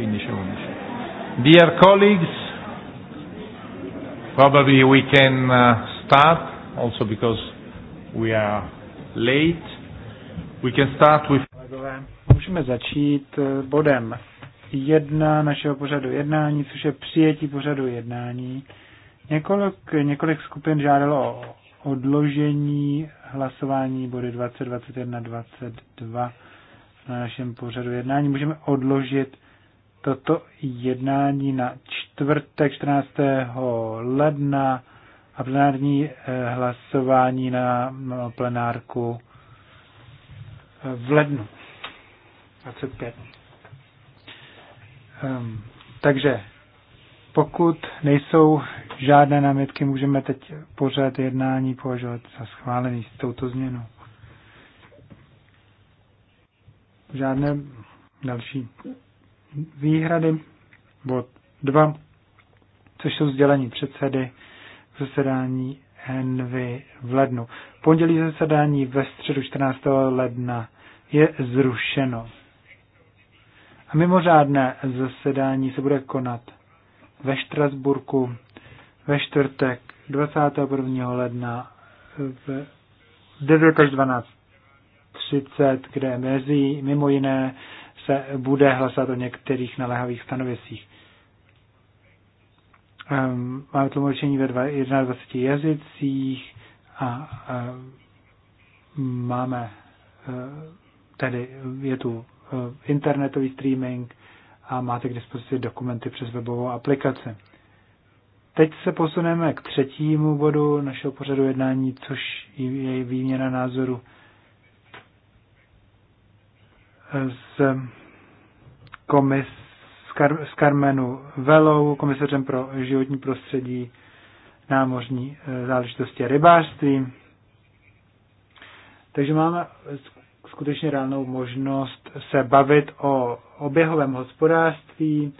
15 e 11. Dear colleagues, probably we can uh, start also because we are late. We can start with Můžeme začít uh, bodem jedna našeho pořadu jednání, což je přijetí pořadu jednání. Několik, několik skupin žádalo o odložení hlasování body 20, 21, 22 na našem pořadu jednání. Můžeme odložit toto jednání na čtvrtek 14. ledna a plenární eh, hlasování na no, plenárku eh, v lednu 25. Um, ehm, takže pokud nejsou žádné námitky, můžeme teď pořád jednání považovat za schválený s touto změnou. Žádné další výhrady, bod 2, což jsou sdělení předsedy zasedání Envy v lednu. Pondělí zasedání ve středu 14. ledna je zrušeno. A mimořádné zasedání se bude konat ve Štrasburku ve čtvrtek 21. ledna v 9 až 12.30, kde mezi mimo jiné se bude hlasovat o některých naléhavých stanovisích. Ehm, máme tlumočení ve 21 jazycích a ehm, máme eh, tedy je tu eh, internetový streaming a máte k dispozici dokumenty přes webovou aplikaci. Teď se posuneme k třetímu bodu našeho pořadu jednání, což je výměna názoru s komis s Karmenu Velou, komisařem pro životní prostředí, námořní eh, záležitosti a rybářství. Takže máme skutečně reálnou možnost se bavit o oběhovém hospodářství.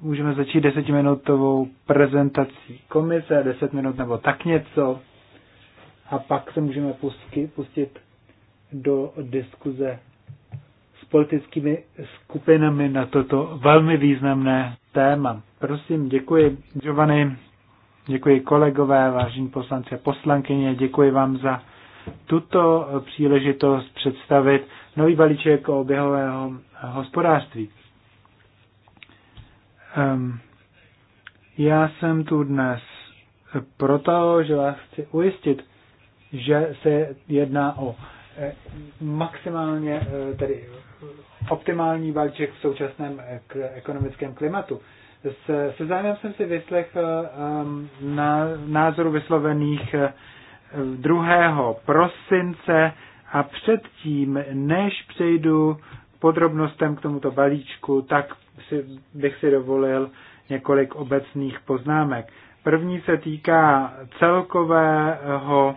Můžeme začít desetiminutovou prezentací komise, deset minut nebo tak něco. A pak se můžeme pustit, pustit do diskuze politickými skupinami na toto velmi významné téma. Prosím, děkuji Giovanni, děkuji kolegové, vážení poslanci a poslankyně, děkuji vám za tuto příležitost představit nový balíček oběhového hospodářství. Um, já jsem tu dnes proto, že vás chci ujistit, že se jedná o eh, maximálně eh, tedy optimální balíček v současném ekonomickém klimatu. Se, se zájmem jsem si vyslechl um, na názoru vyslovených 2. Eh, prosince a předtím, než přejdu k podrobnostem k tomuto balíčku, tak si, bych si dovolil několik obecných poznámek. První se týká celkového,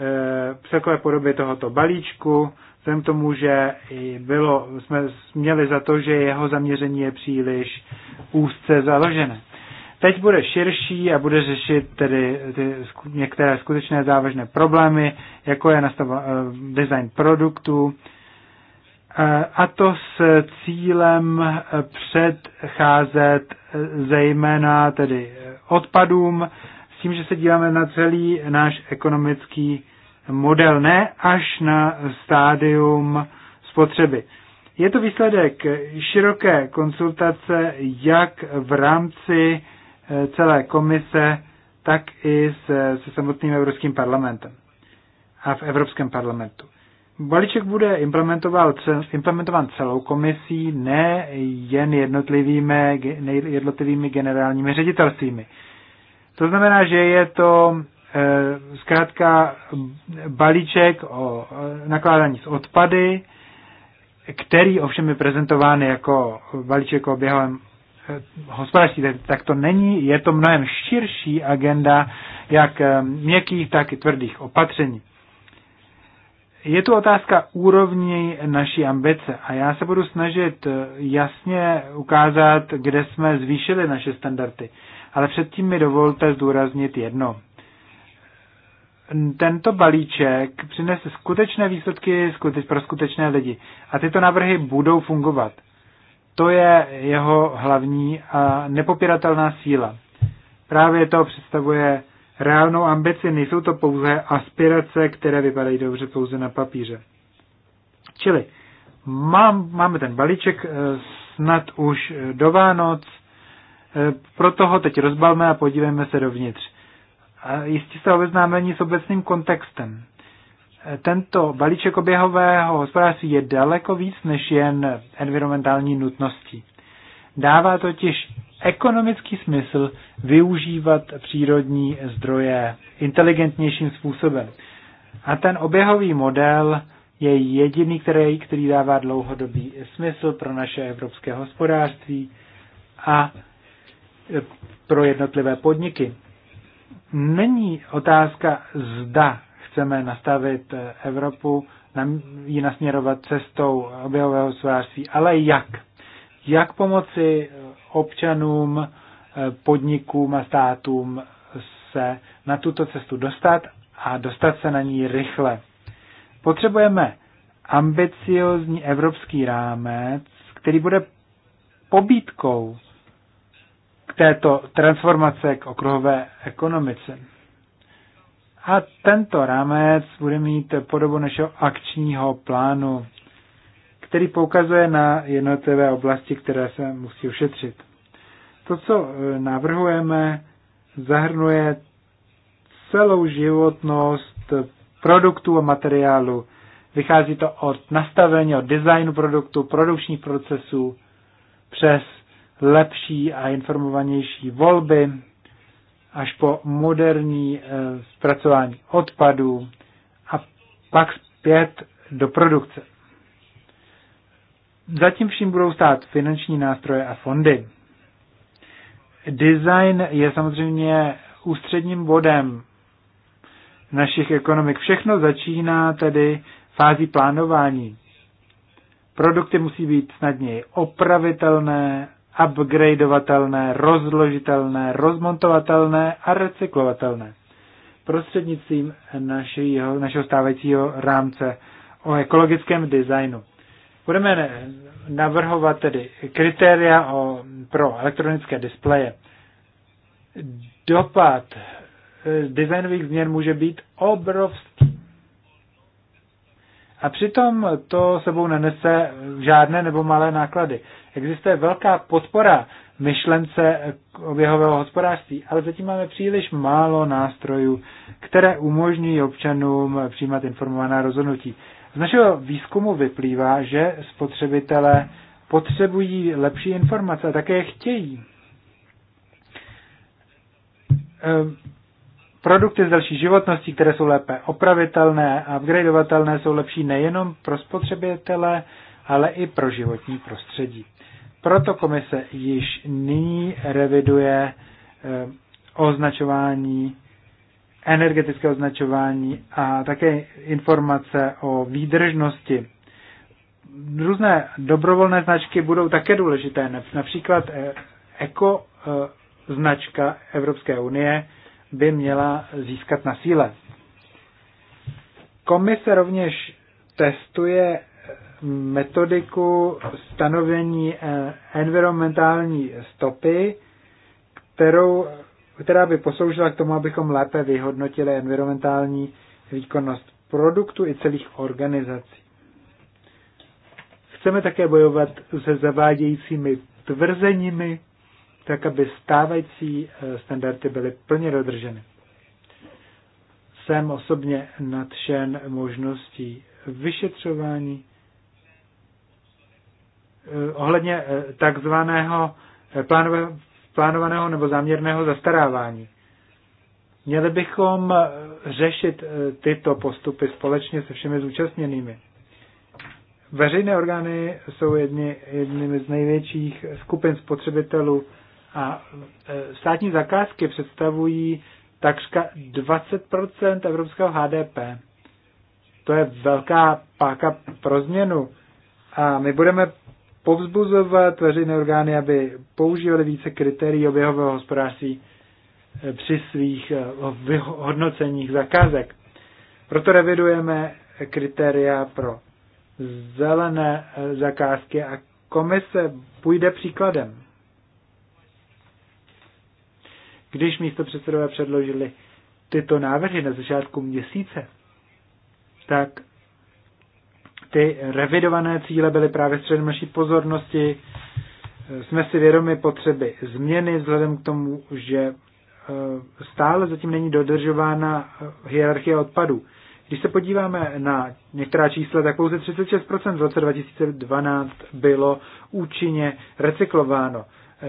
eh, celkové podoby tohoto balíčku, Vzhledem tomu, že bylo, jsme měli za to, že jeho zaměření je příliš úzce založené. Teď bude širší a bude řešit tedy ty některé skutečné závažné problémy, jako je nastava, eh, design produktů, eh, a to s cílem eh, předcházet zejména tedy odpadům, s tím, že se díváme na celý náš ekonomický model, ne až na stádium spotřeby. Je to výsledek široké konsultace jak v rámci eh, celé komise, tak i se, se samotným Evropským parlamentem a v Evropském parlamentu. Balíček bude implementován celou komisí, ne jen jednotlivými, jednotlivými generálními ředitelstvími. To znamená, že je to Eh, zkrátka balíček o eh, nakládání s odpady, který ovšem je prezentován jako balíček o běhovém eh, hospodářství, tak to není, je to mnohem širší agenda jak měkkých, tak i tvrdých opatření. Je tu otázka úrovni naší ambice a já se budu snažit jasně ukázat, kde jsme zvýšili naše standardy. Ale předtím mi dovolte zdůraznit jedno tento balíček přinese skutečné výsledky pro skutečné lidi. A tyto návrhy budou fungovat. To je jeho hlavní a nepopiratelná síla. Právě to představuje reálnou ambici, nejsou to pouze aspirace, které vypadají dobře pouze na papíře. Čili mám, máme ten balíček eh, snad už do Vánoc, eh, proto ho teď rozbalme a podívejme se dovnitř jistě jste obeznámeni s obecným kontextem. E, tento balíček oběhového hospodářství je daleko víc než jen environmentální nutností. Dává totiž ekonomický smysl využívat přírodní zdroje inteligentnějším způsobem. A ten oběhový model je jediný, který, který dává dlouhodobý smysl pro naše evropské hospodářství a pro jednotlivé podniky není otázka, zda chceme nastavit Evropu, ji nasměrovat cestou objevového hospodářství, ale jak. Jak pomoci občanům, podnikům a státům se na tuto cestu dostat a dostat se na ní rychle. Potřebujeme ambiciozní evropský rámec, který bude pobídkou této transformace k okruhové ekonomice. A tento rámec bude mít podobu našeho akčního plánu, který poukazuje na jednotlivé oblasti, které se musí ušetřit. To, co e, navrhujeme, zahrnuje celou životnost produktů a materiálu. Vychází to od nastavení, od designu produktu, produkčních procesů, přes lepší a informovanější volby, až po moderní eh, zpracování odpadů a pak zpět do produkce. Zatím vším budou stát finanční nástroje a fondy. Design je samozřejmě ústředním bodem našich ekonomik. Všechno začíná tedy fází plánování. Produkty musí být snadněji opravitelné upgradeovatelné, rozložitelné, rozmontovatelné a recyklovatelné. Prostřednictvím našeho, našeho stávajícího rámce o ekologickém designu. Budeme navrhovat tedy kritéria o, pro elektronické displeje. Dopad eh, designových změn může být obrovský a přitom to sebou nenese žádné nebo malé náklady. Existuje velká podpora myšlence oběhového hospodářství, ale zatím máme příliš málo nástrojů, které umožňují občanům přijímat informovaná rozhodnutí. Z našeho výzkumu vyplývá, že spotřebitelé potřebují lepší informace a také je chtějí. Ehm, Produkty s další životností, které jsou lépe opravitelné a upgradeovatelné, jsou lepší nejenom pro spotřebitele, ale i pro životní prostředí. Proto komise již nyní reviduje eh, označování, energetické označování a také informace o výdržnosti. Různé dobrovolné značky budou také důležité, například eh, eko eh, značka Evropské unie, by měla získat na síle. Komise rovněž testuje metodiku stanovení eh, environmentální stopy, kterou, která by posloužila k tomu, abychom lépe vyhodnotili environmentální výkonnost produktu i celých organizací. Chceme také bojovat se zavádějícími tvrzeními tak aby stávající eh, standardy byly plně dodrženy. Jsem osobně nadšen možností vyšetřování eh, ohledně eh, takzvaného plánovaného nebo záměrného zastarávání. Měli bychom řešit tyto postupy společně se všemi zúčastněnými. Veřejné orgány jsou jedny, jednými z největších skupin spotřebitelů a e, státní zakázky představují takřka 20% evropského HDP. To je velká páka pro změnu. A my budeme povzbuzovat veřejné orgány, aby používali více kritérií oběhového hospodářství e, při svých e, hodnoceních zakázek. Proto revidujeme kritéria pro zelené zakázky a komise půjde příkladem. Když místo předsedové předložili tyto návrhy na začátku měsíce, tak ty revidované cíle byly právě středem naší pozornosti. Jsme si vědomi potřeby změny vzhledem k tomu, že e, stále zatím není dodržována e, hierarchie odpadů. Když se podíváme na některá čísla, tak pouze 36% v roce 2012 bylo účinně recyklováno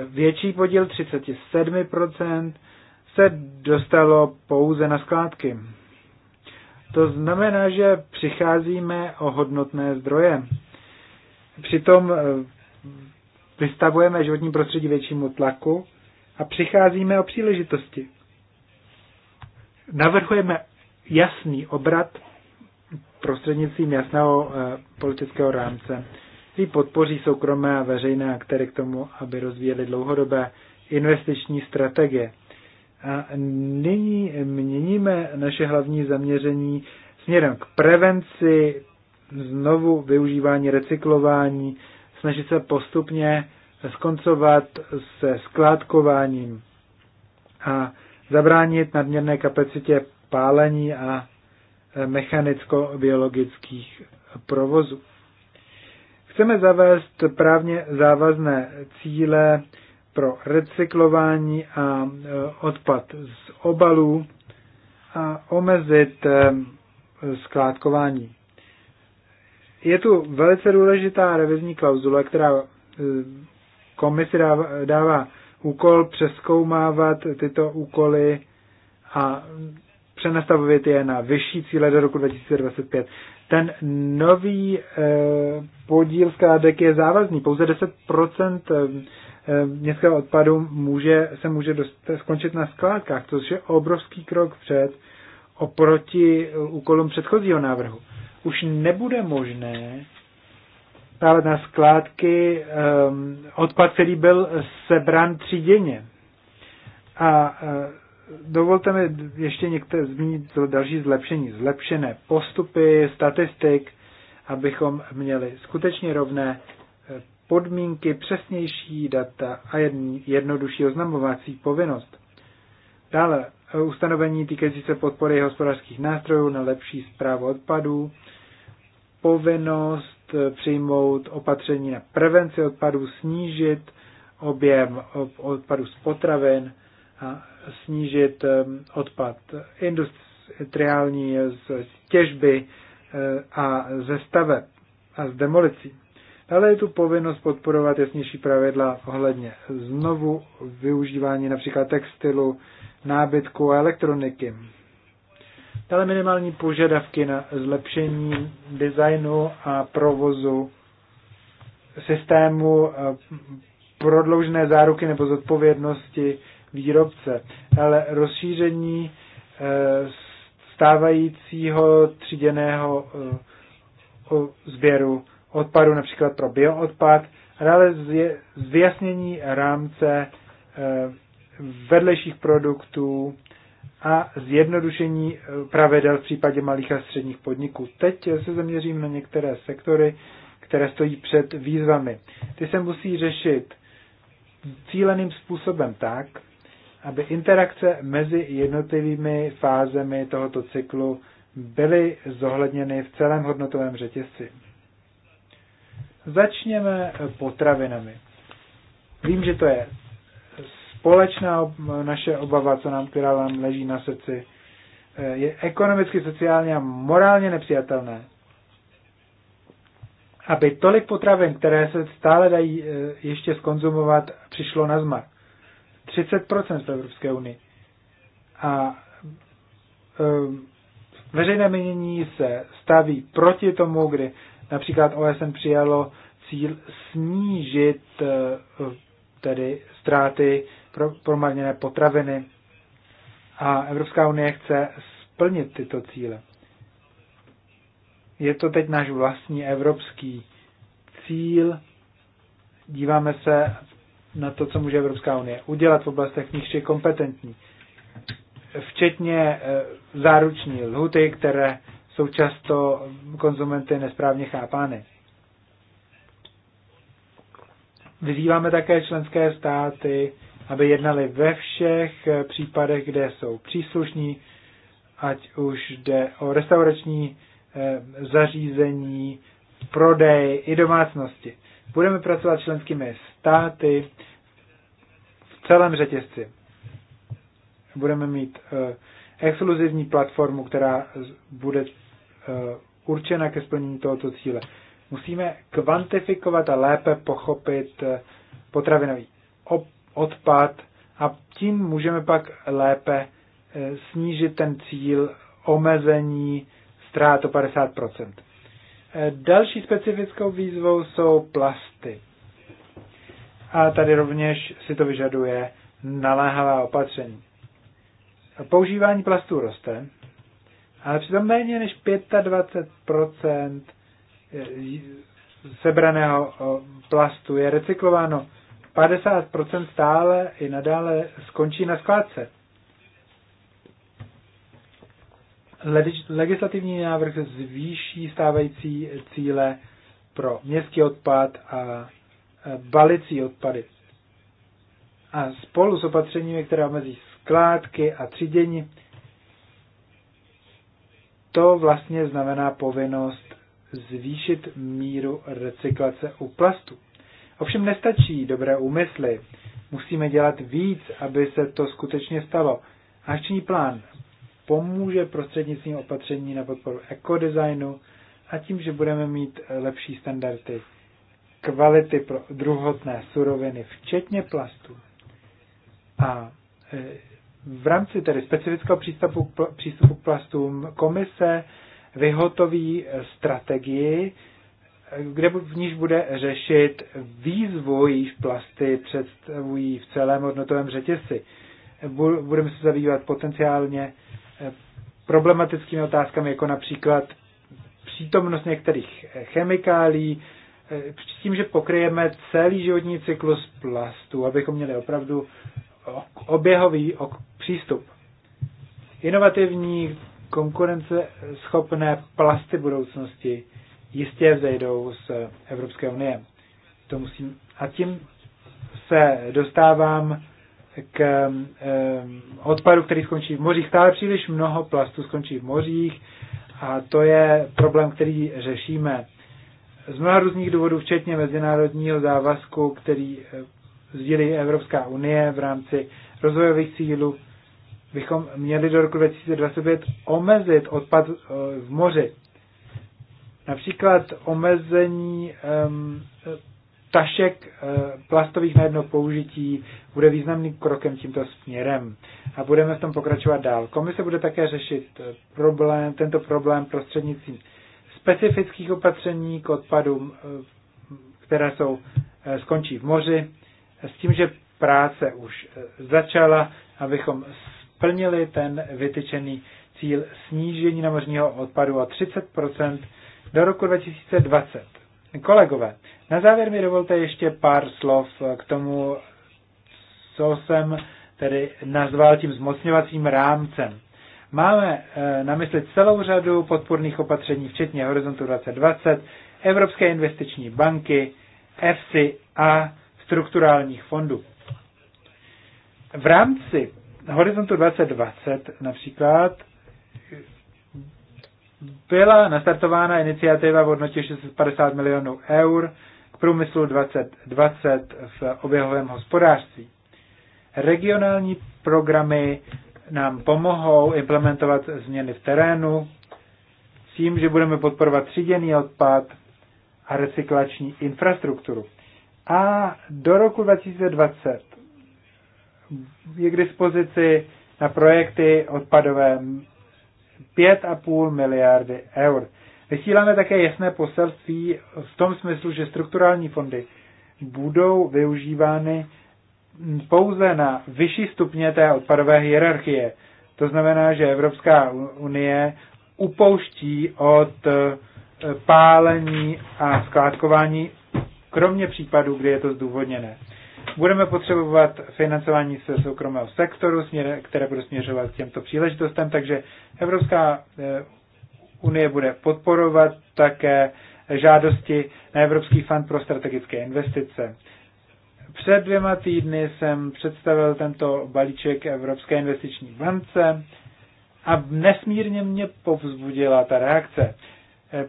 větší podíl 37% se dostalo pouze na skládky. To znamená, že přicházíme o hodnotné zdroje. Přitom eh, vystavujeme životní prostředí většímu tlaku a přicházíme o příležitosti. Navrhujeme jasný obrat prostřednictvím jasného eh, politického rámce kteří podpoří soukromé a veřejné aktéry k tomu, aby rozvíjeli dlouhodobé investiční strategie. A nyní měníme naše hlavní zaměření směrem k prevenci, znovu využívání, recyklování, snažit se postupně skoncovat se skládkováním a zabránit nadměrné kapacitě pálení a mechanicko-biologických provozů. Chceme zavést právně závazné cíle pro recyklování a e, odpad z obalů a omezit e, skládkování. Je tu velice důležitá revizní klauzule, která e, komisi dává, dává úkol přeskoumávat tyto úkoly a přenastavovat je na vyšší cíle do roku 2025. Ten nový podíl skládek je závazný. Pouze 10% eh, eh, městského odpadu může, se může dost, eh, skončit na skládkách, což je obrovský krok před oproti úkolům předchozího návrhu. Už nebude možné dávat na skládky um, odpad, který byl sebran tříděně. A dovolte mi ještě některé zmínit další zlepšení. Zlepšené postupy, statistik, abychom měli skutečně rovné eh, podmínky, přesnější data a jednodušší oznamovací povinnost. Dále eh, ustanovení týkající se podpory hospodářských nástrojů na lepší zprávu odpadů, povinnost eh, přijmout opatření na prevenci odpadů, snížit objem odpadů z potravin a snížit odpad industriální z těžby Eh, a ze staveb a z demolicí. Ale je tu povinnost podporovat jasnější pravidla ohledně znovu využívání například textilu, nábytku a elektroniky. Dále minimální požadavky na zlepšení designu a provozu systému eh, prodloužené záruky nebo zodpovědnosti výrobce, ale rozšíření eh, stávajícího tříděného eh, sběru odpadu, například pro bioodpad, a dále zjasnění rámce eh, vedlejších produktů a zjednodušení eh, pravidel v případě malých a středních podniků. Teď se zaměřím na některé sektory, které stojí před výzvami. Ty se musí řešit cíleným způsobem tak, aby interakce mezi jednotlivými fázemi tohoto cyklu byly zohledněny v celém hodnotovém řetězci. Začněme potravinami. Vím, že to je společná naše obava, co nám, která nám leží na srdci, je ekonomicky, sociálně a morálně nepřijatelné, aby tolik potravin, které se stále dají eh, ještě skonzumovat, přišlo na zmar. 30% v Evropské unii. A um, veřejné mínění se staví proti tomu, kdy například OSN přijalo cíl snížit uh, tedy ztráty pro promarněné potraviny a Evropská unie chce splnit tyto cíle. Je to teď náš vlastní evropský cíl. Díváme se na to, co může Evropská unie udělat v oblastech, v je kompetentní. Včetně e, záruční lhuty, které jsou často konzumenty nesprávně chápány. Vyzýváme také členské státy, aby jednali ve všech e, případech, kde jsou příslušní, ať už jde o restaurační e, zařízení, prodej i domácnosti. Budeme pracovat s členskými státy v celém řetězci. Budeme mít uh, exkluzivní platformu, která bude uh, určena ke splnění tohoto cíle. Musíme kvantifikovat a lépe pochopit uh, potravinový odpad a tím můžeme pak lépe uh, snížit ten cíl omezení ztrát o 50 Eh, další specifickou výzvou jsou plasty. A tady rovněž si to vyžaduje naléhavá opatření. Používání plastů roste, ale přitom méně než 25% eh, sebraného plastu je recyklováno. 50% stále i nadále skončí na skládce. Legislativní návrh zvýší stávající cíle pro městský odpad a balicí odpady. A spolu s opatřeními, které omezí skládky a třídění, to vlastně znamená povinnost zvýšit míru recyklace u plastu. Ovšem nestačí dobré úmysly. Musíme dělat víc, aby se to skutečně stalo. Akční plán pomůže prostřednictvím opatření na podporu ekodesignu a tím, že budeme mít lepší standardy kvality pro druhotné suroviny, včetně plastů. A e, v rámci tedy specifického přístupu, přístupu k plastům komise vyhotoví e, strategii, e, kde v níž bude řešit výzvu, již plasty představují v celém hodnotovém řetězci. Budeme se zabývat potenciálně problematickými otázkami, jako například přítomnost některých chemikálí, s tím, že pokryjeme celý životní cyklus plastů, abychom měli opravdu oběhový přístup. Inovativní, konkurenceschopné plasty budoucnosti jistě vzejdou z Evropské unie. To musím. A tím se dostávám k odpadu, který skončí v mořích. Stále příliš mnoho plastu skončí v mořích a to je problém, který řešíme z mnoha různých důvodů, včetně mezinárodního závazku, který eh, sdílí Evropská unie v rámci rozvojových cílů, bychom měli do roku 2025 omezit odpad eh, v moři. Například omezení um, tašek eh, plastových na jedno použití bude významným krokem tímto směrem a budeme v tom pokračovat dál. Komise bude také řešit eh, problém, tento problém prostřednictvím specifických opatření k odpadům, eh, které jsou, skončí v moři, s tím, že práce už začala, abychom splnili ten vytyčený cíl snížení námořního odpadu o 30 do roku 2020. Kolegové, na závěr mi dovolte ještě pár slov k tomu, co jsem tedy nazval tím zmocňovacím rámcem. Máme eh, na mysli celou řadu podporných opatření, včetně Horizontu 2020, Evropské investiční banky, EFSI a strukturálních fondů. V rámci Horizontu 2020 například byla nastartována iniciativa v hodnotě 650 milionů eur k průmyslu 2020 v oběhovém hospodářství. Regionální programy nám pomohou implementovat změny v terénu s tím, že budeme podporovat tříděný odpad a recyklační infrastrukturu. A do roku 2020 je k dispozici na projekty odpadové 5,5 miliardy eur. Vysíláme také jasné poselství v tom smyslu, že strukturální fondy budou využívány pouze na vyšší stupně té odpadové hierarchie. To znamená, že Evropská unie upouští od eh, pálení a skládkování, kromě případů, kdy je to zdůvodněné. Budeme potřebovat financování ze soukromého sektoru, které bude směřovat k těmto příležitostem, takže Evropská eh, unie bude podporovat také žádosti na Evropský fond pro strategické investice. Před dvěma týdny jsem představil tento balíček Evropské investiční bance a nesmírně mě povzbudila ta reakce. Eh,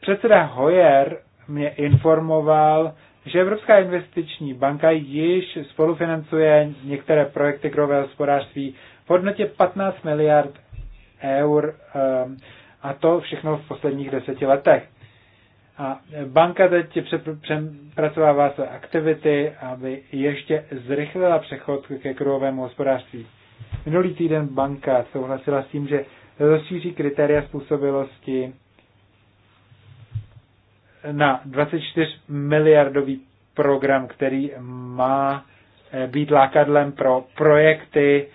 předseda Hoyer mě informoval, že Evropská investiční banka již spolufinancuje některé projekty krového hospodářství v hodnotě 15 miliard eur ehm, a to všechno v posledních deseti letech. A banka teď přepracovává své aktivity, aby ještě zrychlila přechod ke kruhovému hospodářství. Minulý týden banka souhlasila s tím, že rozšíří kritéria způsobilosti na 24 miliardový program, který má eh, být lákadlem pro projekty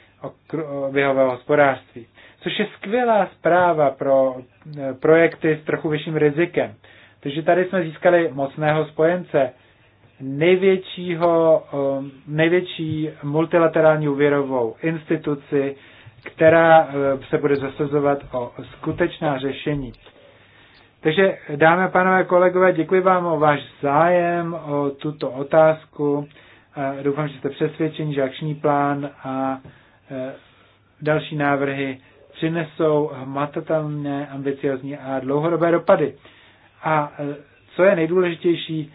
oběhového hospodářství. Což je skvělá zpráva pro eh, projekty s trochu vyšším rizikem. Takže tady jsme získali mocného spojence, největšího, eh, největší multilaterální úvěrovou instituci, která se bude zasazovat o skutečná řešení. Takže dámy a pánové kolegové, děkuji vám o váš zájem, o tuto otázku. Doufám, že jste přesvědčeni, že akční plán a e, další návrhy přinesou hmatatelné, ambiciozní a dlouhodobé dopady. A e, co je nejdůležitější,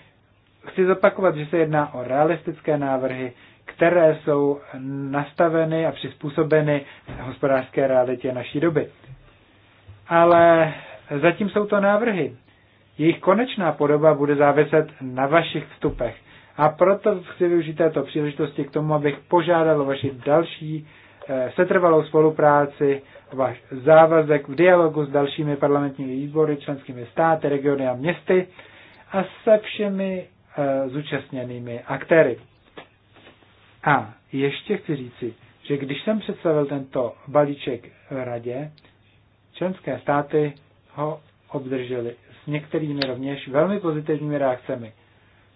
chci zopakovat, že se jedná o realistické návrhy, které jsou nastaveny a přizpůsobeny hospodářské realitě naší doby. Ale Zatím jsou to návrhy. Jejich konečná podoba bude záviset na vašich vstupech. A proto chci využít této příležitosti k tomu, abych požádal o vaši další eh, setrvalou spolupráci, váš závazek v dialogu s dalšími parlamentními výbory, členskými státy, regiony a městy a se všemi eh, zúčastněnými aktéry. A ještě chci říci, že když jsem představil tento balíček v radě, členské státy ho obdrželi s některými rovněž velmi pozitivními reakcemi.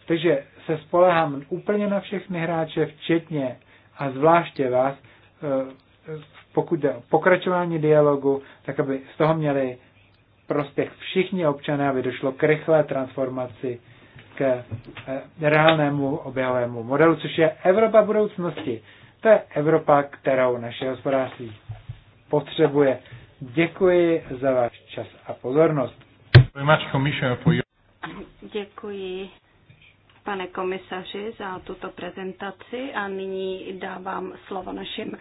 Takže se spolehám úplně na všechny hráče, včetně a zvláště vás, eh, pokud jde o pokračování dialogu, tak aby z toho měli prospěch všichni občané, aby došlo k rychlé transformaci k eh, reálnému objevovému modelu, což je Evropa budoucnosti. To je Evropa, kterou naše hospodářství potřebuje. Děkuji za váš čas a pozornost. Děkuji, pane komisaři, za tuto prezentaci a nyní dávám slovo našim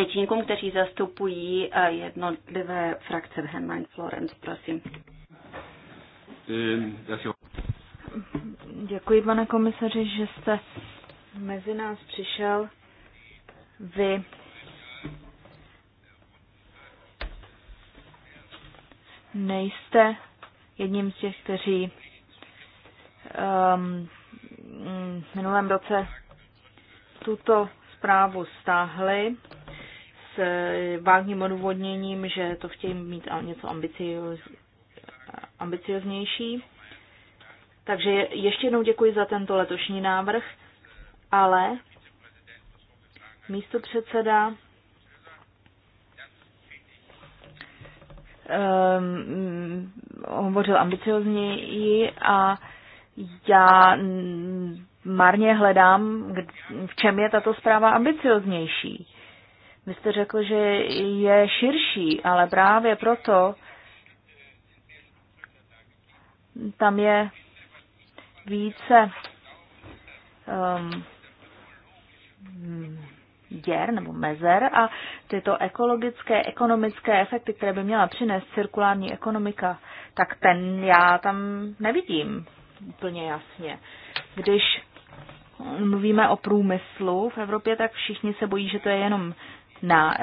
řečníkům, kteří zastupují eh, jednotlivé frakce v Henlein Florence, prosím. Děkuji, pane komisaři, že jste mezi nás přišel. Vy nejste jedním z těch, kteří um, v minulém roce tuto zprávu stáhli s eh, vágním odůvodněním, že to chtějí mít něco ambicioz, ambicioznější. Takže ještě jednou děkuji za tento letošní návrh, ale místo předseda um, hovořil ambiciozněji a já marně hledám, v čem je tato zpráva ambicioznější. Vy jste řekl, že je širší, ale právě proto tam je více um, děr nebo mezer a tyto ekologické, ekonomické efekty, které by měla přinést cirkulární ekonomika, tak ten já tam nevidím úplně jasně. Když mluvíme o průmyslu v Evropě, tak všichni se bojí, že to je jenom na,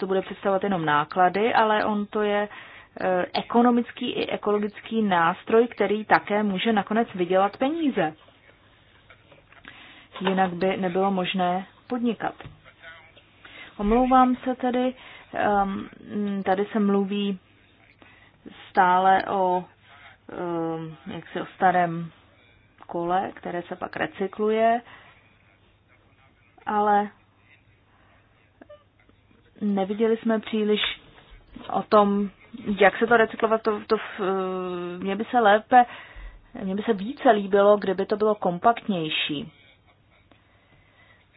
to bude představovat jenom náklady, ale on to je e, ekonomický i ekologický nástroj, který také může nakonec vydělat peníze. Jinak by nebylo možné podnikat. Omlouvám se tedy, um, tady se mluví stále o, um, jaksi o starém kole, které se pak recykluje, ale neviděli jsme příliš o tom, jak se to recyklovat, to, to mně by se lépe, mně by se více líbilo, kdyby to bylo kompaktnější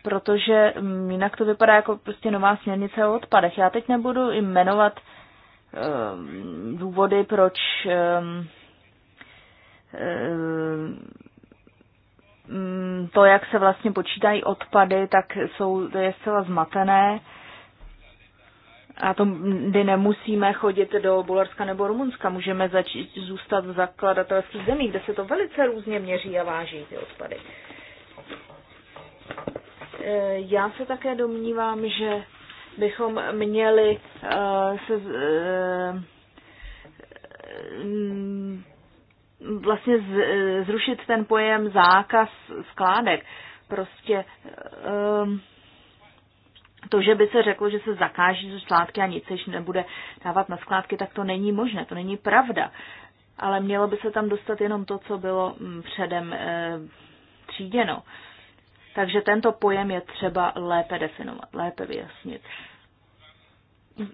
protože mm, jinak to vypadá jako prostě nová směrnice o odpadech. Já teď nebudu jmenovat um, důvody, proč um, um, to, jak se vlastně počítají odpady, tak jsou, to je zcela zmatené. A to kdy nemusíme chodit do Bulharska nebo Rumunska, můžeme začít zůstat v zakladatelských zemích, kde se to velice různě měří a váží ty odpady. Uh, Eh, já se také domnívám, že bychom měli eh, se eh, vlastně zrušit ten pojem zákaz skládek. Prostě to, že by se řeklo, že se zakáží skládky a nic se nebude dávat na skládky, tak to není možné, to není pravda. Ale mělo by se tam dostat jenom to, co bylo mm, předem tříděno. Takže tento pojem je třeba lépe definovat, lépe vyjasnit.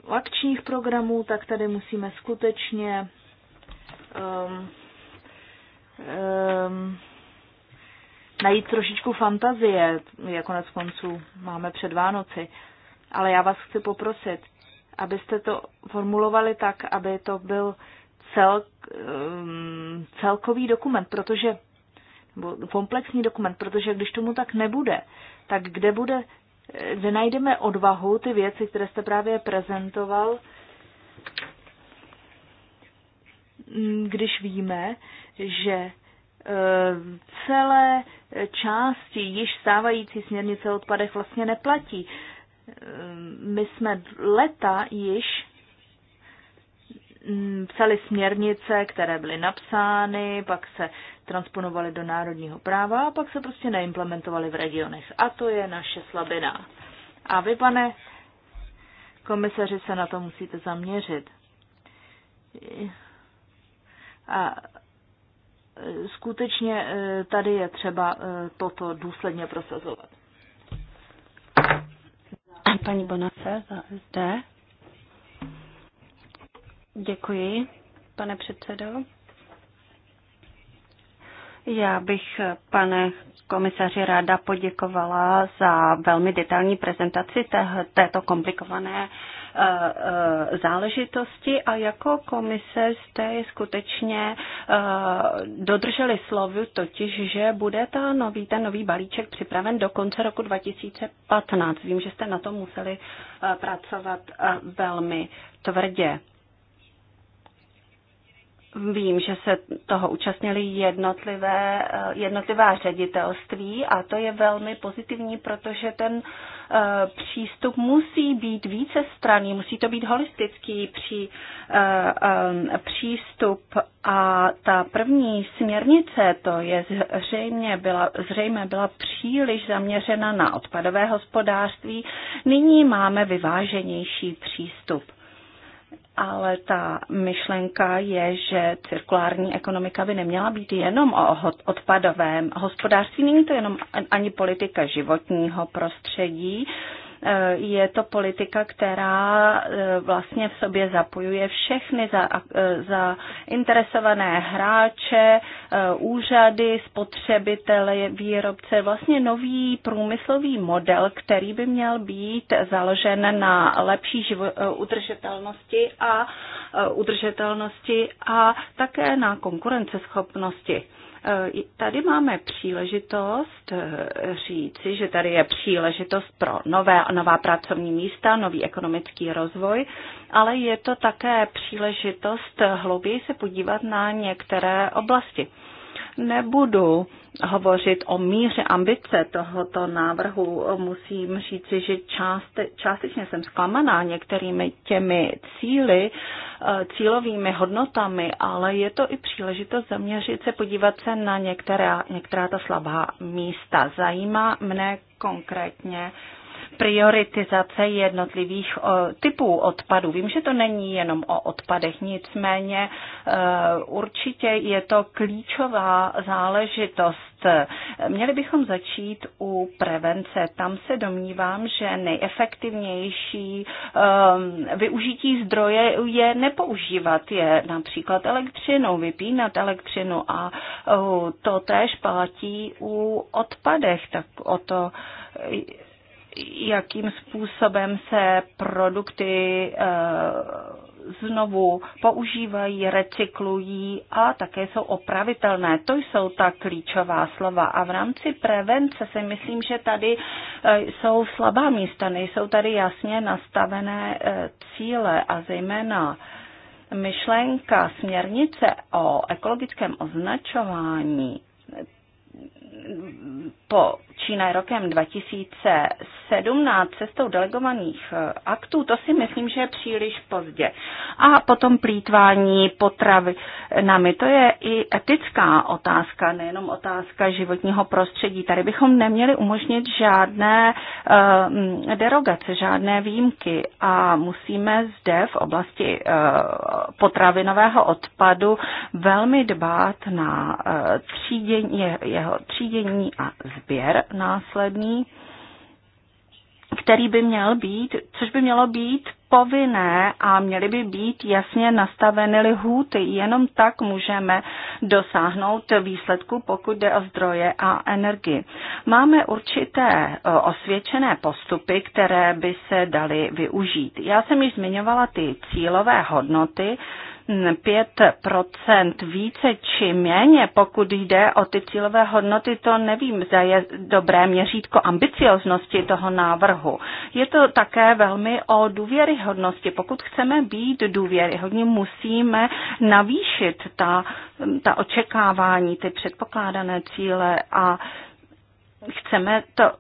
U akčních programů tak tady musíme skutečně um, um, najít trošičku fantazie, je konec konců máme před Vánoci. Ale já vás chci poprosit, abyste to formulovali tak, aby to byl cel, um, celkový dokument, protože komplexní dokument, protože když tomu tak nebude, tak kde bude, kde najdeme odvahu ty věci, které jste právě prezentoval, když víme, že e, celé části již stávající směrnice o odpadech vlastně neplatí. E, my jsme leta již psali směrnice, které byly napsány, pak se transponovaly do národního práva a pak se prostě neimplementovaly v regionech. A to je naše slabina. A vy, pane komisaři, se na to musíte zaměřit. A e, skutečně e, tady je třeba e, toto důsledně prosazovat. Paní Bonace za SD. Děkuji, pane předsedo. Já bych, pane komisaři, ráda poděkovala za velmi detailní prezentaci této komplikované eh, eh, záležitosti a jako komise jste skutečně eh, dodrželi slovu, totiž, že bude ta nový, ten nový balíček připraven do konce roku 2015. Vím, že jste na tom museli pracovat velmi tvrdě. Vím, že se toho účastnili jednotlivé, eh, jednotlivá ředitelství a to je velmi pozitivní, protože ten eh, přístup musí být více straný, musí to být holistický při, eh, přístup a ta první směrnice, to je zřejmě byla, zřejmě byla příliš zaměřena na odpadové hospodářství, nyní máme vyváženější přístup ale ta myšlenka je, že cirkulární ekonomika by neměla být jenom o odpadovém hospodářství, není to jenom ani politika životního prostředí, Eh, je to politika, která eh, vlastně v sobě zapojuje všechny zainteresované za eh, hráče, úřady, spotřebitele, výrobce, vlastně nový průmyslový model, který by měl být založen na lepší živo- udržitelnosti a udržitelnosti a také na konkurenceschopnosti. Eh, tady máme příležitost eh, říci, že tady je příležitost pro nové, nová pracovní místa, nový ekonomický rozvoj, ale je to také příležitost eh, hlouběji se podívat na některé oblasti. Nebudu hovořit o míře ambice tohoto návrhu. Musím říci, že část, částečně jsem zklamaná některými těmi cíly, eh, cílovými hodnotami, ale je to i příležitost zaměřit se, podívat se na některá, některá ta slabá místa. Zajímá mne konkrétně prioritizace jednotlivých typů odpadů. Vím, že to není jenom o odpadech, nicméně e, určitě je to klíčová záležitost. Měli bychom začít u prevence. Tam se domnívám, že nejefektivnější e, využití zdroje je nepoužívat je například elektřinou, vypínat elektřinu a e, to též platí u odpadech, tak o to jakým způsobem se produkty eh, znovu používají, recyklují a také jsou opravitelné. To jsou ta klíčová slova. A v rámci prevence si myslím, že tady eh, jsou slabá místa, nejsou tady jasně nastavené eh, cíle a zejména myšlenka směrnice o ekologickém označování po Číne rokem 2017 cestou delegovaných eh, aktů, to si myslím, že je příliš pozdě. A potom plítvání nami, to je i etická otázka, nejenom otázka životního prostředí. Tady bychom neměli umožnit žádné uh, derogace, žádné výjimky a musíme zde v oblasti uh, potravinového odpadu velmi dbát na uh, třídění, jeho třídění třídění a sběr následný, který by měl být, což by mělo být povinné a měly by být jasně nastaveny lhůty. Jenom tak můžeme dosáhnout výsledku, pokud jde o zdroje a energii. Máme určité osvědčené postupy, které by se daly využít. Já jsem již zmiňovala ty cílové hodnoty, 5% více či méně, pokud jde o ty cílové hodnoty, to nevím, zda je dobré měřítko ambicioznosti toho návrhu. Je to také velmi o důvěryhodnosti. Pokud chceme být důvěryhodní, musíme navýšit ta, ta očekávání, ty předpokládané cíle a chceme to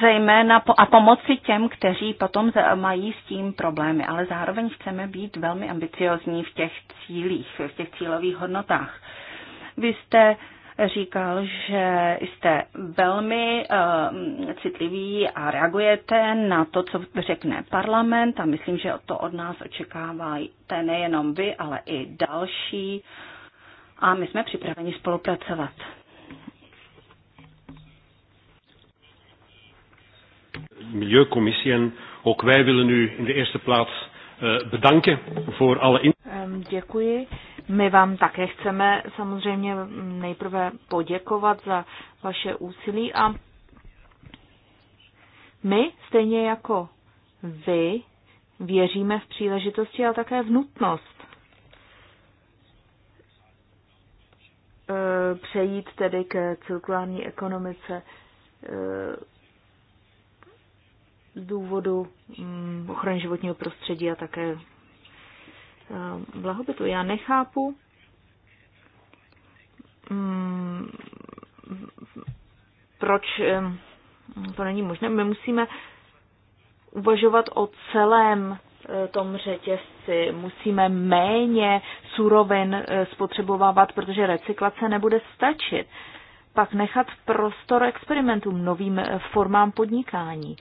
zejména po, a pomoci těm, kteří potom mají s tím problémy. Ale zároveň chceme být velmi ambiciozní v těch cílích, v těch cílových hodnotách. Vy jste říkal, že jste velmi uh, citlivý a reagujete na to, co řekne parlament a myslím, že to od nás očekáváte nejenom vy, ale i další. A my jsme připraveni spolupracovat. Milieucommissie. En ook wij willen u in de eerste plaats uh, bedanken voor alle in... Ehm, děkuji. My vám také chceme samozřejmě nejprve poděkovat za vaše úsilí a my, stejně jako vy, věříme v příležitosti a také v nutnost eh, přejít tedy k cirkulární ekonomice eh, z důvodu mm, ochrany životního prostředí a také eh, blahobytu. Já nechápu mm, proč eh, to není možné. My musíme uvažovat o celém eh, tom řetězci. Musíme méně surovin spotřebovávat, protože recyklace nebude stačit. Pak nechat prostor experimentům, novým formám podnikání.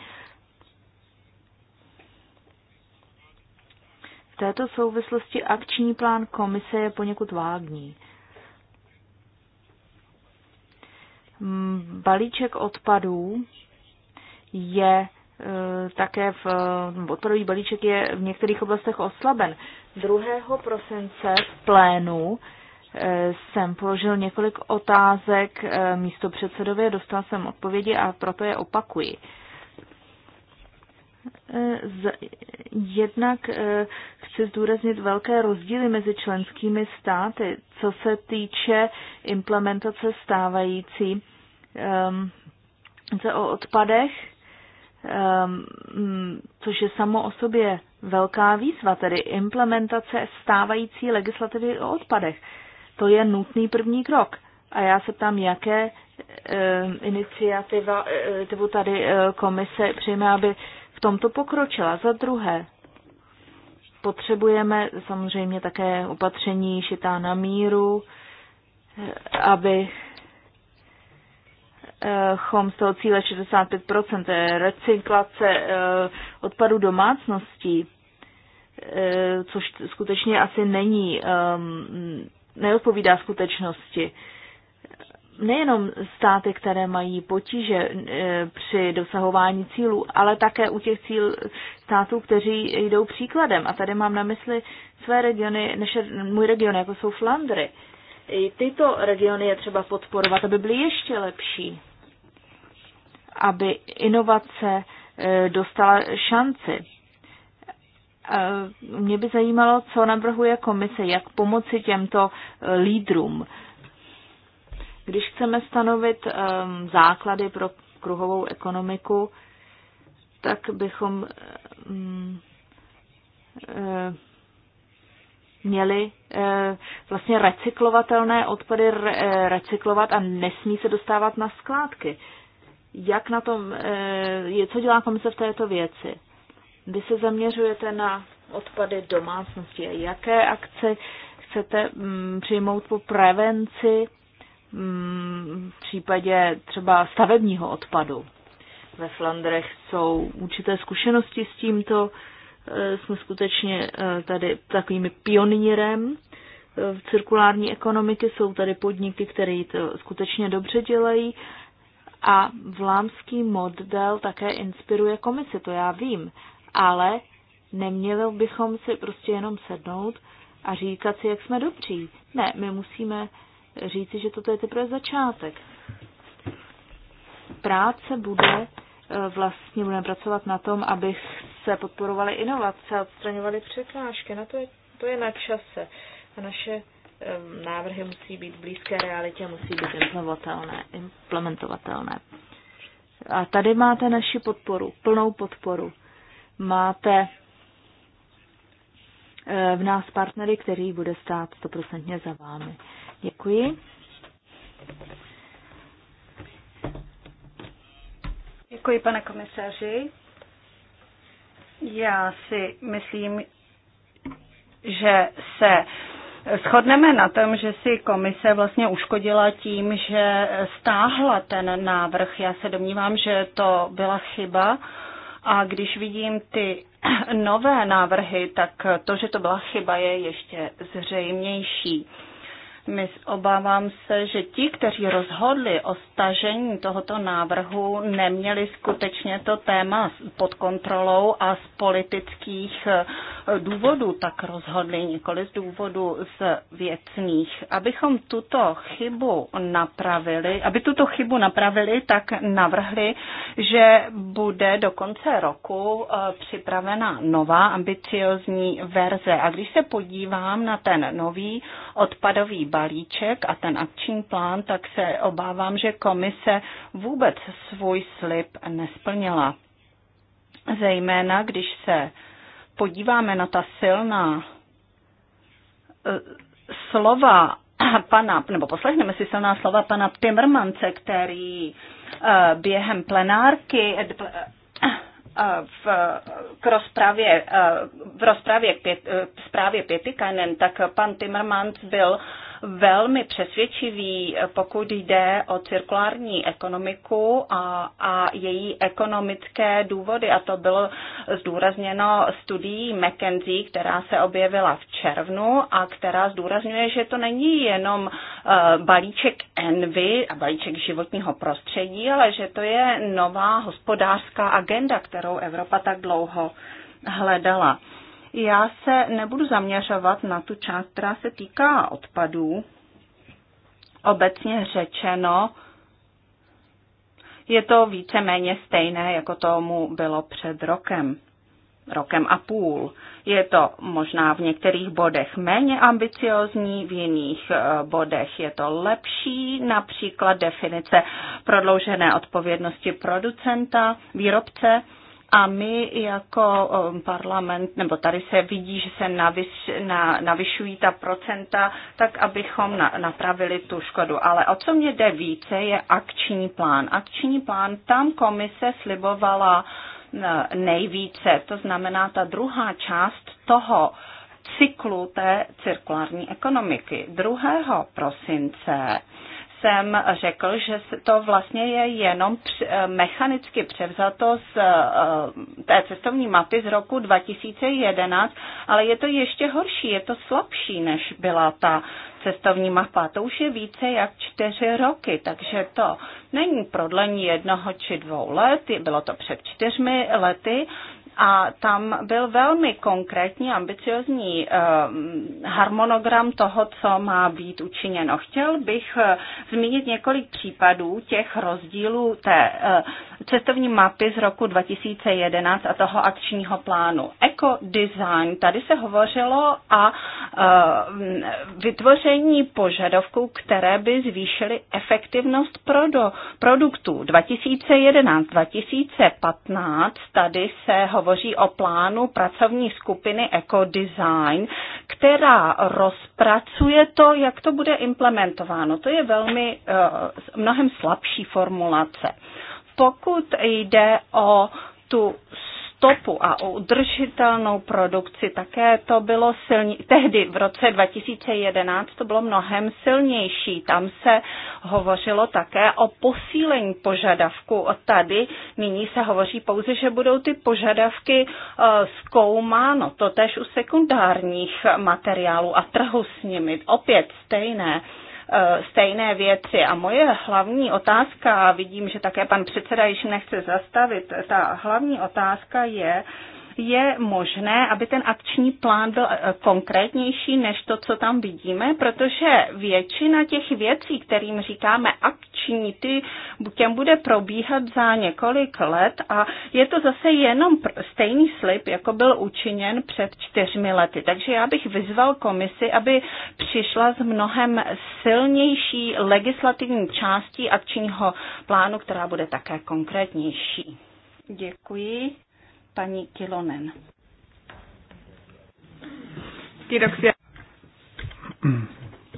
V této souvislosti akční plán komise je poněkud vágní. Mm, balíček odpadů je e, také v, odpadový balíček je v některých oblastech oslaben. 2. prosince v plénu e, jsem položil několik otázek e, místo předsedově, dostal jsem odpovědi a proto je opakuji jednak eh, chci zdůraznit velké rozdíly mezi členskými státy, co se týče implementace stávající um, o odpadech, ehm, což je samo o sobě velká výzva, tedy implementace stávající legislativy o odpadech. To je nutný první krok. A já se ptám, jaké ehm, iniciativa, iniciativu eh, eh, tady komise přijme, aby v tomto pokročila. Za druhé, potřebujeme samozřejmě také opatření šitá na míru, aby eh, chom z toho cíle 65%, recyklace eh, odpadu domácností, eh, což skutečně asi není, ehm, neodpovídá skutečnosti nejenom státy, které mají potíže e, při dosahování cílů, ale také u těch cíl států, kteří jdou příkladem. A tady mám na mysli své regiony, naše, můj region, jako jsou Flandry. I tyto regiony je třeba podporovat, aby byly ještě lepší, aby inovace e, dostala šanci. E, mě by zajímalo, co navrhuje komise, jak pomoci těmto lídrům když chceme stanovit um, základy pro kruhovou ekonomiku, tak bychom um, měli eh, vlastně recyklovatelné odpady eh, recyklovat a nesmí se dostávat na skládky. Jak na tom, je, co dělá komise v této věci? Vy se zaměřujete na odpady domácnosti a jaké akce chcete mm, přijmout po prevenci v případě třeba stavebního odpadu. Ve Flandrech jsou určité zkušenosti s tímto. Eh, jsme skutečně eh, tady takovými pionýrem eh, v cirkulární ekonomiky. Jsou tady podniky, které to skutečně dobře dělají. A vlámský model také inspiruje komisi, to já vím. Ale neměli bychom si prostě jenom sednout a říkat si, jak jsme dobří. Ne, my musíme říci, že toto je teprve začátek. Práce bude e, vlastně, budeme pracovat na tom, aby se podporovaly inovace, odstraňovaly překážky. Na to je, to je na čase. A naše e, návrhy musí být blízké realitě, musí být implementovatelné. implementovatelné. A tady máte naši podporu, plnou podporu. Máte e, v nás partnery, který bude stát stoprocentně za vámi. Děkuji. Děkuji, pane komisaři. Já si myslím, že se Shodneme na tom, že si komise vlastně uškodila tím, že stáhla ten návrh. Já se domnívám, že to byla chyba. A když vidím ty nové návrhy, tak to, že to byla chyba, je ještě zřejmější. My obávám se, že ti, kteří rozhodli o stažení tohoto návrhu, neměli skutečně to téma pod kontrolou a z politických eh, důvodů tak rozhodli, nikoli z důvodů z věcných. Abychom tuto chybu napravili, aby tuto chybu napravili, tak navrhli, že bude do konce roku eh, připravena nová ambiciozní verze. A když se podívám na ten nový odpadový balíček, balíček a ten akční plán, tak se obávám, že komise vůbec svůj slib nesplnila. Zejména, když se podíváme na ta silná eh, slova pana, nebo poslechneme si silná slova pana Timmermance, který eh, během plenárky eh, v, k rozpravě, v rozpravě k pět, zprávě Pětikanen, tak pan Timmermans byl velmi přesvědčivý, pokud jde o cirkulární ekonomiku a, a její ekonomické důvody. A to bylo zdůrazněno studií McKenzie, která se objevila v červnu a která zdůrazňuje, že to není jenom eh, balíček envy a balíček životního prostředí, ale že to je nová hospodářská agenda, kterou Evropa tak dlouho hledala. Já se nebudu zaměřovat na tu část, která se týká odpadů. Obecně řečeno, je to víceméně stejné, jako tomu bylo před rokem, rokem a půl. Je to možná v některých bodech méně ambiciozní, v jiných eh, bodech je to lepší, například definice prodloužené odpovědnosti producenta, výrobce, a my jako um, parlament, nebo tady se vidí, že se navyš, na, navyšují ta procenta, tak abychom na, napravili tu škodu. Ale o co mě jde více, je akční plán. Akční plán, tam komise slibovala eh, nejvíce, to znamená ta druhá část toho cyklu té cirkulární ekonomiky. 2. prosince jsem řekl, že to vlastně je jenom eh, mechanicky převzato z eh, té cestovní mapy z roku 2011, ale je to ještě horší, je to slabší, než byla ta cestovní mapa. To už je více jak čtyři roky, takže to není prodlení jednoho či dvou let, bylo to před čtyřmi lety, a tam byl velmi konkrétní, ambiciozní eh, harmonogram toho, co má být učiněno. Chtěl bych eh, zmínit několik případů těch rozdílů té eh, cestovní mapy z roku 2011 a toho akčního plánu. Eco-design, tady se hovořilo a vytvoření požadavků, které by zvýšily efektivnost produ, produktů. 2011-2015 tady se hovořilo hovoří o plánu pracovní skupiny Ecodesign, která rozpracuje to, jak to bude implementováno. To je velmi eh, mnohem slabší formulace. Pokud jde o tu stopu a o udržitelnou produkci, také to bylo silně. Tehdy v roce 2011 to bylo mnohem silnější. Tam se hovořilo také o posílení požadavku. Tady nyní se hovoří pouze, že budou ty požadavky e, zkoumáno. To u sekundárních materiálů a trhu s nimi. Opět stejné. E, stejné věci. A moje hlavní otázka, a vidím, že také pan předseda již nechce zastavit, ta hlavní otázka je, je možné, aby ten akční plán byl eh, konkrétnější než to, co tam vidíme, protože většina těch věcí, kterým říkáme akční, ty těm bude probíhat za několik let a je to zase jenom stejný slib, jako byl učiněn před čtyřmi lety. Takže já bych vyzval komisi, aby přišla s mnohem silnější legislativní částí akčního plánu, která bude také konkrétnější. Děkuji paní Kilonen.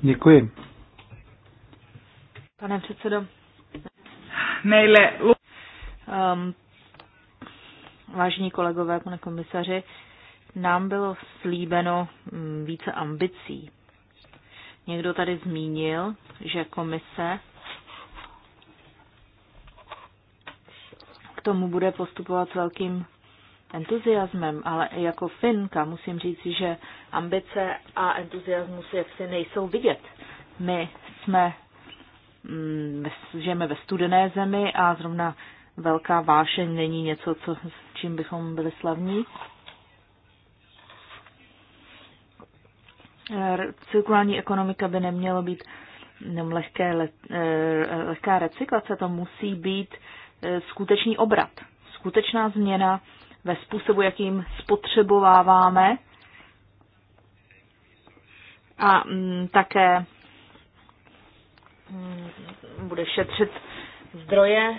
Děkuji. Pane předsedo, meille... Um, vážení kolegové, pane komisaři, nám bylo slíbeno mm, více ambicí. Někdo tady zmínil, že komise k tomu bude postupovat s velkým entuziasmem, ale jako Finka musím říct, že ambice a entuziasmus jaksi nejsou vidět. My jsme, mm, žijeme ve studené zemi a zrovna velká vášeň není něco, co, s čím bychom byli slavní. Cirkulární ekonomika by nemělo být jenom lehké, e, lehká recyklace, to musí být e, skutečný obrat, skutečná změna ve způsobu, jakým spotřebováváme a mm, také mm, bude šetřit zdroje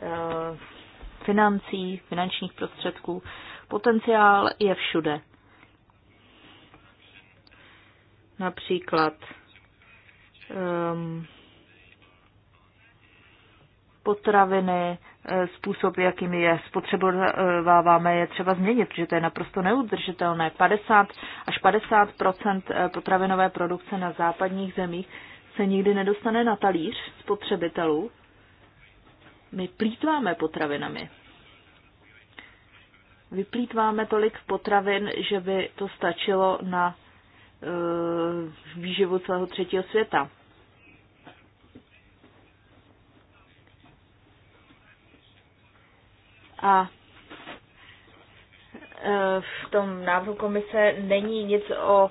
eh, financí, finančních prostředků. Potenciál je všude. Například um, potraviny, způsob, jakým je spotřebováváme, je třeba změnit, protože to je naprosto neudržitelné. 50 až 50 eh, potravinové produkce na západních zemích se nikdy nedostane na talíř spotřebitelů. My plítváme potravinami. Vyplítváme tolik potravin, že by to stačilo na e, výživu celého třetího světa. A e, v tom návrhu komise není nic o e,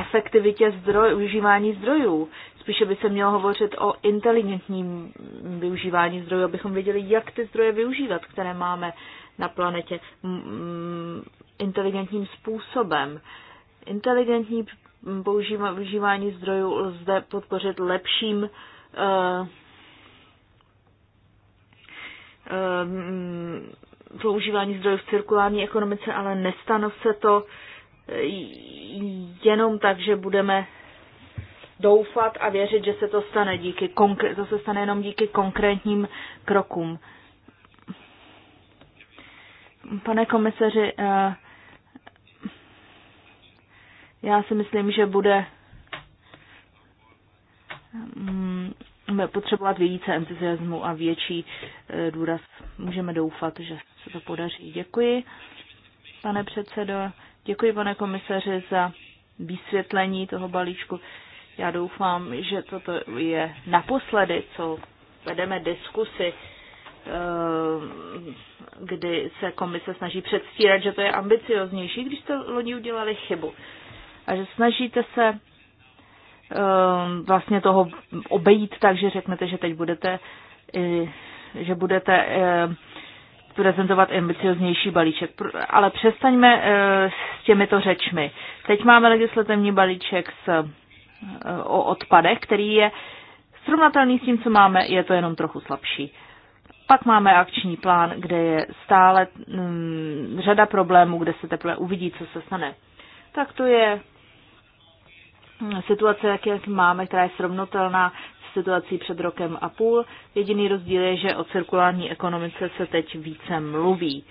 efektivitě zdroj, využívání zdrojů. Spíše by se mělo hovořit o inteligentním využívání zdrojů, abychom věděli, jak ty zdroje využívat, které máme na planetě inteligentním způsobem. Inteligentní používání zdrojů lze podpořit lepším e, Ehm, používání zdrojů v cirkulární ekonomice, ale nestane se to eh, jenom tak, že budeme doufat a věřit, že se to stane díky to se stane jenom díky konkrétním krokům. Pane komisaři, eh, já si myslím, že bude budeme potřebovat více entuziasmu a větší eh, důraz. Můžeme doufat, že se to podaří. Děkuji, pane předsedo. Děkuji, pane komisaři, za vysvětlení toho balíčku. Já doufám, že toto je naposledy, co vedeme diskusy, eh, kdy se komise snaží předstírat, že to je ambicioznější, když jste loni udělali chybu. A že snažíte se Um, vlastně toho obejít tak, že řeknete, že teď budete, že budete um, prezentovat ambicioznější balíček. Ale přestaňme uh, s těmito řečmi. Teď máme legislativní balíček s, uh, o odpadech, který je srovnatelný s tím, co máme, je to jenom trochu slabší. Pak máme akční plán, kde je stále mm, řada problémů, kde se teprve uvidí, co se stane. Tak to je situace, jak, jak máme, která je srovnatelná s situací před rokem a půl. Jediný rozdíl je, že o cirkulární ekonomice se teď více mluví.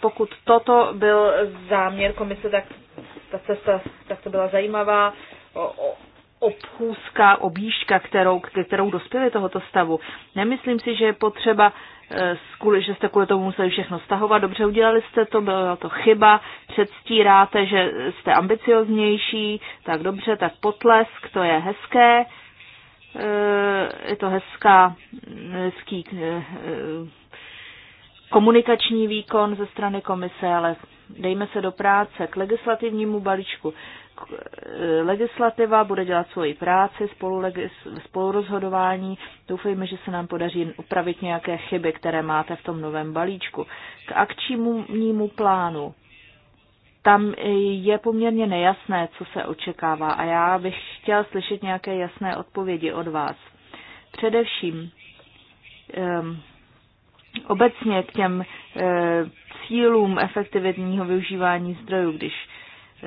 Pokud toto byl záměr komise, tak ta cesta tak to byla zajímavá. O, o, obchůzka, objížďka, kterou, kterou dospěli tohoto stavu. Nemyslím si, že je potřeba, eh, že jste kvůli tomu museli všechno stahovat. Dobře udělali jste to, byla to chyba, předstíráte, že jste ambicioznější, tak dobře, tak potlesk, to je hezké. Eh, je to hezká, eh, hezký komunikační výkon ze strany komise, ale dejme se do práce k legislativnímu balíčku legislativa bude dělat svoji práci, spolurozhodování. Doufejme, že se nám podaří upravit nějaké chyby, které máte v tom novém balíčku. K akčnímu plánu. Tam je poměrně nejasné, co se očekává a já bych chtěl slyšet nějaké jasné odpovědi od vás. Především um, obecně k těm um, cílům efektivního využívání zdrojů, když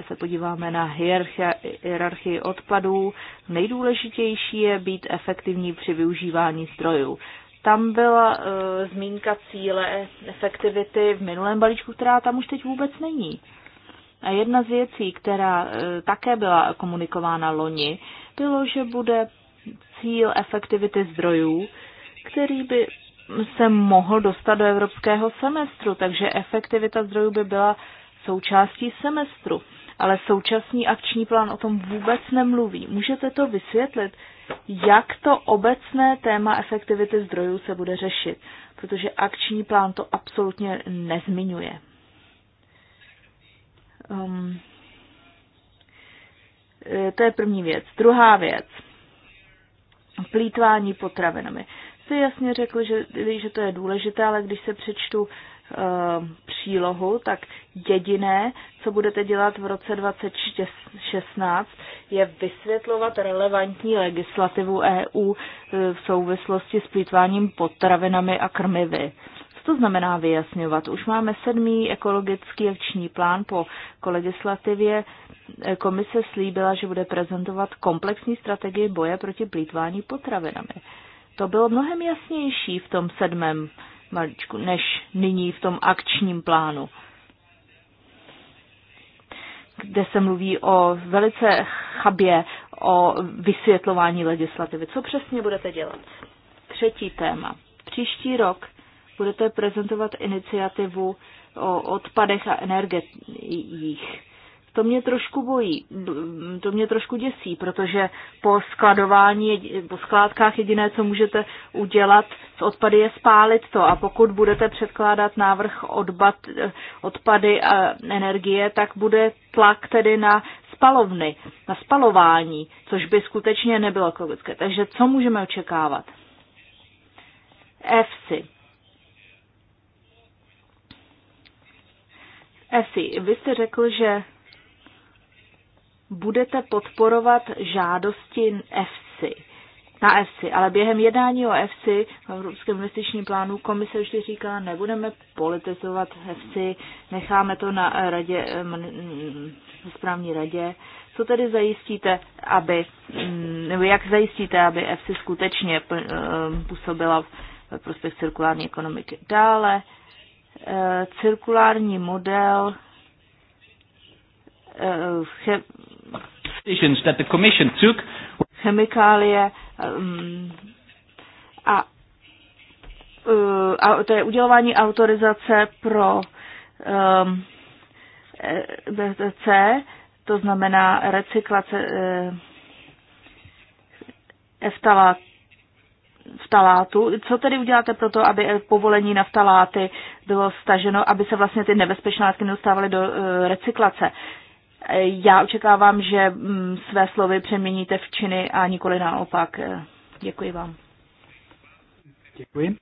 se podíváme na hierarchii odpadů, nejdůležitější je být efektivní při využívání zdrojů. Tam byla e, zmínka cíle efektivity v minulém balíčku, která tam už teď vůbec není. A jedna z věcí, která e, také byla komunikována loni, bylo, že bude cíl efektivity zdrojů, který by se mohl dostat do evropského semestru, takže efektivita zdrojů by byla součástí semestru ale současný akční plán o tom vůbec nemluví. Můžete to vysvětlit, jak to obecné téma efektivity zdrojů se bude řešit, protože akční plán to absolutně nezmiňuje. Um, eh, to je první věc. Druhá věc. Plítvání potravinami. Jste jasně řekl, že, že to je důležité, ale když se přečtu Eh, přílohu, tak jediné, co budete dělat v roce 2016, je vysvětlovat relevantní legislativu EU eh, v souvislosti s plýtváním potravinami a krmivy. Co to znamená vyjasňovat? Už máme sedmý ekologický akční plán po kolegislativě. Eh, komise slíbila, že bude prezentovat komplexní strategii boje proti plýtvání potravinami. To bylo mnohem jasnější v tom sedmém Maličku, než nyní v tom akčním plánu, kde se mluví o velice chabě o vysvětlování legislativy. Co přesně budete dělat? Třetí téma. Příští rok budete prezentovat iniciativu o odpadech a energiích to mě trošku bojí, to mě trošku děsí, protože po skladování, po skládkách jediné, co můžete udělat z odpady, je spálit to. A pokud budete předkládat návrh odbat, odpady a energie, tak bude tlak tedy na spalovny, na spalování, což by skutečně nebylo ekologické. Takže co můžeme očekávat? FC, Efi, vy jste řekl, že budete podporovat žádosti EFSI, na EFSI, ale během jednání o EFSI, Evropském investičním plánu, komise už říkala, nebudeme politizovat EFSI, necháme to na radě, mm, správní radě. Co tedy zajistíte, aby, mm, nebo jak zajistíte, aby EFSI skutečně eh, působila ve prospěch cirkulární ekonomiky? Dále, eh, cirkulární model chemikálie um, a, uh, a to je udělování autorizace pro um, BTC, e to znamená recyklace eh, eftalátu, vtalátu. Co tedy uděláte pro to, aby povolení na vtaláty bylo staženo, aby se vlastně ty nebezpečné látky nedostávaly do eh, recyklace? já očekávám, že mm, své slovy přeměníte v činy a nikoli naopak. Děkuji vám. Děkuji.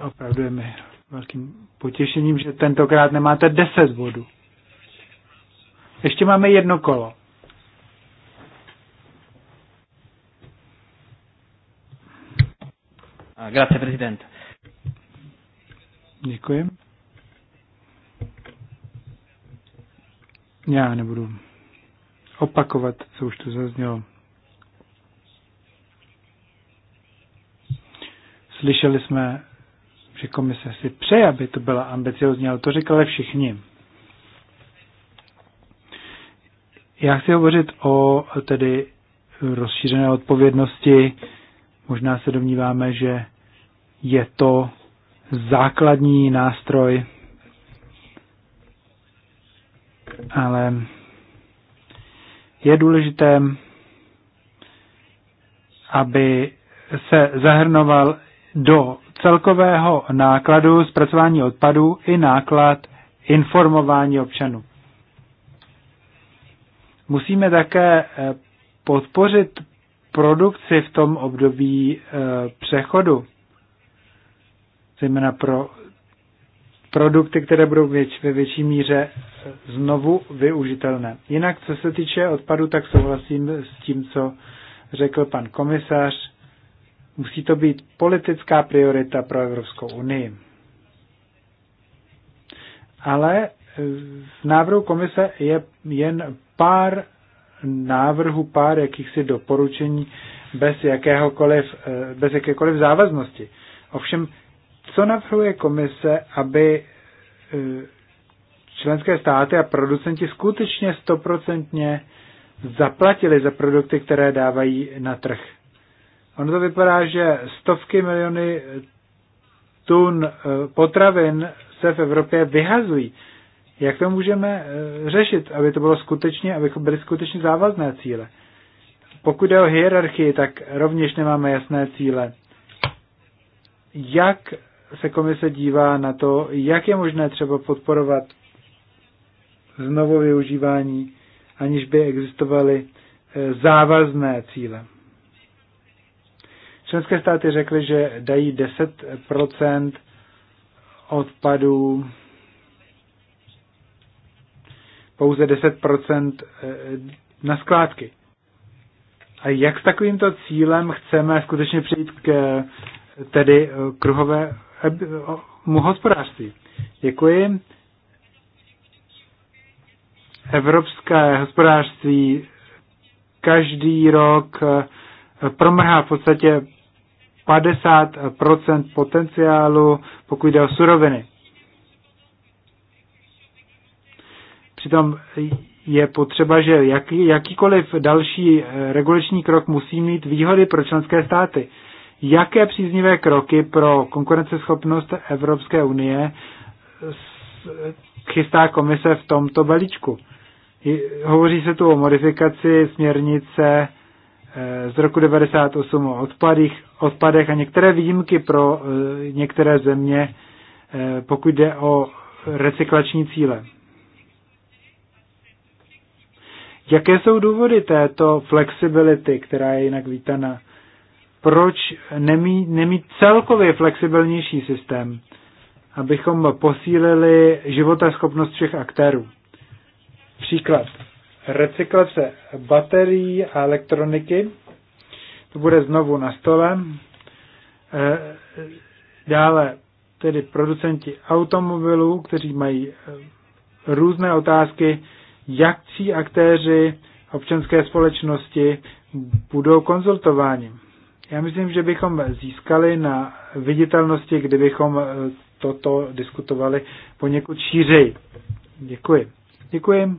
Opravdu je mi velkým potěšením, že tentokrát nemáte 10 bodů. Ještě máme jedno kolo. Grazie, prezident. Děkuji. Já nebudu opakovat, co už tu zaznělo. Slyšeli jsme, že komise si přeje, aby to byla ambiciozní, ale to říkali všichni. Já chci hovořit o tedy rozšířené odpovědnosti. Možná se domníváme, že je to základní nástroj ale je důležité, aby se zahrnoval do celkového nákladu zpracování odpadů i náklad informování občanů. Musíme také eh, podpořit produkci v tom období eh, přechodu, zejména pro produkty, které budou věč, ve větší míře e, znovu využitelné. Jinak, co se týče odpadu, tak souhlasím s tím, co řekl pan komisař. Musí to být politická priorita pro Evropskou unii. Ale e, v návrhu komise je jen pár návrhů, pár jakýchsi doporučení bez, jakéhokoliv, e, bez jakékoliv závaznosti. Ovšem co navrhuje komise, aby eh, členské státy a producenti skutečně stoprocentně zaplatili za produkty, které dávají na trh? Ono to vypadá, že stovky miliony tun eh, potravin se v Evropě vyhazují. Jak to můžeme eh, řešit, aby to bylo skutečně, aby byly skutečně závazné cíle? Pokud jde o hierarchii, tak rovněž nemáme jasné cíle. Jak se komise dívá na to, jak je možné třeba podporovat znovu využívání, aniž by existovaly eh, závazné cíle. Členské státy řekly, že dají 10 odpadů, pouze 10 eh, na skládky. A jak s takovýmto cílem chceme skutečně přijít k eh, tedy kruhové hospodářství. Děkuji. Evropské hospodářství každý rok eh, promrhá v podstatě 50 potenciálu, pokud jde o suroviny. Přitom je potřeba, že jaký, jakýkoliv další eh, regulační krok musí mít výhody pro členské státy jaké příznivé kroky pro konkurenceschopnost Evropské unie chystá komise v tomto balíčku. Hovoří se tu o modifikaci směrnice eh, z roku 98 o odpadech, odpadech a některé výjimky pro eh, některé země, eh, pokud jde o recyklační cíle. Jaké jsou důvody této flexibility, která je jinak vítaná? proč nemít, nemít celkově flexibilnější systém, abychom posílili životaschopnost všech aktérů. Příklad. Recyklace baterií a elektroniky. To bude znovu na stole. Eh, dále tedy producenti automobilů, kteří mají eh, různé otázky, jak tří aktéři občanské společnosti budou konzultováni. Já myslím, že bychom získali na viditelnosti, kdybychom eh, toto diskutovali poněkud šířeji. Děkuji. Děkuji.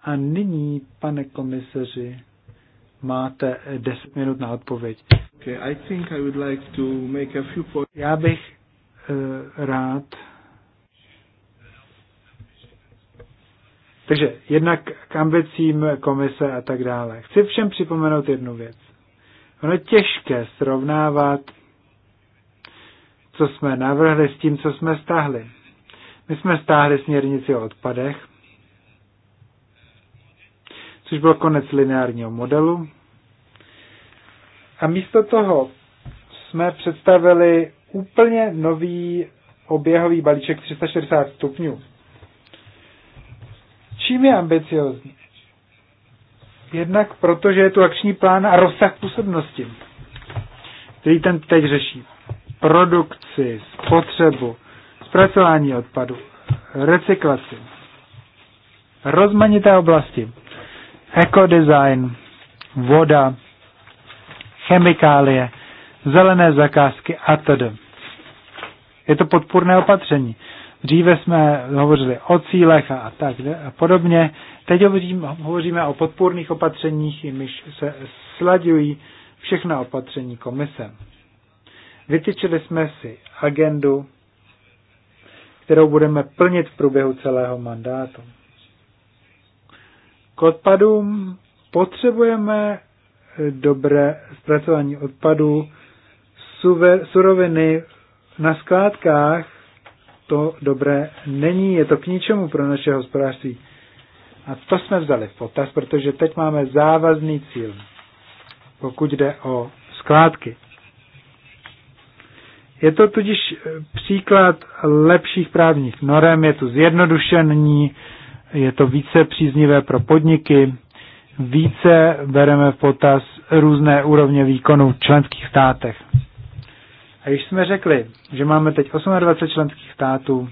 A nyní, pane komisaři, máte 10 minut na odpověď. Okay, I think I would like to make a few Já bych uh, rád Takže jednak k ambicím komise a tak dále. Chci všem připomenout jednu věc. Ono je těžké srovnávat, co jsme navrhli s tím, co jsme stáhli. My jsme stáhli směrnici o odpadech, což byl konec lineárního modelu. A místo toho jsme představili úplně nový oběhový balíček 360 stupňů čím je ambiciozní? Jednak proto, že je tu akční plán a rozsah působnosti, který ten teď řeší. Produkci, spotřebu, zpracování odpadu, recyklaci, rozmanité oblasti, ekodesign, voda, chemikálie, zelené zakázky a tedy Je to podpůrné opatření. Dříve jsme hovořili o cílech a, a tak a podobně. Teď hovořím, hovoříme o podpůrných opatřeních, jimiž se sladují všechna opatření komise. Vytyčili jsme si agendu, kterou budeme plnit v průběhu celého mandátu. K odpadům potřebujeme dobré zpracování odpadů, suroviny na skládkách to dobré není, je to k ničemu pro naše hospodářství. A to jsme vzali v potaz, protože teď máme závazný cíl, pokud jde o skládky. Je to tudíž eh, příklad lepších právních norem, je to zjednodušení, je to více příznivé pro podniky, více bereme v potaz různé úrovně výkonu v členských státech. A když jsme řekli, že máme teď 28 členských států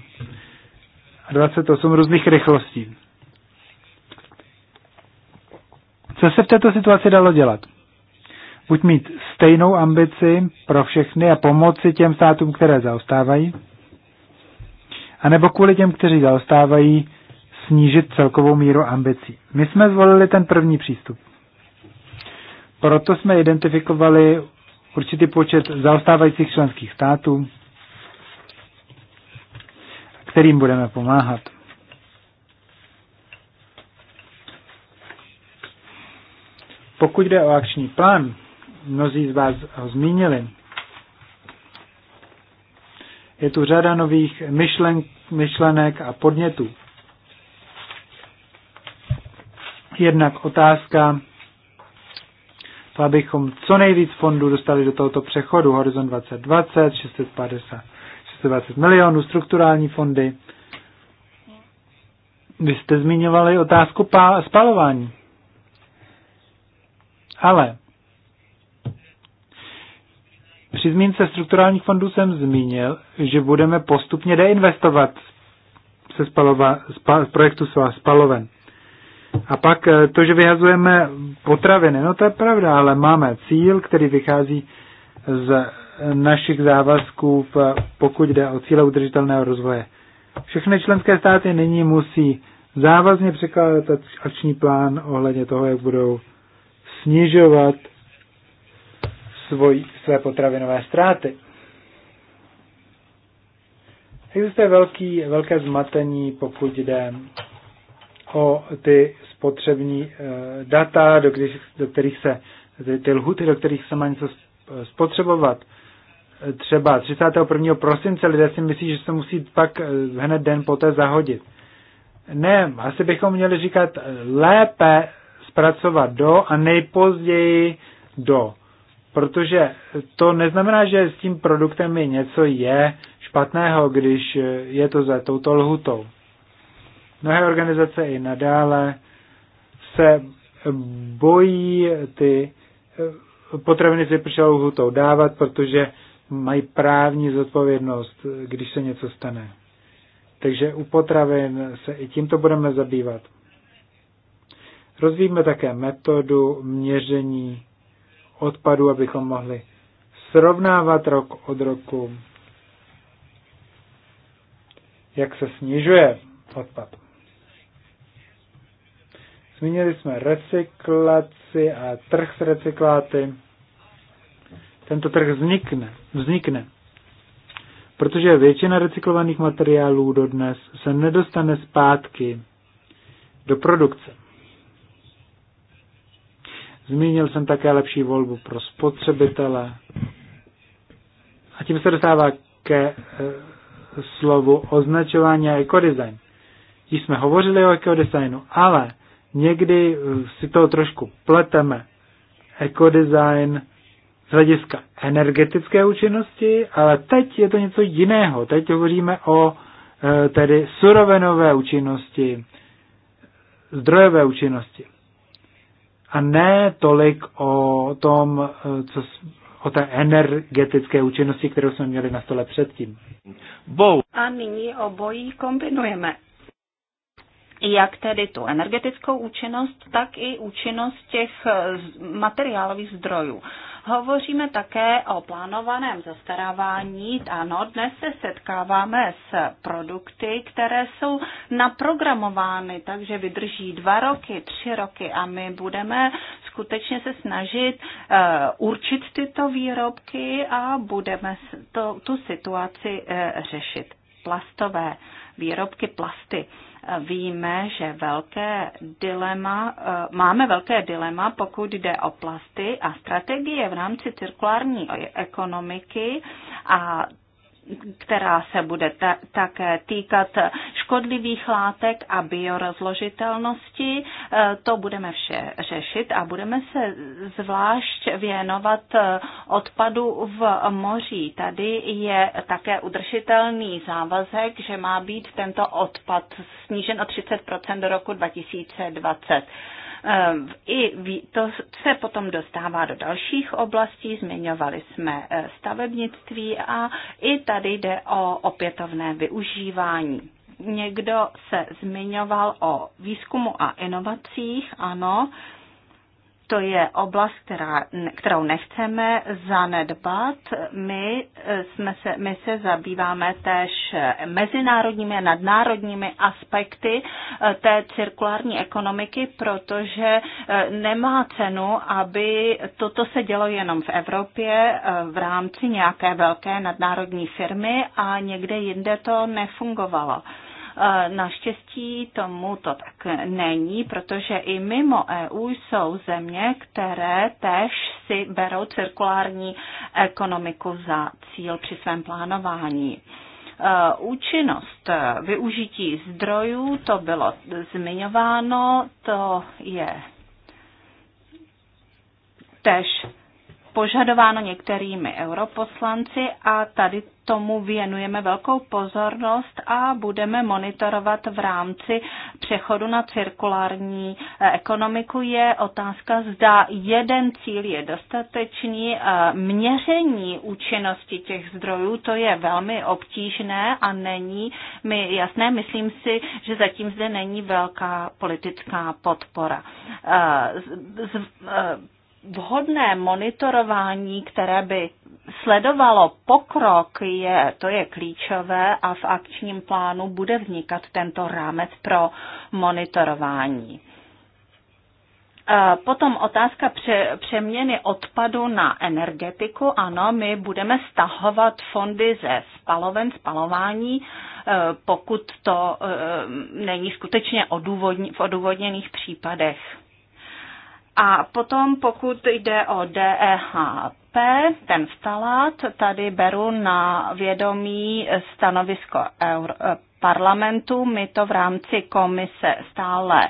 a 28 různých rychlostí. Co se v této situaci dalo dělat? Buď mít stejnou ambici pro všechny a pomoci těm státům, které zaostávají, anebo kvůli těm, kteří zaostávají, snížit celkovou míru ambicí. My jsme zvolili ten první přístup. Proto jsme identifikovali určitý počet zaostávajících členských států, kterým budeme pomáhat. Pokud jde o akční plán, mnozí z vás ho zmínili, je tu řada nových myšlen, myšlenek a podnětů. Jednak otázka to abychom co nejvíc fondů dostali do tohoto přechodu. Horizon 2020, 650, 620 milionů, strukturální fondy. Vy jste zmiňovali otázku spalování. Ale při zmínce strukturálních fondů jsem zmínil, že budeme postupně deinvestovat se spalova, spa, projektu spaloven. A pak eh, to, že vyhazujeme potraviny, no to je pravda, ale máme cíl, který vychází z našich závazků, v, pokud jde o cíle udržitelného rozvoje. Všechny členské státy nyní musí závazně překládat akční plán ohledně toho, jak budou snižovat svoj, své potravinové ztráty. Existuje velký, velké zmatení, pokud jde o ty spotřební eh, data, do kterých, do kterých se, ty, ty lhuty, do kterých se má něco eh, spotřebovat. Eh, třeba 31. prosince lidé si myslí, že se musí pak hned den poté zahodit. Ne, asi bychom měli říkat lépe zpracovat do a nejpozději do. Protože to neznamená, že s tím produktem je něco je špatného, když je to za touto lhutou. Mnohé organizace i nadále se bojí ty eh, potraviny si přišel lhutou dávat, protože mají právní zodpovědnost, když se něco stane. Takže u potravin se i tímto budeme zabývat. Rozvíjíme také metodu měření odpadu, abychom mohli srovnávat rok od roku, jak se snižuje odpad. Zmínili jsme recyklaci a trh s recykláty. Tento trh vznikne, vznikne, protože většina recyklovaných materiálů dodnes se nedostane zpátky do produkce. Zmínil jsem také lepší volbu pro spotřebitele. A tím se dostává ke e, slovu označování a ekodesign. Již jsme hovořili o ekodesignu, ale Někdy eh, si to trošku pleteme. Ekodesign z hlediska energetické účinnosti, ale teď je to něco jiného. Teď hovoříme o eh, tedy surovenové účinnosti, zdrojové účinnosti. A ne tolik o tom, eh, co, o té energetické účinnosti, kterou jsme měli na stole předtím. Bo. A nyní obojí kombinujeme jak tedy tu energetickou účinnost, tak i účinnost těch eh, materiálových zdrojů. Hovoříme také o plánovaném zastarávání. Ano, dnes se setkáváme s produkty, které jsou naprogramovány, takže vydrží dva roky, tři roky a my budeme skutečně se snažit uh, určit tyto výrobky a budeme to, tu situaci uh, řešit. Plastové výrobky, plasty. Uh, Víme, že velké dilema, eh, máme velké dilema, pokud jde o plasty a strategie v rámci cirkulární ekonomiky a která se bude ta, také týkat škodlivých látek a biorozložitelnosti. E, to budeme vše řešit a budeme se zvlášť věnovat e, odpadu v moří. Tady je také udržitelný závazek, že má být tento odpad snížen o 30 do roku 2020. Ehm, I to se potom dostává do dalších oblastí, zmiňovali jsme e, stavebnictví a i tady jde o opětovné využívání někdo se zmiňoval o výzkumu a inovacích, ano, to je oblast, která, kterou nechceme zanedbat. My, eh, jsme se, my se zabýváme též mezinárodními a nadnárodními aspekty eh, té cirkulární ekonomiky, protože eh, nemá cenu, aby toto se dělo jenom v Evropě v rámci nějaké velké nadnárodní firmy a někde jinde to nefungovalo. E, naštěstí tomu to tak není, protože i mimo EU jsou země, které tež si berou cirkulární ekonomiku za cíl při svém plánování e, účinnost využití zdrojů, to bylo zmiňováno, to je tež požadováno některými europoslanci a tady tomu věnujeme velkou pozornost a budeme monitorovat v rámci přechodu na cirkulární eh, ekonomiku. Je otázka, zda jeden cíl je dostatečný. Eh, měření účinnosti těch zdrojů, to je velmi obtížné a není mi jasné. Myslím si, že zatím zde není velká politická podpora. Eh, z, z, vhodné monitorování, které by sledovalo pokrok, je, to je klíčové a v akčním plánu bude vznikat tento rámec pro monitorování. E, potom otázka pře- přeměny odpadu na energetiku. Ano, my budeme stahovat fondy ze spaloven, spalování, e, pokud to e, není skutečně odůvodně, v odůvodněných případech. A potom, pokud jde o DEHP, ten vtalát, tady beru na vědomí stanovisko parlamentu. My to v rámci komise stále eh,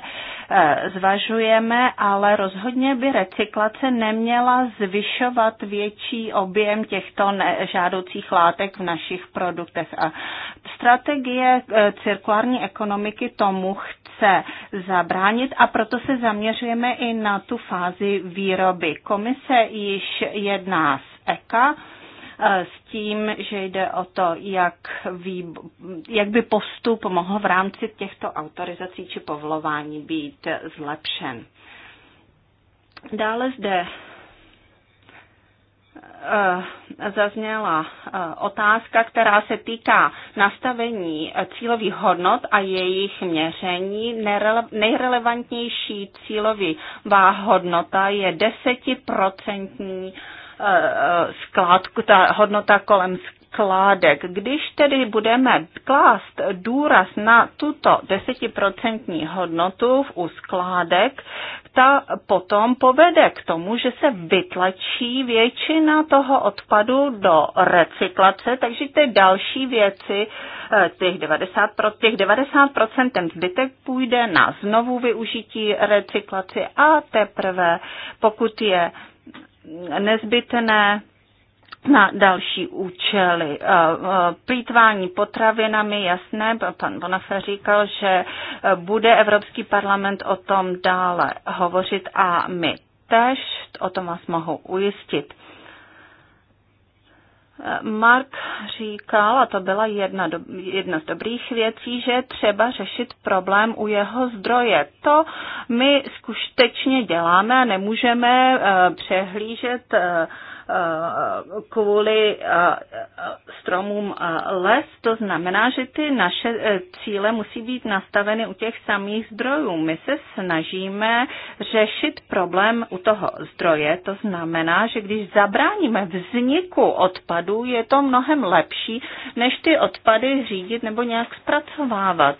zvažujeme, ale rozhodně by recyklace neměla zvyšovat větší objem těchto žádoucích látek v našich produktech. A strategie eh, cirkulární ekonomiky tomu chce zabránit a proto se zaměřujeme i na tu fázi výroby. Komise již jedná s ECA, E, s tím, že jde o to, jak, vý, jak by postup mohl v rámci těchto autorizací či povolování být zlepšen. Dále zde e, zazněla e, otázka, která se týká nastavení cílových hodnot a jejich měření. Nejrelevantnější cílová hodnota je desetiprocentní Eh, eh, skládku, ta hodnota kolem skládek. Když tedy budeme klást důraz na tuto desetiprocentní hodnotu u skládek, ta potom povede k tomu, že se vytlačí většina toho odpadu do recyklace, takže ty další věci, eh, těch 90%, těch 90% ten zbytek půjde na znovu využití recyklaci a teprve, pokud je nezbytné na další účely. Eh, eh, plítvání potravinami, jasné, pan Bonafé říkal, že eh, bude Evropský parlament o tom dále hovořit a my tež, o tom vás mohu ujistit. Mark říkal, a to byla jedna, do, jedna z dobrých věcí, že třeba řešit problém u jeho zdroje. To my skutečně děláme a nemůžeme uh, přehlížet uh, Eh, kvůli eh, stromům eh, les. To znamená, že ty naše cíle musí být nastaveny u těch samých zdrojů. My se snažíme řešit problém u toho zdroje. To znamená, že když zabráníme vzniku odpadů, je to mnohem lepší, než ty odpady řídit nebo nějak zpracovávat.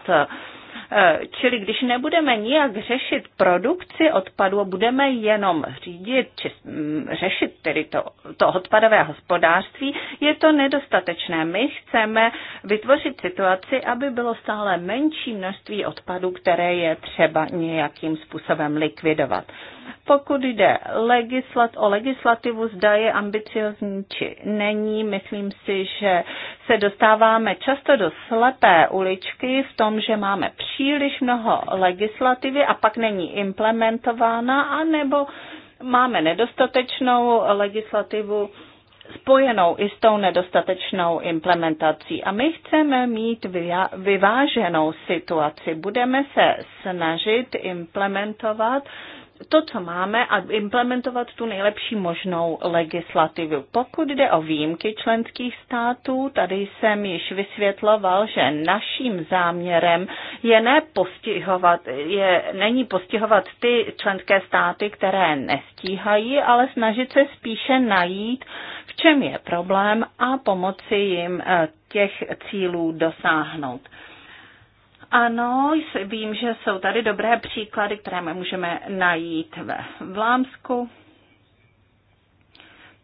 Eh, čili když nebudeme nijak řešit produkci odpadu a budeme jenom řídit, či mm, řešit tedy to, to odpadové hospodářství, je to nedostatečné. My chceme vytvořit situaci, aby bylo stále menší množství odpadu, které je třeba nějakým způsobem likvidovat. Pokud jde legislat, o legislativu, zda je ambiciozní či není, myslím si, že se dostáváme často do slepé uličky v tom, že máme příliš mnoho legislativy a pak není implementována, anebo máme nedostatečnou legislativu spojenou i s tou nedostatečnou implementací. A my chceme mít vyváženou situaci. Budeme se snažit implementovat to, co máme, a implementovat tu nejlepší možnou legislativu. Pokud jde o výjimky členských států, tady jsem již vysvětloval, že naším záměrem je ne postihovat, je, není postihovat ty členské státy, které nestíhají, ale snažit se spíše najít, v čem je problém a pomoci jim eh, těch cílů dosáhnout. Ano, vím, že jsou tady dobré příklady, které my můžeme najít ve Vlámsku.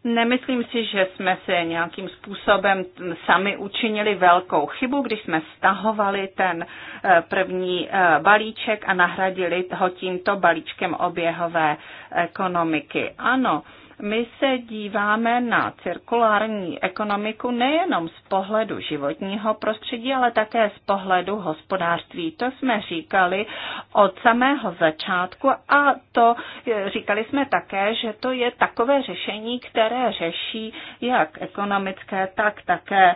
Nemyslím si, že jsme se nějakým způsobem sami učinili velkou chybu, když jsme stahovali ten eh, první eh, balíček a nahradili ho tímto balíčkem oběhové ekonomiky. Ano, my se díváme na cirkulární ekonomiku nejenom z pohledu životního prostředí, ale také z pohledu hospodářství. To jsme říkali od samého začátku a to eh, říkali jsme také, že to je takové řešení, které řeší jak ekonomické, tak také e,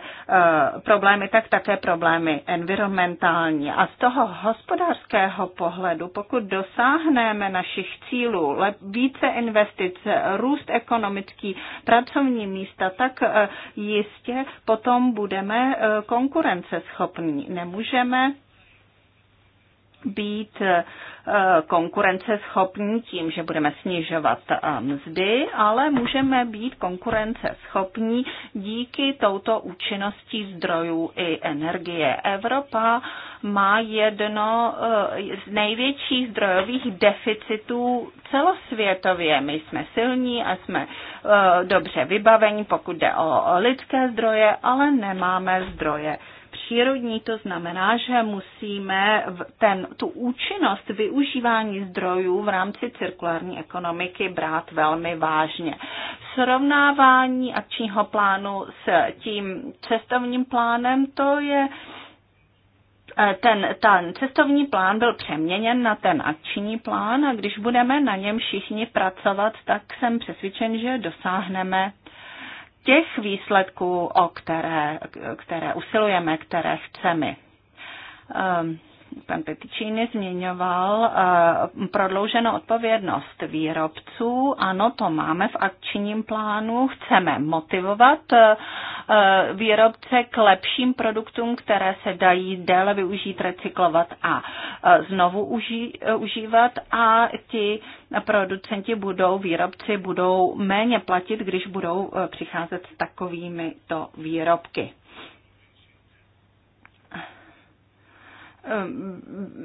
problémy, tak také problémy environmentální. A z toho hospodářského pohledu, pokud dosáhneme našich cílů, více investice, růst ekonomický pracovní místa, tak eh, jistě potom budeme eh, konkurenceschopní. Nemůžeme být eh, konkurenceschopní tím, že budeme snižovat eh, mzdy, ale můžeme být konkurenceschopní díky touto účinnosti zdrojů i energie. Evropa má jedno eh, z největších zdrojových deficitů celosvětově. My jsme silní a jsme dobře vybaveni, pokud jde o lidské zdroje, ale nemáme zdroje přírodní, to znamená, že musíme ten, tu účinnost využívání zdrojů v rámci cirkulární ekonomiky brát velmi vážně. Srovnávání akčního plánu s tím cestovním plánem, to je eh, ten, ten cestovní plán byl přeměněn na ten akční plán a když budeme na něm všichni pracovat, tak jsem přesvědčen, že dosáhneme těch výsledků, o které, které usilujeme, které chceme. Um, pan Peticini zmiňoval eh, prodlouženou odpovědnost výrobců. Ano, to máme v akčním plánu. Chceme motivovat eh, eh, výrobce k lepším produktům, které se dají déle využít, recyklovat a znovu uží, užívat a ti producenti budou, výrobci budou méně platit, když budou přicházet s takovými to výrobky. Ehm,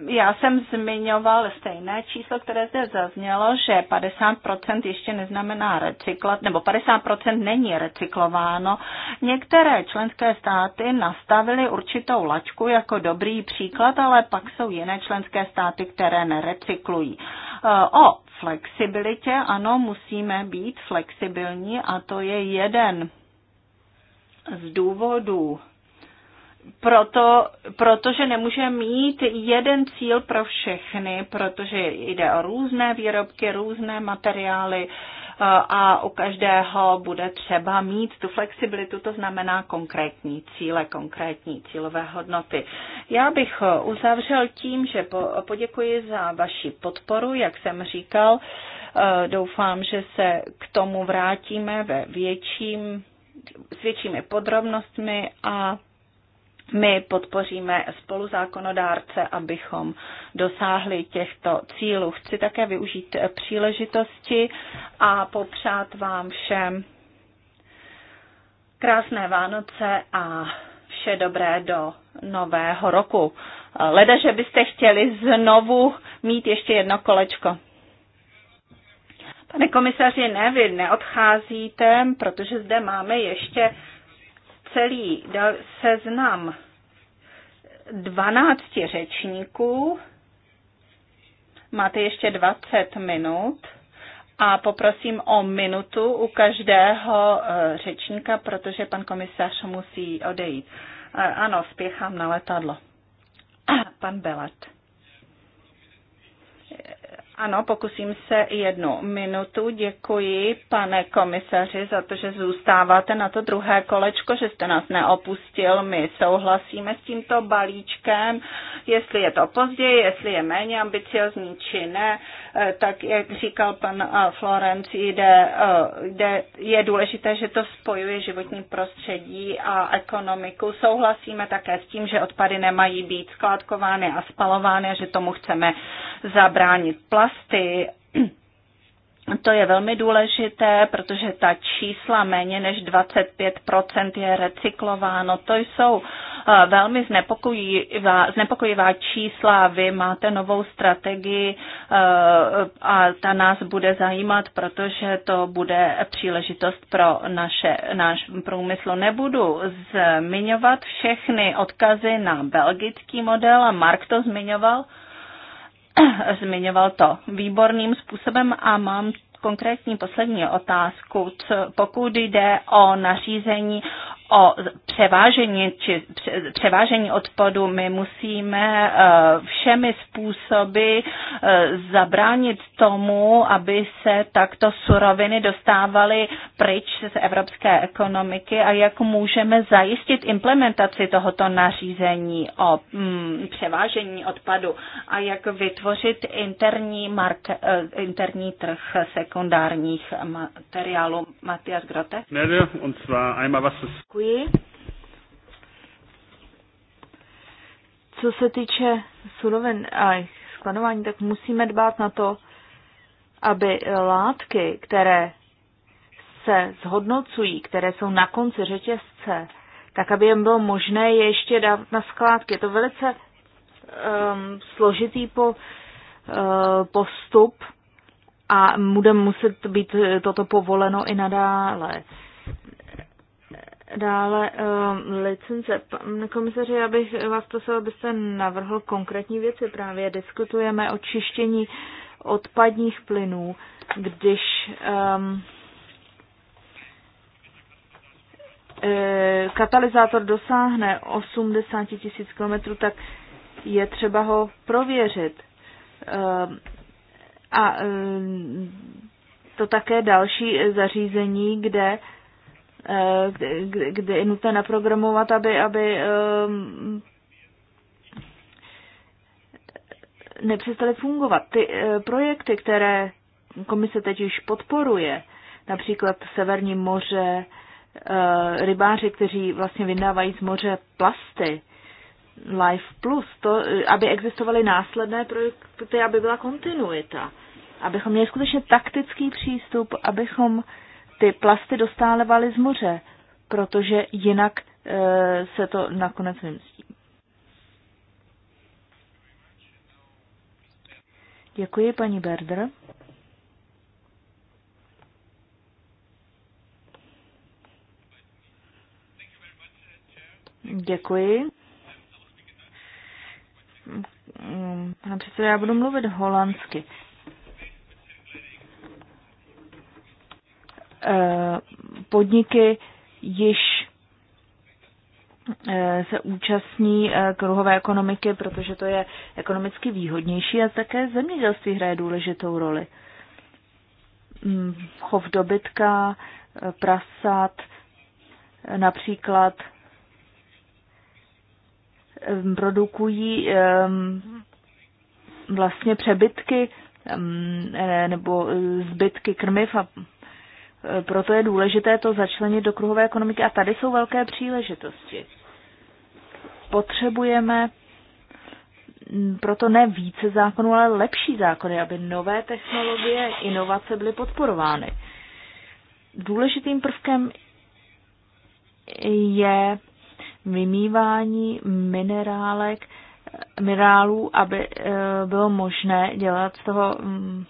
já jsem zmiňoval stejné číslo, které zde zaznělo, že 50% ještě neznamená recyklat, nebo 50% není recyklováno. Některé členské státy nastavily určitou lačku jako dobrý příklad, ale pak jsou jiné členské státy, které nerecyklují. Ehm, o flexibilitě, ano, musíme být flexibilní a to je jeden z důvodů proto, protože nemůže mít jeden cíl pro všechny, protože jde o různé výrobky, různé materiály eh, a u každého bude třeba mít tu flexibilitu, to znamená konkrétní cíle, konkrétní cílové hodnoty. Já bych eh, uzavřel tím, že poděkuji za vaši podporu, jak jsem říkal. Eh, doufám, že se k tomu vrátíme ve větším, s většími podrobnostmi a my podpoříme spoluzákonodárce, abychom dosáhli těchto cílů. Chci také využít příležitosti a popřát vám všem krásné Vánoce a vše dobré do nového roku. Leda, že byste chtěli znovu mít ještě jedno kolečko. Pane komisaři, ne, vy neodcházíte, protože zde máme ještě celý seznam 12 řečníků. Máte ještě 20 minut a poprosím o minutu u každého eh, řečníka, protože pan komisař musí odejít. Eh, ano, spěchám na letadlo. Pan Belat. Ano, pokusím se jednu minutu. Děkuji, pane komisaři, za to, že zůstáváte na to druhé kolečko, že jste nás neopustil. My souhlasíme s tímto balíčkem, jestli je to později, jestli je méně ambiciozní či ne. Eh, tak, jak říkal pan eh, Florenc, jde, eh, jde, je důležité, že to spojuje životní prostředí a ekonomiku. Souhlasíme také s tím, že odpady nemají být skládkovány a spalovány a že tomu chceme zabránit. Plast plasty, to je velmi důležité, protože ta čísla méně než 25% je recyklováno. To jsou eh, velmi znepokojivá, znepokojivá čísla. Vy máte novou strategii eh, a ta nás bude zajímat, protože to bude příležitost pro naše, náš průmysl. Nebudu zmiňovat všechny odkazy na belgický model a Mark to zmiňoval zmiňoval to výborným způsobem a mám konkrétní poslední otázku. Co, pokud jde o nařízení o převážení, či převážení odpadu my musíme eh, všemi způsoby eh, zabránit tomu, aby se takto suroviny dostávaly pryč z evropské ekonomiky a jak můžeme zajistit implementaci tohoto nařízení o mm, převážení odpadu a jak vytvořit interní, marke, eh, interní trh sekundárních materiálů. Matias Grote? Nede, und zwar einmal was Děkuji. Co se týče surovin a jejich skladování, tak musíme dbát na to, aby látky, které se zhodnocují, které jsou na konci řetězce, tak aby jim bylo možné je ještě dát na skládky. Je to velice um, složitý po, uh, postup a bude muset být toto povoleno i nadále. Dále uh, licence. Pane komisaři, já bych vás prosil, abyste navrhl konkrétní věci. Právě diskutujeme o čištění odpadních plynů, když um, e, katalyzátor dosáhne 80 tisíc kilometrů, tak je třeba ho prověřit. Um, a um, to také další zařízení, kde uh, Eh, kdy, je nutné naprogramovat, aby, aby ehm, nepřestaly fungovat. Ty eh, projekty, které komise teď již podporuje, například Severní moře, eh, rybáři, kteří vlastně vydávají z moře plasty, Life Plus, to, aby existovaly následné projekty, aby byla kontinuita, abychom měli skutečně taktický přístup, abychom ty plasty dostálevaly z moře, protože jinak e, se to nakonec vymstí. Děkuji, paní Berder. Děkuji. Pane předsedo, já budu mluvit holandsky. Podniky již eh, se účastní eh, kruhové ekonomiky, protože to je ekonomicky výhodnější a také zemědělství hraje důležitou roli. Mm, chov dobytka, eh, prasat, například produkují vlastně přebytky nebo zbytky krmiv a proto je důležité to začlenit do kruhové ekonomiky a tady jsou velké příležitosti. Potřebujeme proto ne více zákonů, ale lepší zákony, aby nové technologie, inovace byly podporovány. Důležitým prvkem je vymývání minerálek, minerálů, aby eh, bylo možné dělat z toho mm,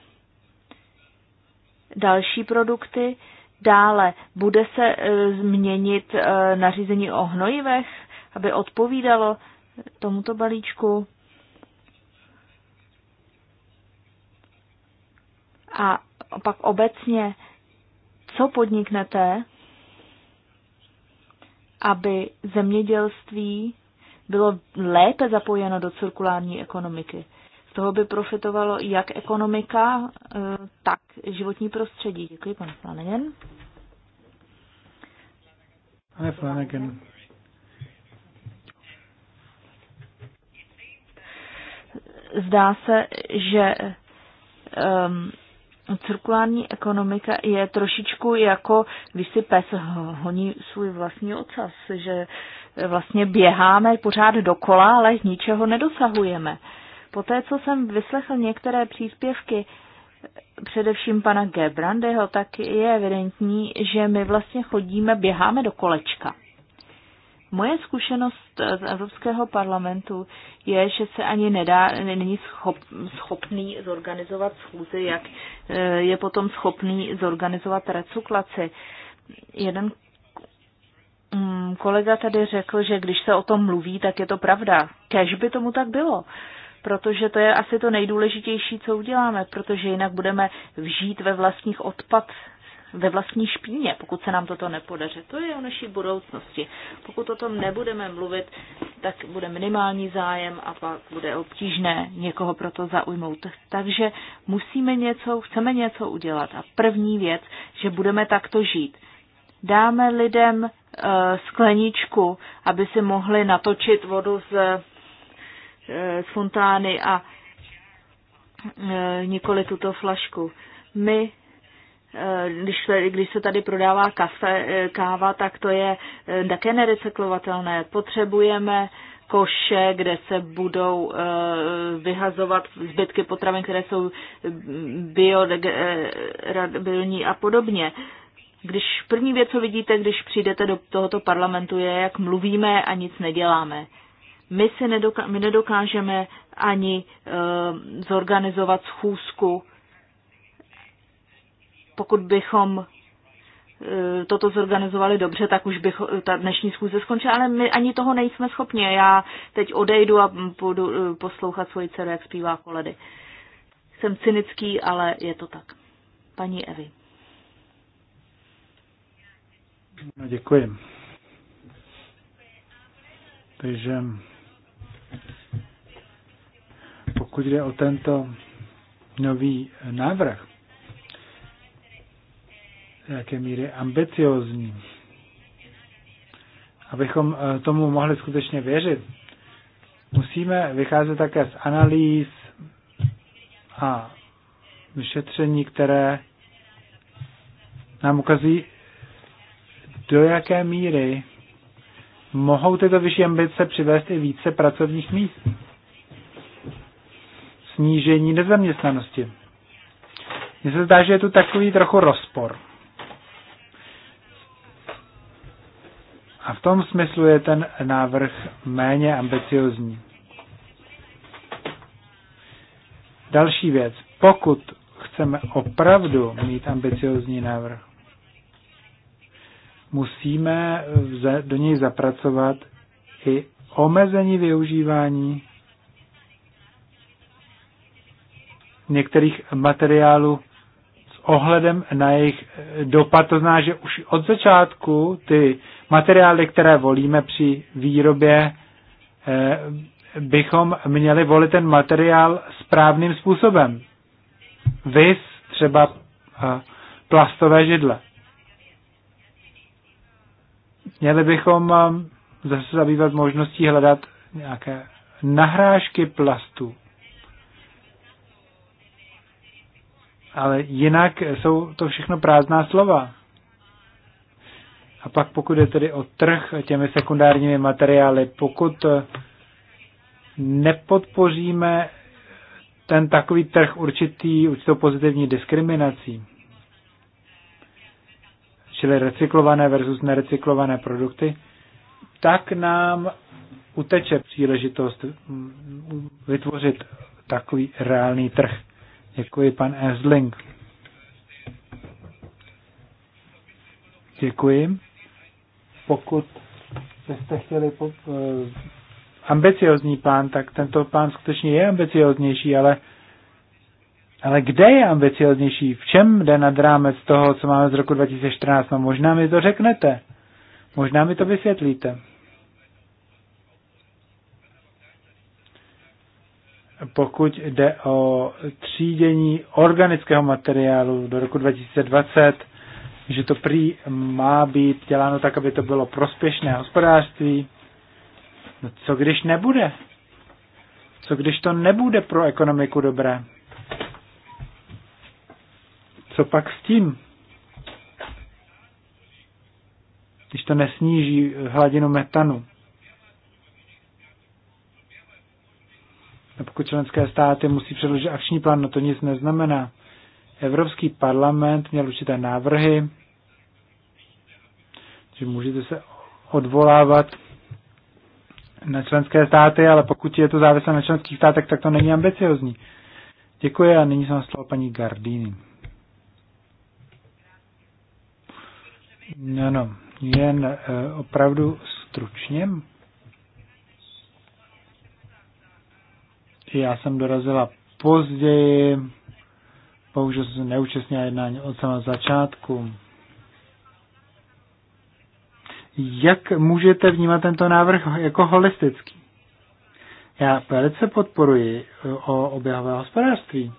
další produkty. Dále bude se e, změnit e, nařízení o hnojivech, aby odpovídalo tomuto balíčku. A pak obecně, co podniknete, aby zemědělství bylo lépe zapojeno do cirkulární ekonomiky? Z toho by profitovalo jak ekonomika, eh, tak životní prostředí. Děkuji, pan Flanagan. Pane Flanagan. Zdá se, že um, cirkulární ekonomika je trošičku jako, když si pes honí svůj vlastní ocas, že vlastně běháme pořád dokola, ale ničeho nedosahujeme. Uh, Poté, co jsem vyslechl některé příspěvky, především pana Gebrandeho, tak je evidentní, že my vlastně chodíme, běháme do kolečka. Moje zkušenost z Evropského parlamentu je, že se ani nedá, není schop, schopný zorganizovat schůzy, jak eh, je potom schopný zorganizovat recuklaci. Jeden mm, kolega tady řekl, že když se o tom mluví, tak je to pravda. Kež by tomu tak bylo protože to je asi to nejdůležitější, co uděláme, protože jinak budeme vžít ve vlastních odpad, ve vlastní špíně, pokud se nám toto nepodaří. To je o naší budoucnosti. Pokud o tom nebudeme mluvit, tak bude minimální zájem a pak bude obtížné někoho proto zaujmout. Takže musíme něco, chceme něco udělat. A první věc, že budeme takto žít. Dáme lidem eh, skleničku, aby si mohli natočit vodu z z fontány a e, nikoli tuto flašku. My e, když se, když se tady prodává kafe, e, káva, tak to je také nerecyklovatelné. Potřebujeme koše, kde se budou vyhazovat zbytky potravin, které jsou biodegradabilní a podobně. Když první věc, co vidíte, když přijdete do tohoto parlamentu, je, jak mluvíme a nic neděláme. My, se nedoká- my nedokážeme ani uh, zorganizovat schůzku, pokud bychom eh, toto zorganizovali dobře, tak už bych eh, ta dnešní schůze skončila, ale my ani toho nejsme schopni. Já teď odejdu a budu poslouchat svoji dceru, jak zpívá koledy. Jsem cynický, ale je to tak. Paní Evi. No, děkuji. Takže pokud jde o tento nový návrh, jaké míry ambiciozní, abychom eh, tomu mohli skutečně věřit, musíme vycházet také z analýz a vyšetření, které nám ukazují, do jaké míry mohou tyto vyšší ambice přivést i více pracovních míst snížení nezaměstnanosti. Mně se zdá, že je tu takový trochu rozpor. A v tom smyslu je ten návrh méně ambiciozní. Další věc. Pokud chceme opravdu mít ambiciozní návrh, musíme do něj zapracovat i omezení využívání některých materiálů s ohledem na jejich eh, dopad. To znamená, že už od začátku ty materiály, které volíme při výrobě, eh, bychom měli volit ten materiál správným způsobem. Vys třeba eh, plastové židle. Měli bychom zase zabývat možností hledat nějaké nahrážky plastů. ale jinak jsou to všechno prázdná slova. A pak pokud je tedy o trh těmi sekundárními materiály, pokud nepodpoříme ten takový trh určitý, určitou pozitivní diskriminací, čili recyklované versus nerecyklované produkty, tak nám uteče příležitost mm, vytvořit takový reálný trh. Děkuji, pan Esling. Děkuji. Pokud byste chtěli po, eh, ambiciozní plán, tak tento plán skutečně je ambicioznější, ale, ale kde je ambicioznější? V čem jde nad rámec toho, co máme z roku 2014? No možná mi to řeknete. Možná mi to vysvětlíte. pokud jde o třídění organického materiálu do roku 2020, že to prý má být děláno tak, aby to bylo prospěšné hospodářství. No co když nebude? Co když to nebude pro ekonomiku dobré? Co pak s tím? Když to nesníží hladinu metanu. pokud členské státy musí předložit akční plán, no to nic neznamená. Evropský parlament měl určité návrhy, že můžete se odvolávat na členské státy, ale pokud je to závislé na členských státech, tak to není ambiciozní. Děkuji a nyní jsem slovo paní Gardini. Ano, jen eh, opravdu stručně Já jsem dorazila později, bohužel jsem neúčastnila jednání od samého začátku. Jak můžete vnímat tento návrh jako holistický? Já velice podporuji eh, o oběhové hospodářství.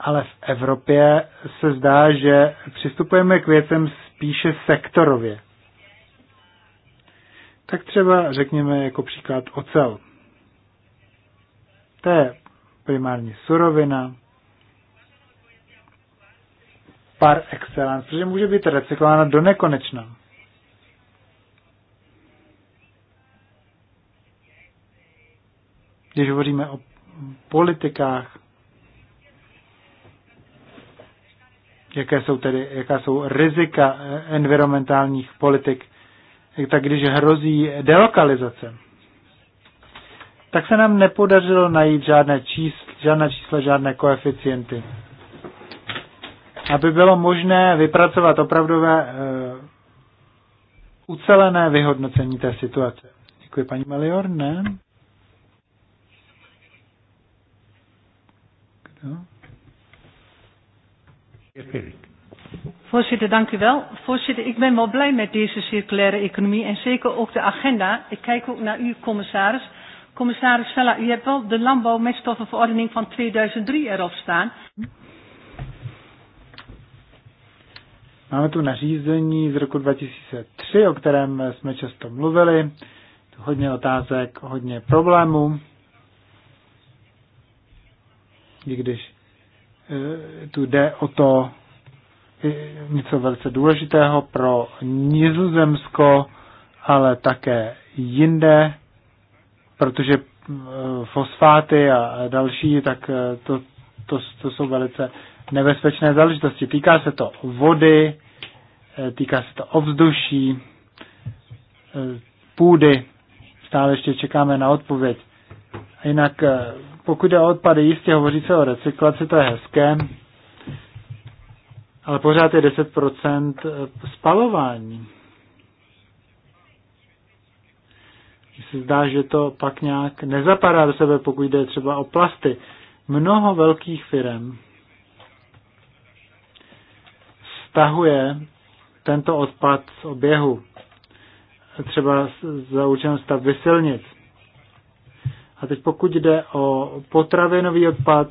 Ale v Evropě se zdá, že přistupujeme k věcem spíše sektorově. Tak třeba řekněme jako příklad ocel. To je primární surovina, par excellence, protože může být recyklována do nekonečna. Když hovoříme o politikách, jaké jsou tedy, jaká jsou rizika environmentálních politik, tak když hrozí delokalizace, tak se nám nepodařilo najít žádné čísla, žádné, čísla, žádné koeficienty. Aby bylo možné vypracovat opravdové uh, ucelené vyhodnocení té situace. Děkuji, paní Melior, ne? Kdo? Voorzitter, dank u wel. Voorzitter, ik ben wel blij met deze circulaire economie en zeker ook de agenda. Ik kijk ook naar u, commissaris. Commissaris Vella, u hebt wel de landbouwmeststoffenverordening van 2003 erop staan. Máme tu nařízení z roku 2003, o kterém jsme často mluvili. Tu hodně otázek, hodně problémů. I když eh, tu jde o to eh, něco velice důležitého pro Nizozemsko, ale také jinde protože eh, fosfáty a další, tak eh, to, to, to jsou velice nebezpečné záležitosti. Týká se to vody, eh, týká se to ovzduší, půdy. Stále ještě čekáme na odpověď. A jinak, pokud je o odpady, jistě hovoří se o recyklaci, to je hezké, ale pořád je 10% spalování. Mně se zdá, že to pak nějak nezapadá do sebe, pokud jde třeba o plasty. Mnoho velkých firm stahuje tento odpad z oběhu, třeba za účelem stavby silnic. A teď pokud jde o potravinový odpad,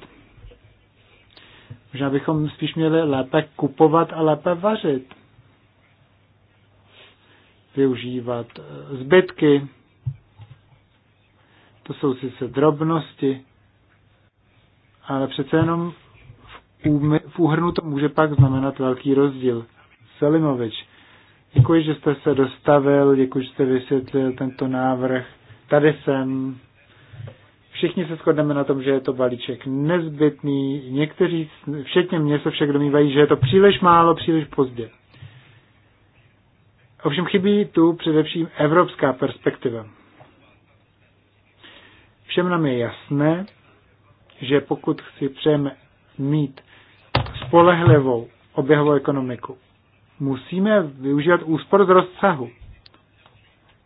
možná bychom spíš měli lépe kupovat a lépe vařit. Využívat eh, zbytky to jsou sice drobnosti, ale přece jenom v úhrnu to může pak znamenat velký rozdíl. Selimovič, děkuji, že jste se dostavil, děkuji, že jste vysvětlil tento návrh. Tady jsem. Všichni se shodneme na tom, že je to balíček nezbytný. Někteří, všetně mě, se však domývají, že je to příliš málo, příliš pozdě. Ovšem chybí tu především evropská perspektiva. Všem nám je jasné, že pokud si přejeme mít spolehlivou oběhovou ekonomiku, musíme využívat úspor z rozsahu.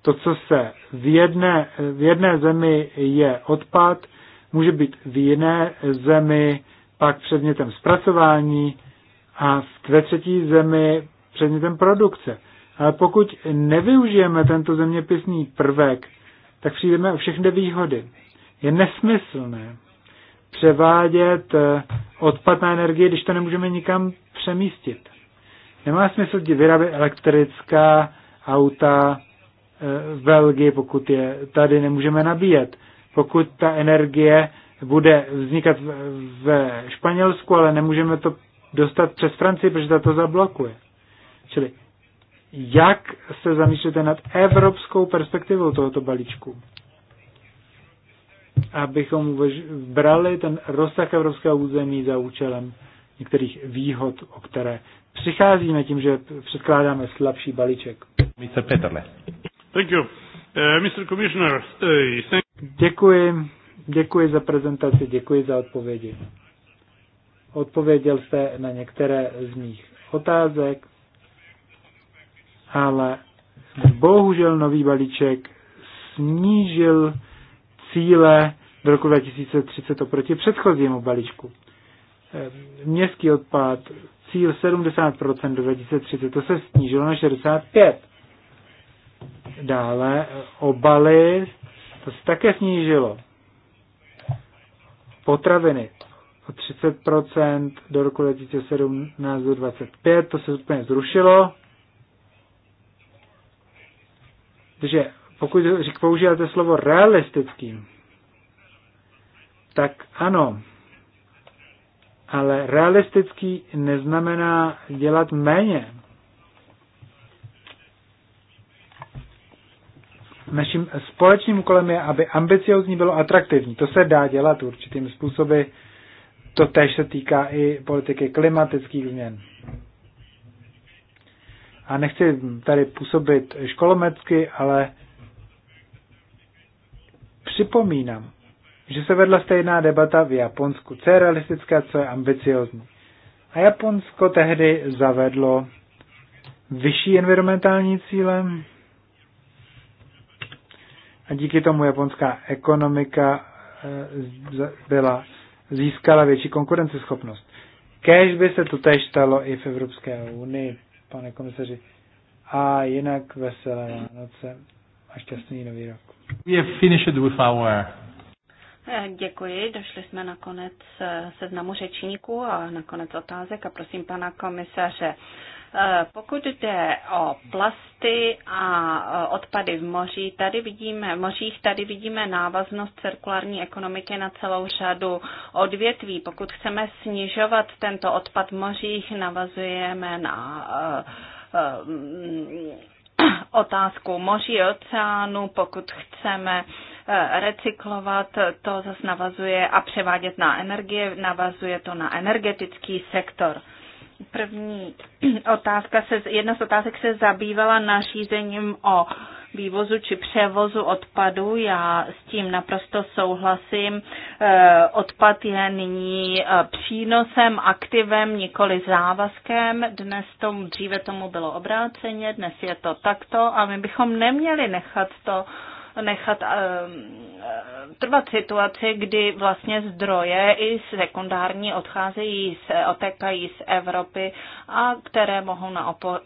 To, co se v jedné, v jedné zemi je odpad, může být v jiné zemi pak předmětem zpracování a ve třetí zemi předmětem produkce. Ale pokud nevyužijeme tento zeměpisný prvek, tak přijdeme o všechny výhody je nesmyslné převádět eh, odpad energie, energii, když to nemůžeme nikam přemístit. Nemá smysl vyrábět elektrická auta eh, v Belgii, pokud je tady nemůžeme nabíjet. Pokud ta energie bude vznikat ve Španělsku, ale nemůžeme to dostat přes Francii, protože ta to zablokuje. Čili jak se zamýšlíte nad evropskou perspektivou tohoto balíčku? abychom brali ten rozsah evropského území za účelem některých výhod, o které přicházíme tím, že předkládáme slabší balíček. Mr. Peterle. Thank you. Uh, Mr. Commissioner, uh, thank... Děkuji, děkuji za prezentaci, děkuji za odpovědi. Odpověděl jste na některé z mých otázek, ale bohužel nový balíček snížil cíle do roku 2030 oproti předchozímu balíčku. Ehm, městský odpad, cíl 70% do 2030, to se snížilo na 65. Dále eh, obaly, to se také snížilo. Potraviny o 30% do roku 2017 do 25, to se úplně zrušilo. Takže pokud používáte slovo realistický, tak ano, ale realistický neznamená dělat méně. Naším společným úkolem je, aby ambiciozní bylo atraktivní. To se dá dělat určitým způsoby. To tež se týká i politiky klimatických změn. A nechci tady působit školomecky, ale Připomínám, že se vedla stejná debata v Japonsku, co je realistické, co je ambiciozní. A Japonsko tehdy zavedlo vyšší environmentální cíle a díky tomu japonská ekonomika eh, byla, získala větší konkurenceschopnost. Kéž by se to tež stalo i v Evropské unii, pane komisaři. A jinak veselé Vánoce a šťastný nový rok. We have finished with our... Eh, děkuji, došli jsme na konec eh, seznamu řečníků a na konec otázek a prosím pana komisaře. Eh, pokud jde o plasty a odpady v moří, tady vidíme, v mořích tady vidíme návaznost cirkulární ekonomiky na celou řadu odvětví. Pokud chceme snižovat tento odpad v mořích, navazujeme na otázku moří, oceánu, pokud chceme eh, recyklovat, to zase navazuje a převádět na energie, navazuje to na energetický sektor. První otázka se, jedna z otázek se zabývala nařízením o vývozu či převozu odpadu. Já s tím naprosto souhlasím. E, odpad je nyní e, přínosem, aktivem, nikoli závazkem. Dnes tomu, dříve tomu bylo obráceně, dnes je to takto a my bychom neměli nechat to nechat eh, eh, trvat situaci, kdy vlastně zdroje i sekundární odcházejí, se, otekají z Evropy a které mohou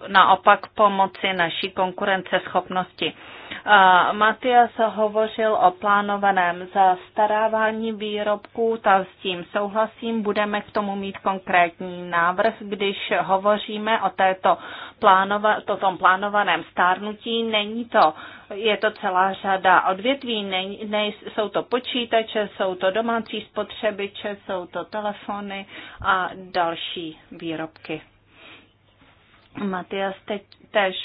naopak pomoci naší konkurenceschopnosti. Matias hovořil o plánovaném zastarávání výrobků, ta s tím souhlasím, budeme k tomu mít konkrétní návrh, když hovoříme o této plánova, to tom plánovaném stárnutí, není to je to celá řada odvětví, ne, ne, jsou to počítače, jsou to domácí spotřebiče, jsou to telefony a další výrobky. Matias teď tež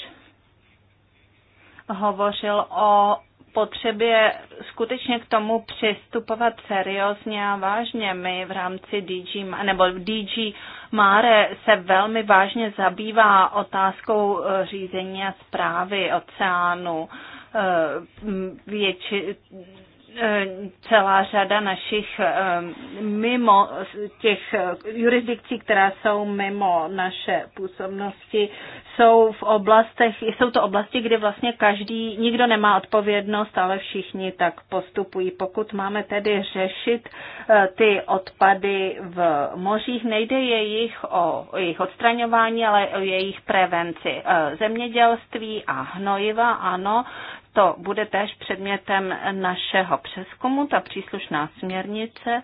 hovořil o potřebě skutečně k tomu přistupovat seriózně a vážně. My v rámci DG, nebo DG Mare se velmi vážně zabývá otázkou eh, řízení a zprávy oceánu. Eh, větši, E, celá řada našich e, mimo těch jurisdikcí, která jsou mimo naše působnosti, jsou v oblastech, jsou to oblasti, kde vlastně každý, nikdo nemá odpovědnost, ale všichni tak postupují. Pokud máme tedy řešit e, ty odpady v mořích, nejde jejich o, o jejich odstraňování, ale o jejich prevenci. Zemědělství a hnojiva, ano, to bude též předmětem našeho přeskumu, ta příslušná směrnice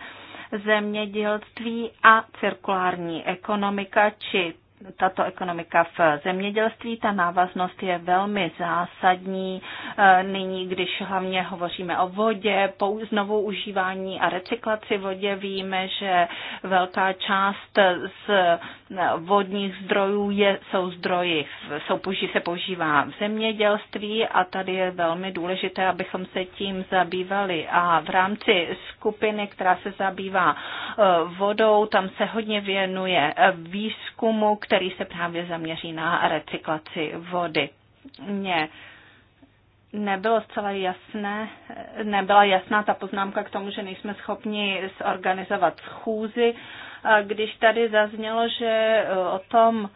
zemědělství a cirkulární ekonomika či tato ekonomika v zemědělství. Ta návaznost je velmi zásadní. E, nyní, když hlavně hovoříme o vodě, znovu užívání a recyklaci vodě, víme, že velká část z vodních zdrojů je, jsou zdroji, jsou, se používá v zemědělství a tady je velmi důležité, abychom se tím zabývali. A v rámci skupiny, která se zabývá e, vodou, tam se hodně věnuje výzkumu, který se právě zaměří na recyklaci vody. Mně nebylo zcela jasné, nebyla jasná ta poznámka k tomu, že nejsme schopni zorganizovat schůzy, když tady zaznělo, že o tom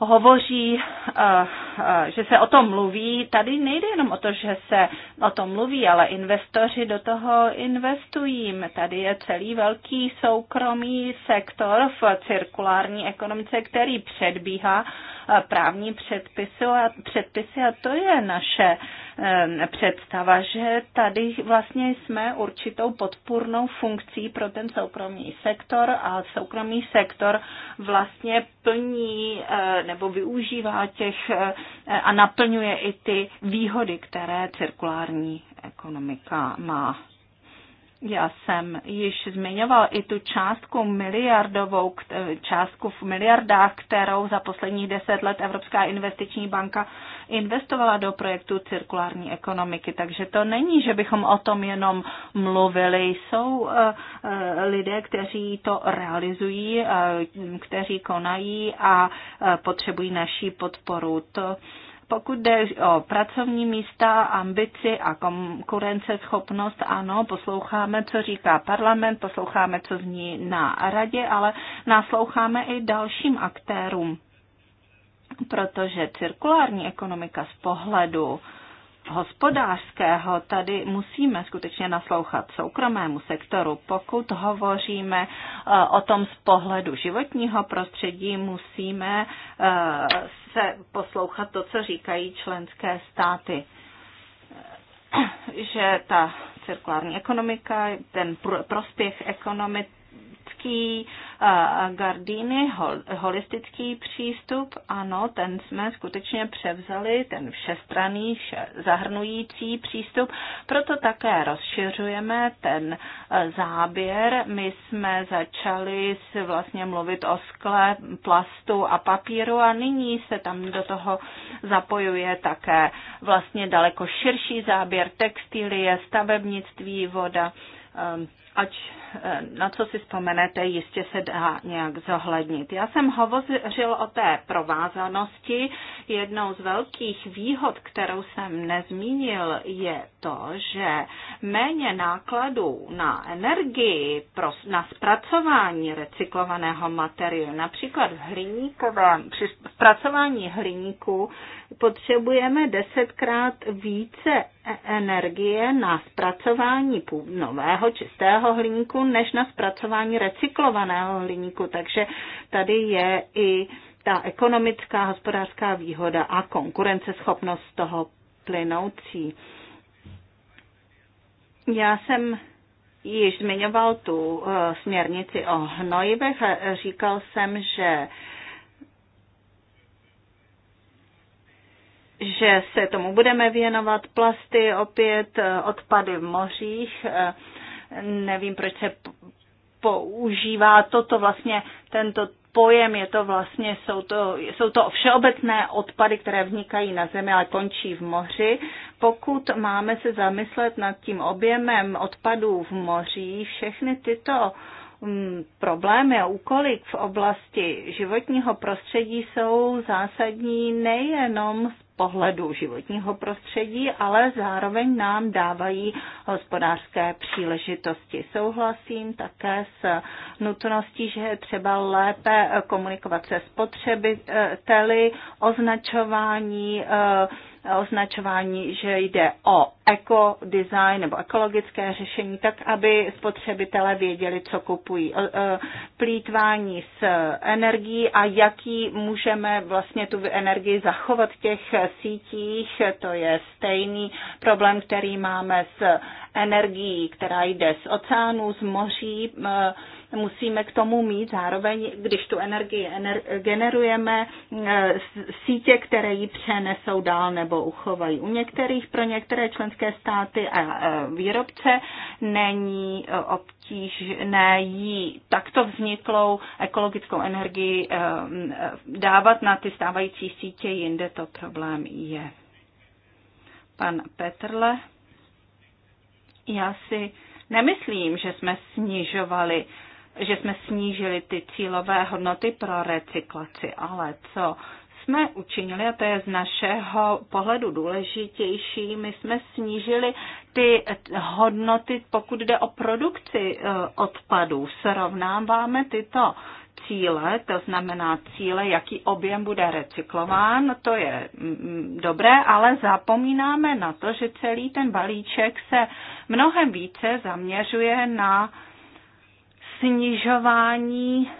hovoří, eh, eh, že se o tom mluví. Tady nejde jenom o to, že se o tom mluví, ale investoři do toho investují. Tady je celý velký soukromý sektor v cirkulární ekonomice, který předbíhá eh, právní předpisy a, předpisy a to je naše Ehm, představa, že tady vlastně jsme určitou podpůrnou funkcí pro ten soukromý sektor a soukromý sektor vlastně plní eh, nebo využívá těch eh, a naplňuje i ty výhody, které cirkulární ekonomika má. Já jsem již zmiňoval i tu částku miliardovou, částku v miliardách, kterou za posledních deset let Evropská investiční banka investovala do projektu cirkulární ekonomiky. Takže to není, že bychom o tom jenom mluvili. Jsou eh, eh, lidé, kteří to realizují, eh, kteří konají a potřebují naší podporu. To pokud jde o pracovní místa, ambici a konkurenceschopnost, ano, posloucháme, co říká parlament, posloucháme, co zní na radě, ale nasloucháme i dalším aktérům, protože cirkulární ekonomika z pohledu hospodářského tady musíme skutečně naslouchat soukromému sektoru. Pokud hovoříme eh, o tom z pohledu životního prostředí, musíme eh, se poslouchat to, co říkají členské státy eh, že ta cirkulární ekonomika, ten prospěch ekonomik, holistický, eh, gardíny, hol, holistický přístup, ano, ten jsme skutečně převzali, ten všestranný, vše, zahrnující přístup, proto také rozšiřujeme ten eh, záběr. My jsme začali si vlastně mluvit o skle, plastu a papíru a nyní se tam do toho zapojuje také vlastně daleko širší záběr textilie, stavebnictví, voda, eh, ať eh, na co si vzpomenete, jistě se dá nějak zohlednit. Já jsem hovořil o té provázanosti. Jednou z velkých výhod, kterou jsem nezmínil, je to, že méně nákladů na energii, pro na zpracování recyklovaného materiálu, například v hliníkovém, při zpracování hliníku potřebujeme desetkrát více energie na zpracování nového čistého hliníku než na zpracování recyklovaného hliníku. Takže tady je i ta ekonomická, hospodářská výhoda a konkurenceschopnost toho plynoucí. Já jsem již zmiňoval tu eh, směrnici o hnojivech. Říkal jsem, že že se tomu budeme věnovat. Plasty opět, eh, odpady v mořích. Eh, nevím, proč se používá toto vlastně, tento pojem, je to vlastně, jsou to, jsou to všeobecné odpady, které vznikají na zemi, ale končí v moři. Pokud máme se zamyslet nad tím objemem odpadů v moří, všechny tyto mm, problémy a úkoly v oblasti životního prostředí jsou zásadní nejenom z pohledu životního prostředí, ale zároveň nám dávají hospodářské příležitosti. Souhlasím také s nutností, že je třeba lépe komunikovat se spotřebiteli, označování eh, označování, že jde o eko-design nebo ekologické řešení, tak aby spotřebitelé věděli, co kupují. E, plítvání s energií a jaký můžeme vlastně tu energii zachovat v těch sítích, to je stejný problém, který máme s energií, která jde z oceánů, z moří, e, musíme k tomu mít zároveň, když tu energii generujeme, eh, sítě, které ji přenesou dál nebo uchovají. U některých, pro některé členské státy a výrobce není eh, obtížné jí takto vzniklou ekologickou energii eh, dávat na ty stávající sítě, jinde to problém je. Pan Petrle, já si nemyslím, že jsme snižovali že jsme snížili ty cílové hodnoty pro recyklaci, ale co jsme učinili, a to je z našeho pohledu důležitější, my jsme snížili ty hodnoty, pokud jde o produkci e, odpadů. Srovnáváme tyto cíle, to znamená cíle, jaký objem bude recyklován, to je mm, mm, dobré, ale zapomínáme na to, že celý ten balíček se mnohem více zaměřuje na snižování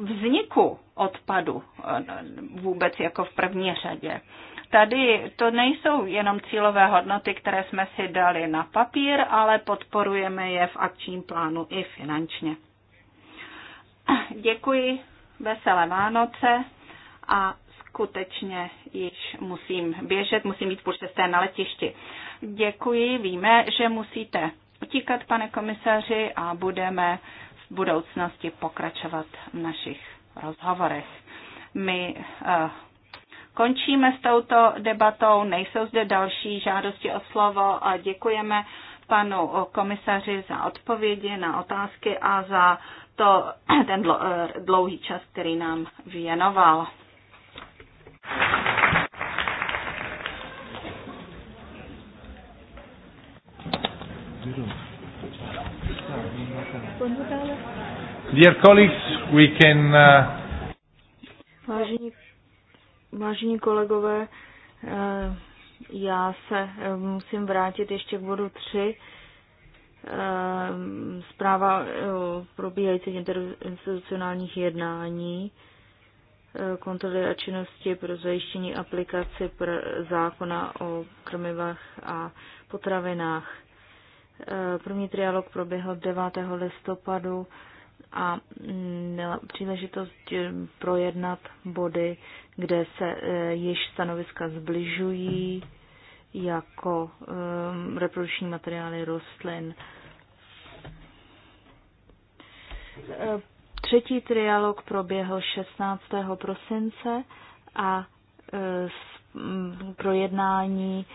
vzniku odpadu eh, vůbec jako v první řadě. Tady to nejsou jenom cílové hodnoty, které jsme si dali na papír, ale podporujeme je v akčním plánu i finančně. Děkuji, veselé Vánoce a skutečně již musím běžet, musím být půl šesté na letišti. Děkuji, víme, že musíte utíkat, pane komisaři, a budeme v budoucnosti pokračovat v našich rozhovorech. My eh, končíme s touto debatou, nejsou zde další žádosti o slovo a děkujeme panu komisaři za odpovědi na otázky a za to, ten eh, dlouhý čas, který nám věnoval. Dear colleagues, we can... Uh, vážení, vážení kolegové, uh, já se uh, musím vrátit ještě k bodu 3. Zpráva probíhající interinstitucionálních jednání kontroly a činnosti pro zajištění aplikace pr- zákona o krmivách a potravinách. Eh, první trialog proběhl 9. listopadu a měla příležitost eh, projednat body, kde se eh, již stanoviska zbližují, jako reprodukční materiály rostlin. Třetí trialog proběhl 16. prosince a projednání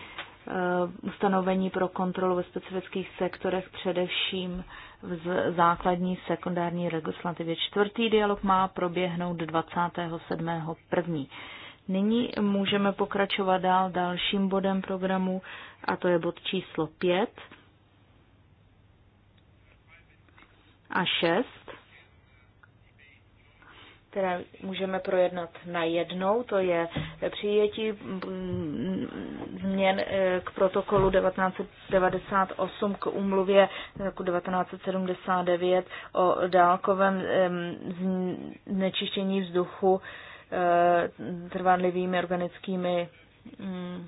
Eh, ustanovení pro kontrolu ve specifických sektorech, především v základní sekundární legislativě. Čtvrtý dialog má proběhnout 27.1. Nyní můžeme pokračovat dál dalším bodem programu, a to je bod číslo 5 a 6 které můžeme projednat na jednou. to je přijetí mm, změn eh, k protokolu 1998 k úmluvě roku 1979 o dálkovém znečištění vzduchu eh, trvanlivými organickými mm,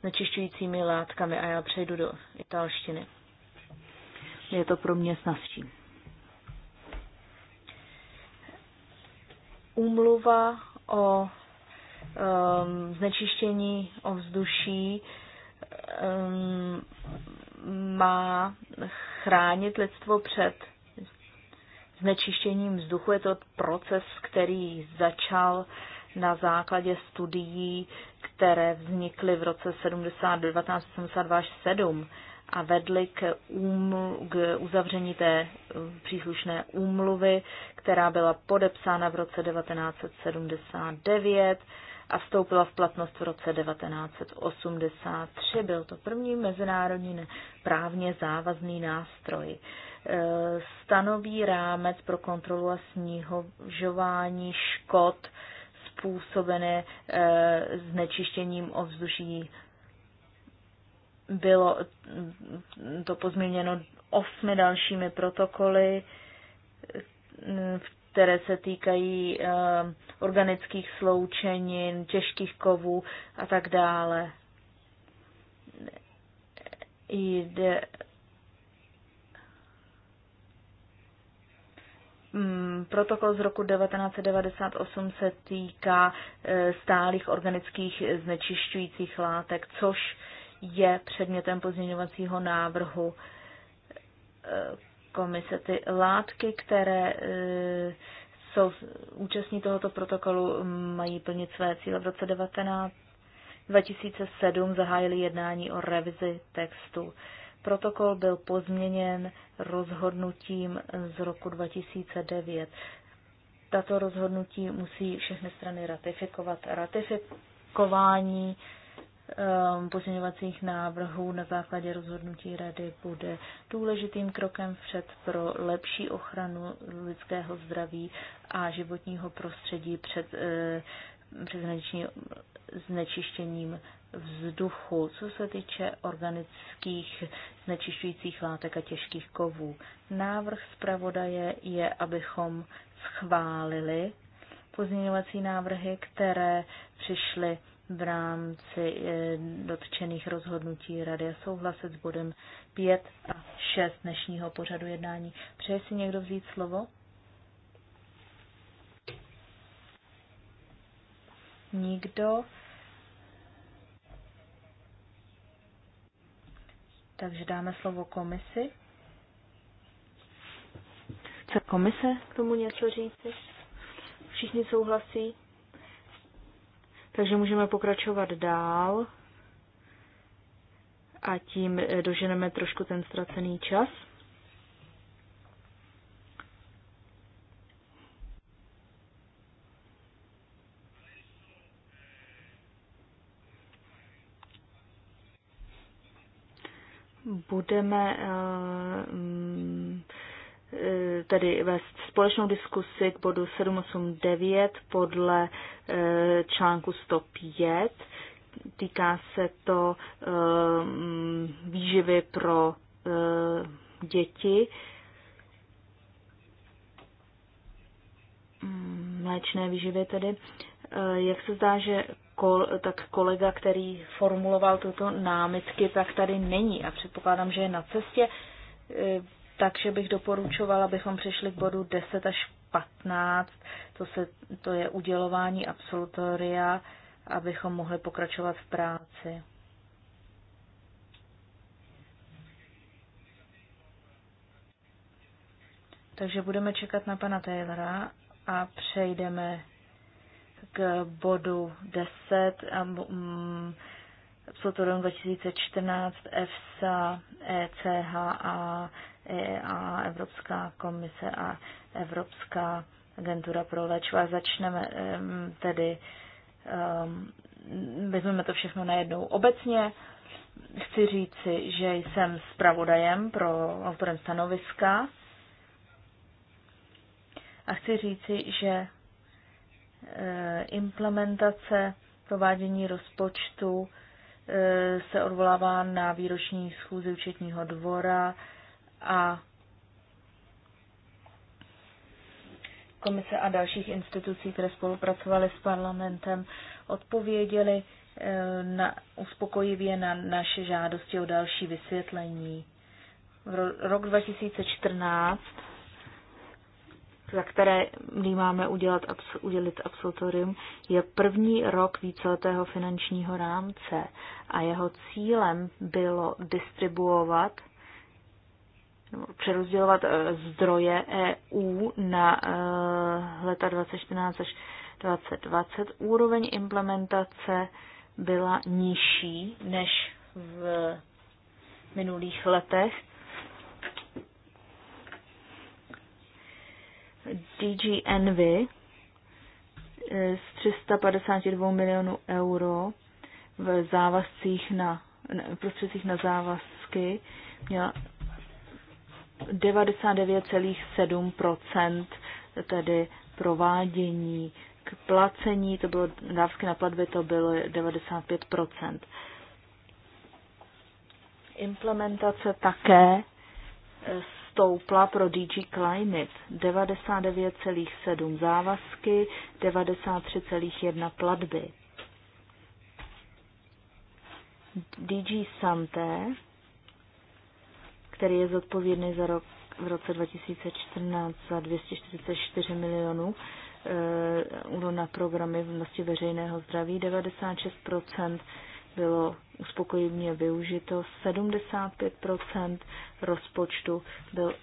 znečišťujícími látkami a já přejdu do italštiny. Je to pro mě snazší. Úmluva o um, znečištění ovzduší um, má chránit lidstvo před znečištěním vzduchu. Je to proces, který začal na základě studií, které vznikly v roce 70, 1972 až 7 a vedly k, um, k uzavření té eh, příslušné úmluvy, která byla podepsána v roce 1979 a vstoupila v platnost v roce 1983. Byl to první mezinárodní právně závazný nástroj. Eh, stanoví rámec pro kontrolu a snihožování škod způsobené eh, znečištěním ovzduší bylo to pozměněno osmi dalšími protokoly, které se týkají eh, organických sloučenin, těžkých kovů a tak dále. Jde mm, protokol z roku 1998 se týká eh, stálých organických znečišťujících látek, což je předmětem pozměňovacího návrhu eh, komise. Ty látky, které eh, jsou účastní tohoto protokolu, mají plnit své cíle. V roce 19, 2007 zahájili jednání o revizi textu. Protokol byl pozměněn rozhodnutím z roku 2009. Tato rozhodnutí musí všechny strany ratifikovat. Ratifikování Ehm, pozměňovacích návrhů na základě rozhodnutí rady bude důležitým krokem vpřed pro lepší ochranu lidského zdraví a životního prostředí před ehm, přeshraniční znečištěním vzduchu, co se týče organických znečišťujících látek a těžkých kovů. Návrh zpravodaje je, abychom schválili pozměňovací návrhy, které přišly v rámci eh, dotčených rozhodnutí Rady a souhlasit s bodem 5 a 6 dnešního pořadu jednání. Přeje si někdo vzít slovo? Nikdo. Takže dáme slovo komisi. Chce komise k tomu něco říct? Všichni souhlasí? Takže můžeme pokračovat dál a tím eh, doženeme trošku ten ztracený čas. Budeme uh, E, tedy vést společnou diskusi k bodu 789 podle e, článku 105. Týká se to e, výživy pro děti. mléčné výživy tedy. Jak se zdá, že kol, tak kolega, který formuloval tuto námitky, tak tady není a předpokládám, že je na cestě. Takže bych doporučovala, abychom přešli k bodu 10 až 15, to, se, to je udělování absolutoria, abychom mohli pokračovat v práci. Takže budeme čekat na pana Taylora a přejdeme k bodu 10 a mm, absolutorium 2014 EFSA, ECH a a Evropská komise a Evropská agentura pro léčiva. Začneme tedy, vezmeme to všechno najednou. Obecně chci říci, že jsem zpravodajem pro autorem stanoviska a chci říci, že eh, implementace provádění rozpočtu eh, se odvolává na výroční schůzi účetního dvora, a komise a dalších institucí, které spolupracovaly s parlamentem, odpověděly eh, na, uspokojivě na naše žádosti o další vysvětlení. Rok 2014, za které máme udělat, udělit absolutorium, je první rok víceletého finančního rámce a jeho cílem bylo distribuovat přerozdělovat eh, zdroje EU na eh, leta 2014 až 2020. Úroveň implementace byla nižší než v minulých letech. DG Envy eh, z 352 milionů euro v závazcích na, prostředcích na závazky měla 99,7 tedy provádění k placení, to bylo dávky na platby, to bylo 95 Implementace také stoupla pro DG Climate 99,7 závazky, 93,1 platby. DG Santé který je zodpovědný za rok v roce 2014 za 244 milionů euro eh, na programy v vnosti veřejného zdraví. 96 bylo uspokojivně využito, 75 rozpočtu byl,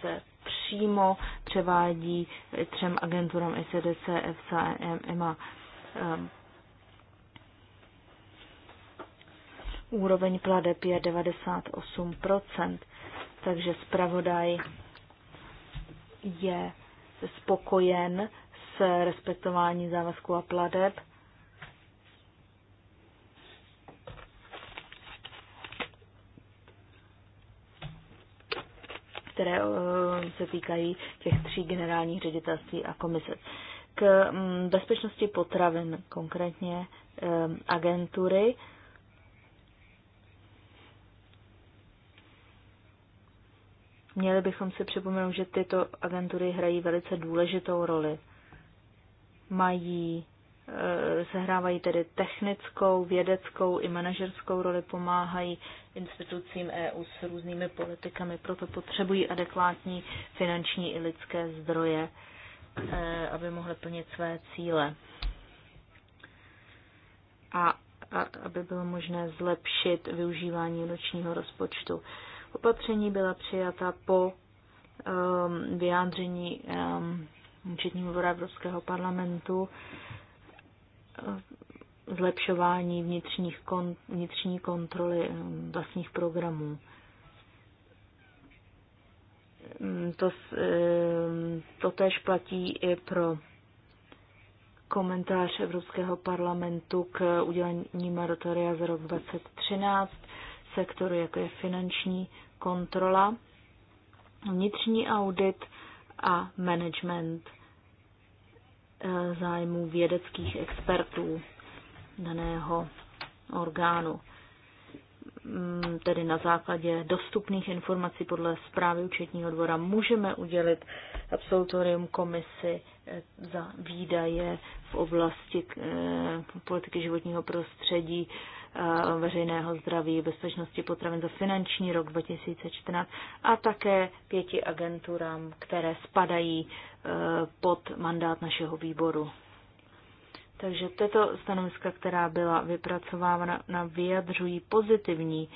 se přímo převádí třem agenturám ECDC, EFSA a EMA. Ehm, úroveň pladeb je 98 takže zpravodaj je spokojen s respektování závazků a pladeb. které eh, se týkají těch tří generálních ředitelství a komise. K mm, bezpečnosti potravin, konkrétně eh, agentury, Měli bychom si připomenout, že tyto agentury hrají velice důležitou roli. Mají, eh, sehrávají tedy technickou, vědeckou i manažerskou roli, pomáhají institucím EU s různými politikami, proto potřebují adekvátní finanční i lidské zdroje, eh, aby mohly plnit své cíle. A aby bylo možné zlepšit využívání ročního rozpočtu. Opatření byla přijata po um, vyjádření um, účetního dvora Evropského parlamentu uh, zlepšování vnitřních kon, vnitřní kontroly um, vlastních programů. Um, to, um, to tež platí i pro komentář Evropského parlamentu k udělení moratoria za rok 2013 sektoru, jako je finanční kontrola, vnitřní audit a management eh, zájmů vědeckých expertů daného orgánu. Mm, tedy na základě dostupných informací podle zprávy účetního dvora můžeme udělit absolutorium komisi eh, za výdaje v oblasti eh, politiky životního prostředí veřejného zdraví, bezpečnosti potravin za finanční rok 2014 a také pěti agenturám, které spadají e, pod mandát našeho výboru. Takže tyto stanoviska, která byla vypracována, vyjadřují pozitivní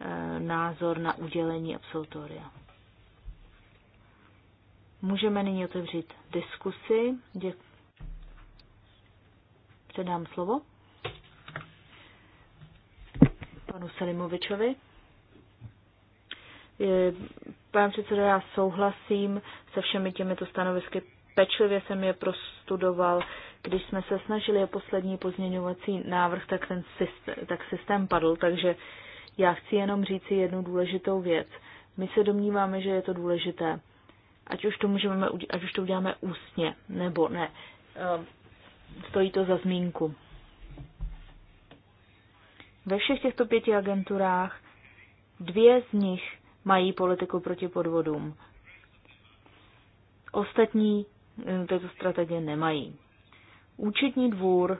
e, názor na udělení absolutoria. Můžeme nyní otevřít diskusi. Děkuji. Předám slovo. panu Selimovičovi. Pane předsedo, já souhlasím se všemi těmito stanovisky. Pečlivě jsem je prostudoval. Když jsme se snažili o poslední pozměňovací návrh, tak, ten systém, tak systém padl. Takže já chci jenom říci jednu důležitou věc. My se domníváme, že je to důležité. Ať už to, můžeme, ať už to uděláme ústně, nebo ne. Ehm, stojí to za zmínku. Ve všech těchto pěti agenturách dvě z nich mají politiku proti podvodům. Ostatní eh, této strategie nemají. Účetní dvůr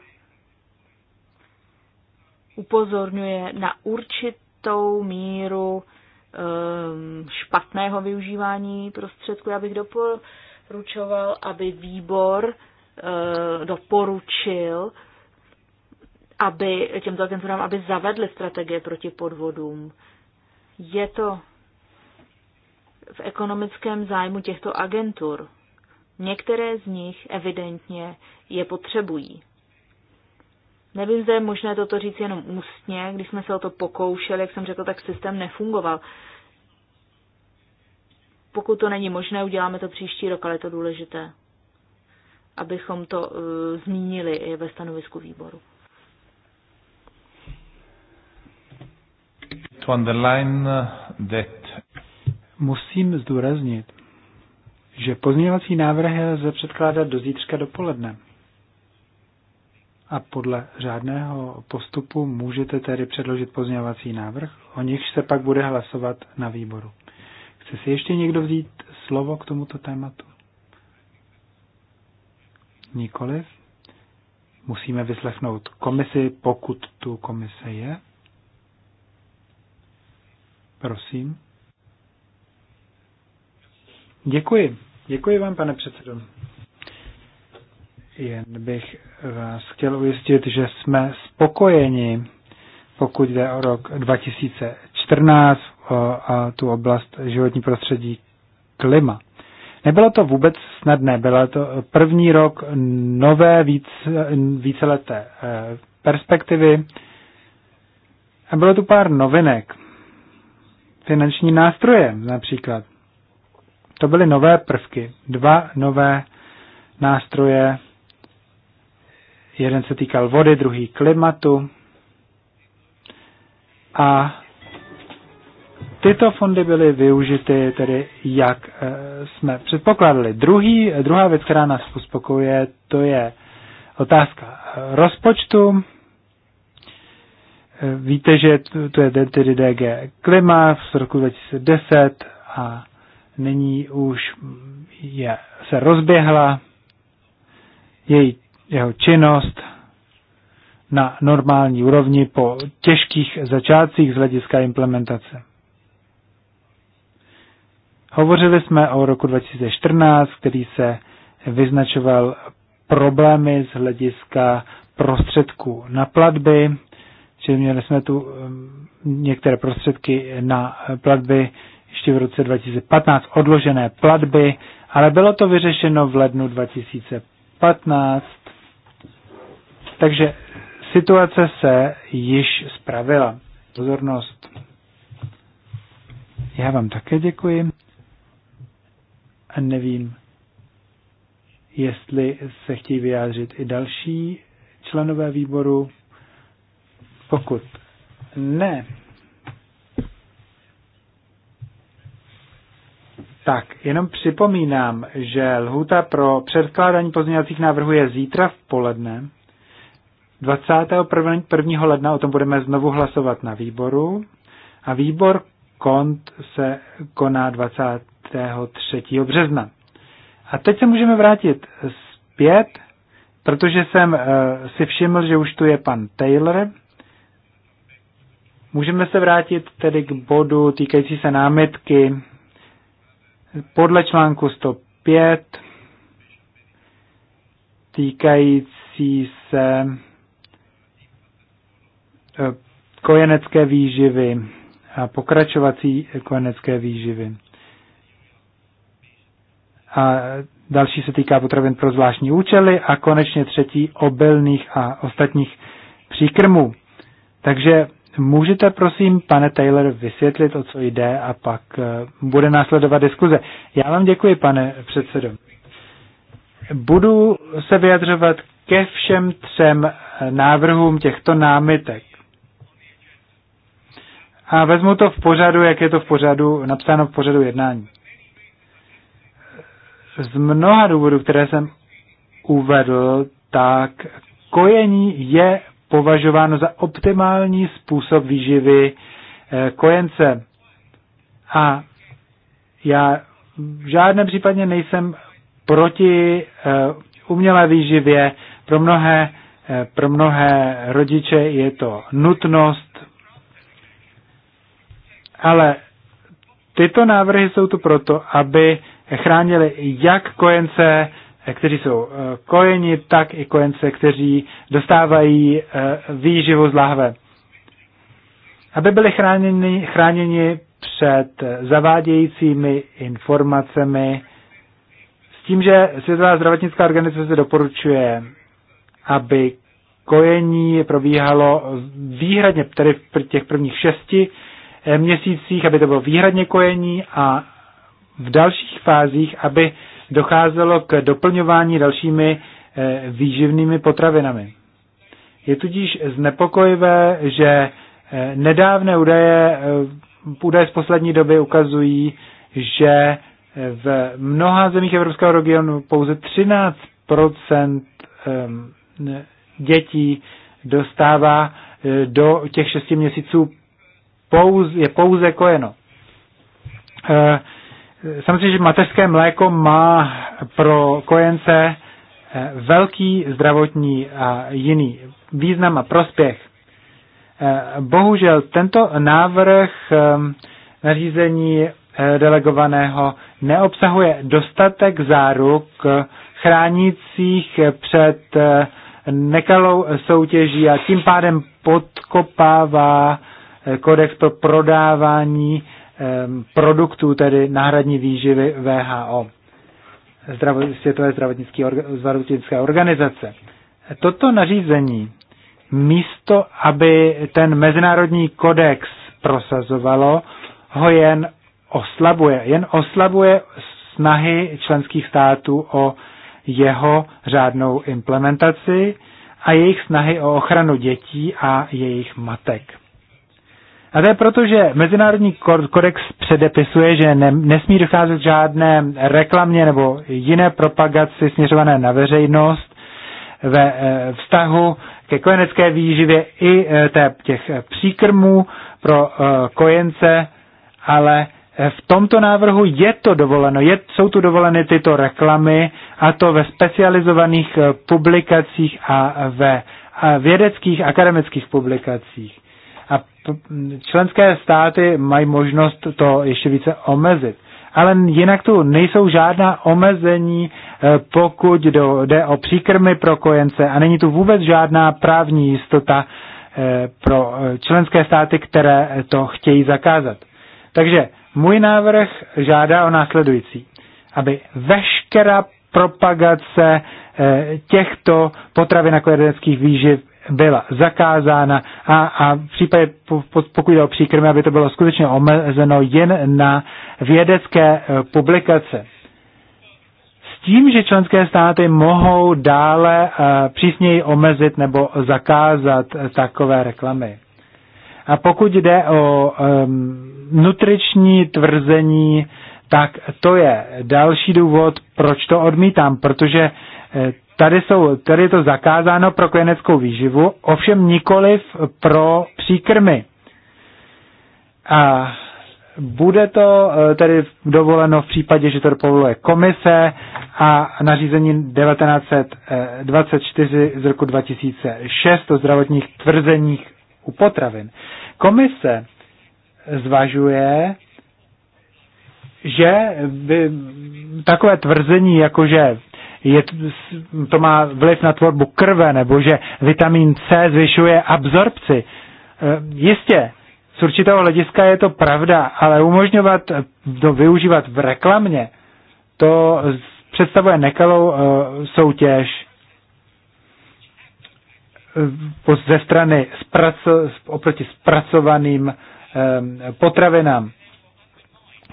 upozorňuje na určitou míru ehm, špatného využívání prostředků. Já bych doporučoval, aby výbor eh, doporučil aby těmto agenturám, aby zavedly strategie proti podvodům. Je to v ekonomickém zájmu těchto agentur. Některé z nich evidentně je potřebují. Nevím, zda je možné toto říct jenom ústně. Když jsme se o to pokoušeli, jak jsem řekl, tak systém nefungoval. Pokud to není možné, uděláme to příští rok, ale je to důležité, abychom to uh, zmínili ve stanovisku výboru. Eh, Musím zdůraznit, že pozměňovací návrhy lze předkládat do zítřka dopoledne. A podle řádného postupu můžete tedy předložit pozměňovací návrh, o nichž se pak bude hlasovat na výboru. Chce si ještě někdo vzít slovo k tomuto tématu? Nikoliv. Musíme vyslechnout komisi, pokud tu komise je. Prosím. Děkuji. Děkuji vám, pane předsedo. Jen bych vás chtěl ujistit, že jsme spokojeni, pokud jde o rok 2014 a tu oblast životní prostředí klima. Nebylo to vůbec snadné, bylo to první rok nové více, víceleté eh, perspektivy a bylo tu pár novinek, finančním nástroje například. To byly nové prvky, dva nové nástroje. Jeden se týkal vody, druhý klimatu. A tyto fondy byly využity tedy, jak eh, jsme předpokládali. Druhý, eh, druhá věc, která nás uspokojuje, to je otázka eh, rozpočtu. Víte, že to je tedy DG Klima z roku 2010 a nyní už je, se rozběhla její, jeho činnost na normální úrovni po těžkých začátcích z hlediska implementace. Hovořili jsme o roku 2014, který se vyznačoval problémy z hlediska prostředků na platby prostě měli jsme tu některé prostředky na platby ještě v roce 2015, odložené platby, ale bylo to vyřešeno v lednu 2015. Takže situace se již spravila. Pozornost. Já vám také děkuji. A nevím, jestli se chtějí vyjádřit i další členové výboru. Pokud ne, tak jenom připomínám, že lhuta pro předkládání pozměňovacích návrhů je zítra v poledne. 21. ledna o tom budeme znovu hlasovat na výboru a výbor kont se koná 23. března. A teď se můžeme vrátit zpět, protože jsem uh, si všiml, že už tu je pan Taylor Můžeme se vrátit tedy k bodu týkající se námitky podle článku 105 týkající se eh, kojenecké výživy a pokračovací kojenecké výživy. A další se týká potravin pro zvláštní účely a konečně třetí obilných a ostatních příkrmů. Takže Můžete prosím, pane Taylor, vysvětlit, o co jde a pak eh, bude následovat diskuze. Já vám děkuji, pane předsedo. Budu se vyjadřovat ke všem třem eh, návrhům těchto námitek. A vezmu to v pořadu, jak je to v pořadu, napsáno v pořadu jednání. Z mnoha důvodů, které jsem uvedl, tak kojení je považováno za optimální způsob výživy eh, kojence. A já v žádném případě nejsem proti eh, umělé výživě. Pro mnohé, eh, pro mnohé rodiče je to nutnost, ale tyto návrhy jsou tu proto, aby chránili jak kojence, Eh, kteří jsou eh, kojeni, tak i kojence, kteří dostávají eh, výživu z lahve. Aby byli chráněni, chráněni před zavádějícími informacemi, s tím, že Světová zdravotnická organizace doporučuje, aby kojení probíhalo výhradně, tedy v těch prvních šesti měsících, aby to bylo výhradně kojení a v dalších fázích, aby docházelo k doplňování dalšími eh, výživnými potravinami. Je tudíž znepokojivé, že eh, nedávné údaje, eh, údaje z poslední doby ukazují, že v mnoha zemích Evropského regionu pouze 13 ehm, dětí dostává do těch 6 měsíců pouze, je pouze kojeno. Samozřejmě, že mateřské mléko má pro kojence eh, velký zdravotní a jiný význam a prospěch. Eh, bohužel tento návrh ehm, nařízení eh, delegovaného neobsahuje dostatek záruk chránících před nekalou soutěží a tím pádem podkopává kodex pro prodávání produktů, tedy náhradní výživy VHO, zdravotnické Světové zdravotnické organizace. Toto nařízení místo, aby ten mezinárodní kodex prosazovalo, ho jen oslabuje. Jen oslabuje snahy členských států o jeho řádnou implementaci a jejich snahy o ochranu dětí a jejich matek. A to je proto, že Mezinárodní kodex předepisuje, že ne, nesmí docházet žádné reklamě nebo jiné propagaci směřované na veřejnost ve e, vztahu ke kojenecké výživě i e, té, těch e, příkrmů pro kojence, ale v tomto návrhu je to dovoleno, je, jsou tu dovoleny tyto reklamy, a to ve specializovaných publikacích a ve vědeckých akademických publikacích členské státy mají možnost to ještě více omezit. Ale jinak tu nejsou žádná omezení, eh, pokud jde o příkrmy pro kojence a není tu vůbec žádná právní jistota eh, pro eh, členské státy, které to chtějí zakázat. Takže můj návrh žádá o následující, aby veškerá propagace těchto potravin a kojeneckých výživ byla zakázána a, a v případě, pokud jde o příkrmy, aby to bylo skutečně omezeno jen na vědecké eh, publikace. S tím, že členské státy mohou dále eh, přísněji omezit nebo zakázat eh, takové reklamy. A pokud jde o um, nutriční tvrzení, tak to je další důvod, proč to odmítám, protože Tady, jsou, tady je to zakázáno pro kojeneckou výživu, ovšem nikoliv pro příkrmy. A bude to eh, tedy dovoleno v případě, že to povoluje komise a nařízení 1924 z roku 2006 o zdravotních tvrzeních u potravin. Komise zvažuje, že by takové tvrzení, jako že je, to má vliv na tvorbu krve, nebo že vitamin C zvyšuje absorpci. E, jistě, z určitého hlediska je to pravda, ale umožňovat to využívat v reklamě, to představuje nekalou e, soutěž e, ze strany oproti zpracovaným potravinám.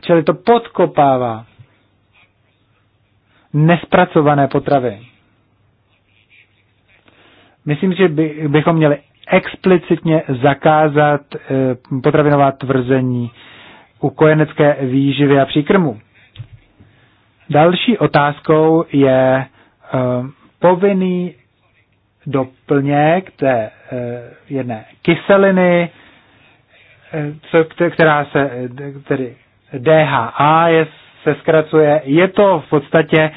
Čili to podkopává nespracované potravy. Myslím, že by, bychom měli explicitně zakázat eh, potravinová tvrzení u kojenecké výživy a příkrmu. Další otázkou je eh, povinný doplněk té eh, jedné kyseliny, která se tedy DHA je se zkracuje. Je to v podstatě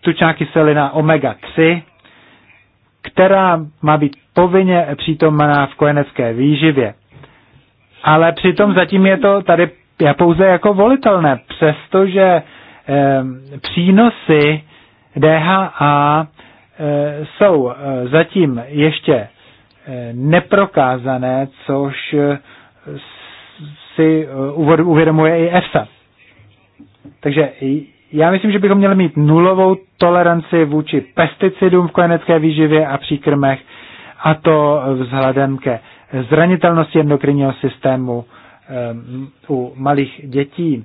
tučná kyselina omega-3, která má být povinně přítomná v kojenecké výživě. Ale přitom zatím je to tady pouze jako volitelné, přestože přínosy DHA e, jsou e, zatím ještě e, neprokázané, což si uvědomuje i EFSA. Takže já myslím, že bychom měli mít nulovou toleranci vůči pesticidům v kojenecké výživě a příkrmech, a to vzhledem ke zranitelnosti endokrinního systému eh, u malých dětí.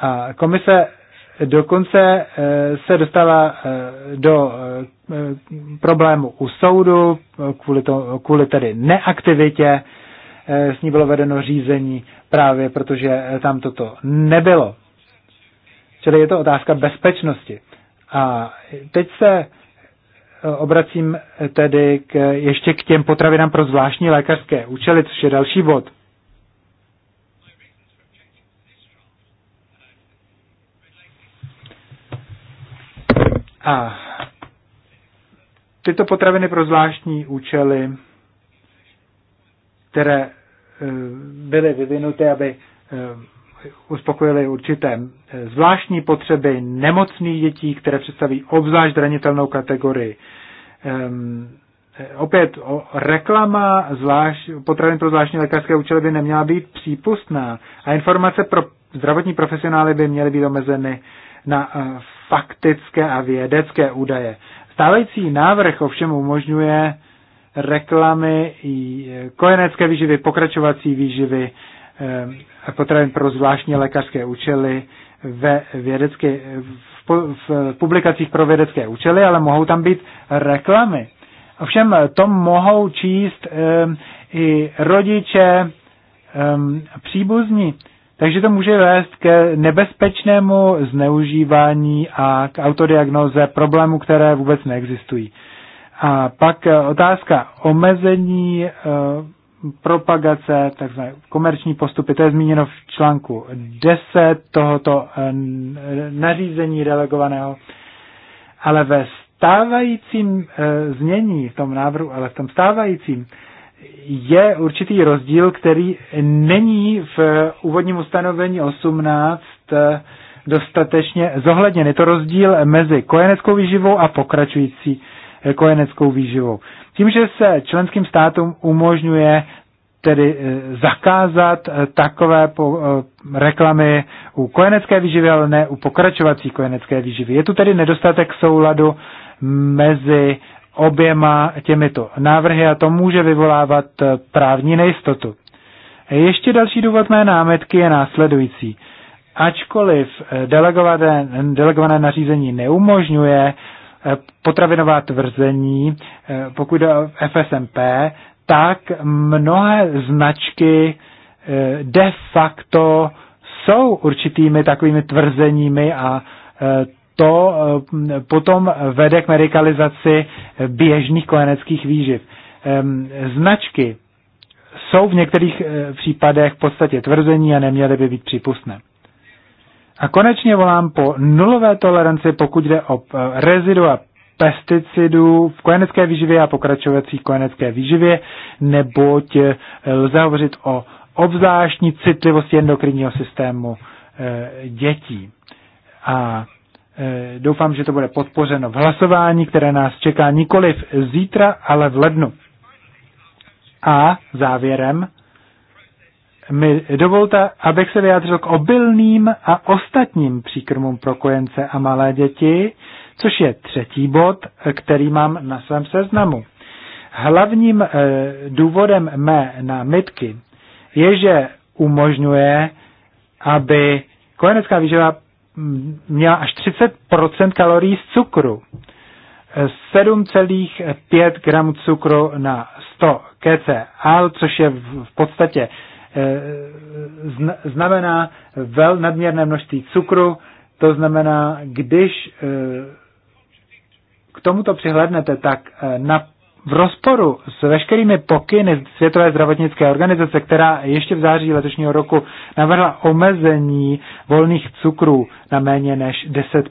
A komise dokonce eh, se dostala eh, do problému u soudu kvůli, to, kvůli tedy neaktivitě Eh, s ní bylo vedeno řízení právě protože eh, tam toto nebylo. Čili je to otázka bezpečnosti. A teď se eh, obracím tedy k, ještě k těm potravinám pro zvláštní lékařské účely, což je další bod. A tyto potraviny pro zvláštní účely které eh, byly vyvinuty, aby eh, uspokojily určité eh, zvláštní potřeby nemocných dětí, které představí obzvlášť zranitelnou kategorii. Ehm, opět o, reklama zvlášť, potravin pro zvláštní lékařské účely by neměla být přípustná a informace pro zdravotní profesionály by měly být omezeny na faktické a vědecké údaje. Stávající návrh ovšem umožňuje reklamy e, kojenecké výživy, pokračovací výživy, e, potravin pro zvláštní lékařské účely ve vědecké, v, v publikacích pro vědecké účely, ale mohou tam být reklamy. Ovšem to mohou číst um, i rodiče, um, příbuzní, takže to může vést ke nebezpečnému zneužívání a k autodiagnoze problémů, které vůbec neexistují. A pak eh, otázka omezení eh, propagace, takzvané komerční postupy, to je zmíněno v článku 10 tohoto eh, nařízení delegovaného, ale ve stávajícím znění v tom návrhu, ale v tom stávajícím je určitý rozdíl, který není v úvodním ustanovení 18 dostatečně zohledněn. Je to rozdíl mezi kojeneckou výživou a pokračující kojeneckou výživou. Tím, že se členským státům umožňuje tedy eh, zakázat eh, takové po eh, reklamy u kojenecké výživy, ale ne u pokračovací kojenecké výživy. Je tu tedy nedostatek souladu mezi oběma těmito návrhy a to může vyvolávat právní nejistotu. Ještě další důvod mé námetky je následující. Ačkoliv delegované, delegované nařízení neumožňuje potravinová tvrzení, eh, pokud jde o FSMP, tak mnohé značky eh, de facto jsou určitými takovými tvrzeními a eh, to potom vede k medikalizaci běžných kojeneckých výživ. Ehm, značky jsou v některých případech v podstatě tvrzení a neměly by být přípustné. A konečně volám po nulové toleranci, pokud jde o eh, rezidua pesticidů v kojenecké výživě a pokračovací kojenecké výživě, neboť eh, lze hovořit o obzvláštní citlivosti endokrinního systému eh, dětí. A doufám, že to bude podpořeno v hlasování, které nás čeká nikoliv zítra, ale v lednu. A závěrem mi dovolte, abych se vyjádřil k obilným a ostatním příkrmům pro kojence a malé děti, což je třetí bod, který mám na svém seznamu. Hlavním eh, důvodem mé námitky je, že umožňuje, aby kojenecká výživa mm, měla až 30% kalorií z cukru. 7,5 gramů cukru na 100 kcal, což je v podstatě Eh, znamená vel nadměrné množství cukru, to znamená, když eh, k tomuto přihlednete, tak eh, na, v rozporu s veškerými pokyny Světové zdravotnické organizace, která ještě v září letošního roku navrhla omezení volných cukrů na méně než 10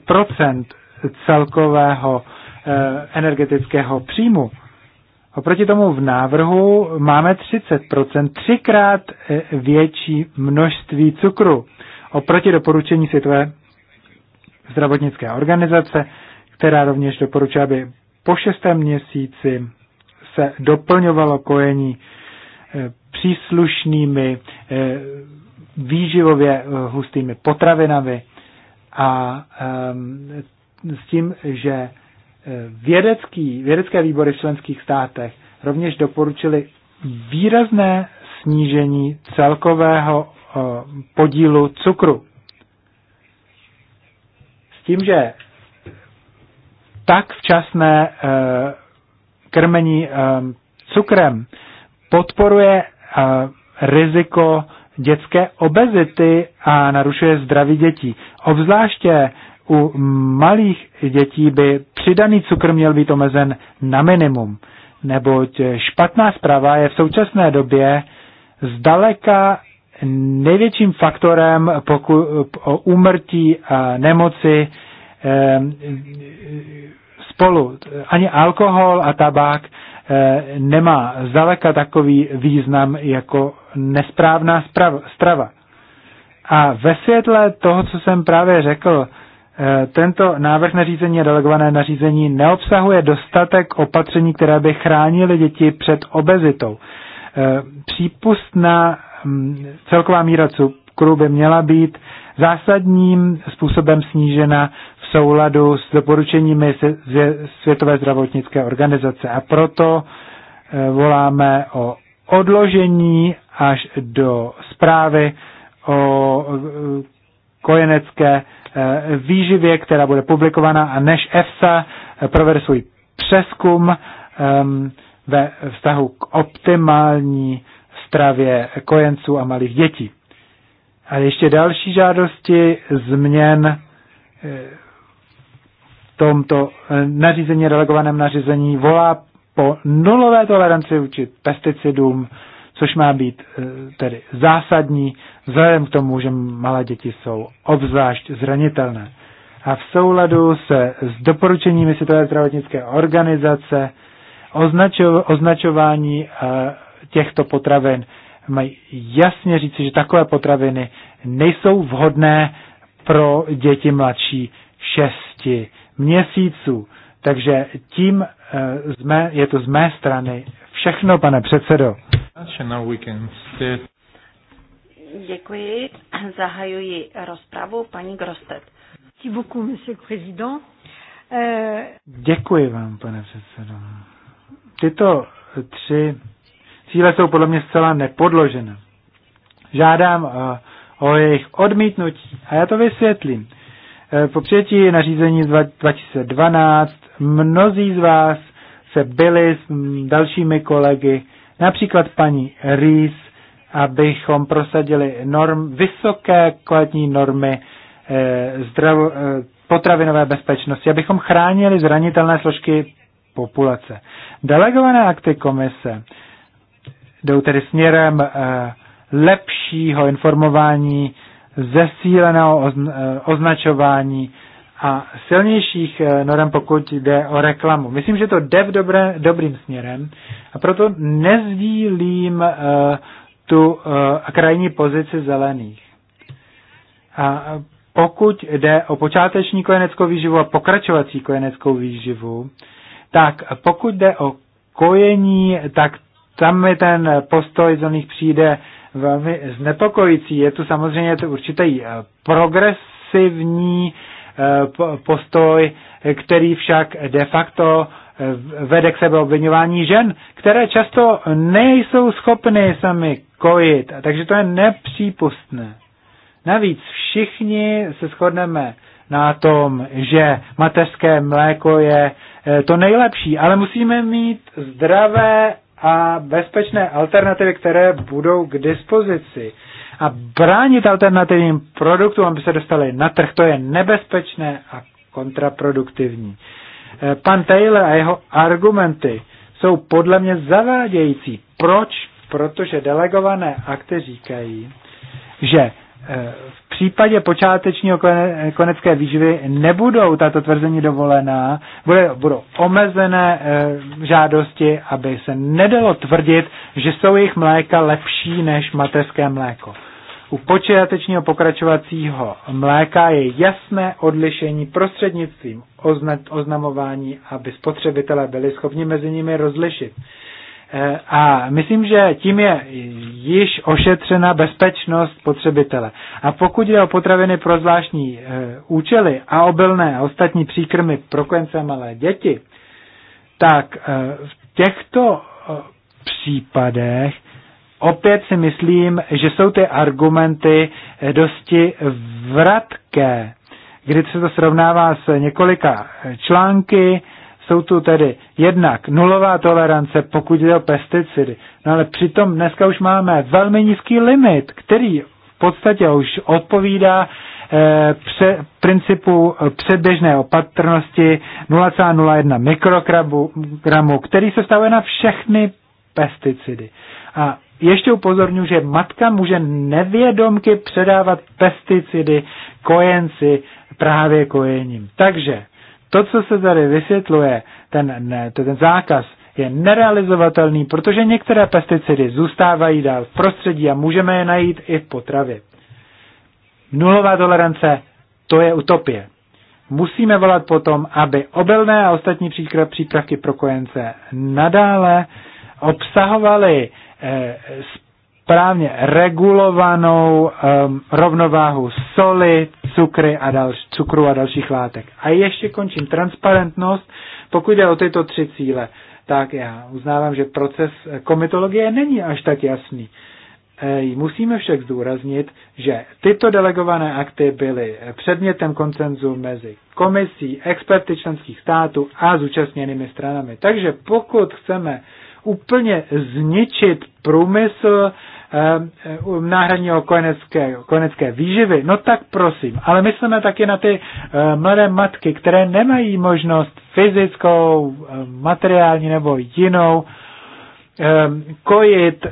celkového energetického příjmu, Oproti tomu v návrhu máme 30%, třikrát e, větší množství cukru oproti doporučení Světové zdravotnické organizace, která rovněž doporučuje, aby po šestém měsíci se doplňovalo kojení e, příslušnými e, výživově hustými potravinami a s tím, že Vědecký, vědecké výbory v členských státech rovněž doporučili výrazné snížení celkového eh, podílu cukru. S tím, že tak včasné eh, krmení eh, cukrem podporuje riziko dětské obezity a narušuje zdraví dětí. Obzvláště u malých dětí by přidaný cukr měl být omezen na minimum, neboť špatná zpráva je v současné době zdaleka největším faktorem poku, o úmrtí a nemoci spolu. Ani alkohol a tabák nemá zdaleka takový význam jako nesprávná strava. A ve světle toho, co jsem právě řekl, Eh, tento návrh nařízení a delegované nařízení neobsahuje dostatek opatření, které by chránily děti před obezitou. Eh, přípustná mm, celková míra cukru by měla být zásadním způsobem snížena v souladu s doporučeními Světové zdravotnické organizace. A proto eh, voláme o odložení až do zprávy o kojenecké Eh, výživě, která bude publikována a než EFSA eh, provede svůj přeskum ehm, ve vztahu k optimální stravě kojenců a malých dětí. A ještě další žádosti změn v eh, tomto nařízení, delegovaném nařízení volá po nulové toleranci vůči pesticidům, což má být eh, tedy zásadní, vzhledem k tomu, že malé děti jsou obzvlášť zranitelné. A v souladu se s doporučeními Světové zdravotnické organizace označo, označování eh, těchto potravin mají jasně říci, že takové potraviny nejsou vhodné pro děti mladší šesti měsíců. Takže tím eh, je to z mé strany všechno, pane předsedo. Děkuji. Zahajuji rozpravu paní Grostet. Euh, Děkuji vám, pane předsedo. Tyto tři cíle jsou podle mě zcela nepodložené. Žádám eh, o jejich odmítnutí a já to vysvětlím. Eh, po přijetí nařízení 2012 mnozí z vás se byli s dalšími kolegy například paní Rees, abychom prosadili norm, vysoké kvalitní normy eh, zdrav, eh, potravinové bezpečnosti, abychom chránili zranitelné složky populace. Delegované akty komise jdou tedy směrem eh, lepšího informování, zesíleného ozna, eh, označování, a silnějších eh, norem, pokud jde o reklamu. Myslím, že to jde v dobré, dobrým směrem a proto nezdílím uh, tu uh, krajní pozici zelených. A pokud jde o počáteční kojeneckou výživu a pokračovací kojeneckou výživu, tak pokud jde o kojení, tak tam mi ten postoj z nich přijde velmi znepokojící. Je tu samozřejmě to určitý progresivní Eh, postoj, který však de facto eh, vede k sebe obvinování žen, které často nejsou schopny sami kojit, takže to je nepřípustné. Navíc všichni se shodneme na tom, že mateřské mléko je eh, to nejlepší, ale musíme mít zdravé a bezpečné alternativy, které budou k dispozici a bránit alternativním produktům, aby se dostali na trh, to je nebezpečné a kontraproduktivní. Eh, pan Taylor a jeho argumenty jsou podle mě zavádějící. Proč? Protože delegované akty říkají, že v eh, případě počátečního konecké výživy nebudou tato tvrzení dovolená, bude, budou omezené e, žádosti, aby se nedalo tvrdit, že jsou jejich mléka lepší než mateřské mléko. U počátečního pokračovacího mléka je jasné odlišení prostřednictvím oznamování, aby spotřebitelé byli schopni mezi nimi rozlišit. Eh, a myslím, že tím je již ošetřena bezpečnost potřebitele. A pokud je o potraviny pro zvláštní eh, účely a obilné a ostatní příkrmy pro kojence malé děti, tak eh, v těchto případech opět si myslím, že jsou ty argumenty dosti vratké, kdy se to srovnává s několika články, jsou tu tedy jednak nulová tolerance, pokud jde o pesticidy, no ale přitom dneska už máme velmi nízký limit, který v podstatě už odpovídá eh, pře, principu eh, předběžné opatrnosti 0,01 mikrogramu, který se stavuje na všechny pesticidy. A ještě upozorňuji, že matka může nevědomky předávat pesticidy kojenci právě kojením. Takže to, co se tady vysvětluje, ten, ne, to, ten zákaz, je nerealizovatelný, protože některé pesticidy zůstávají dál v prostředí a můžeme je najít i v potravě. Nulová tolerance, to je utopie. Musíme volat potom, aby obelné a ostatní přípravky pro kojence nadále obsahovaly eh, správně regulovanou um, rovnováhu soli, cukry a dalš, cukru a dalších látek. A ještě končím transparentnost. Pokud jde o tyto tři cíle, tak já uznávám, že proces eh, komitologie není až tak jasný. Musíme však zdůraznit, že tyto delegované akty byly eh, předmětem koncenzu mezi komisí, experty členských států a zúčastněnými stranami. Takže pokud chceme úplně zničit průmysl Ehm, náhradního konecké, konecké výživy, no tak prosím. Ale myslíme taky na ty eh, mladé matky, které nemají možnost fyzickou, eh, materiální nebo jinou ehm, kojit eh,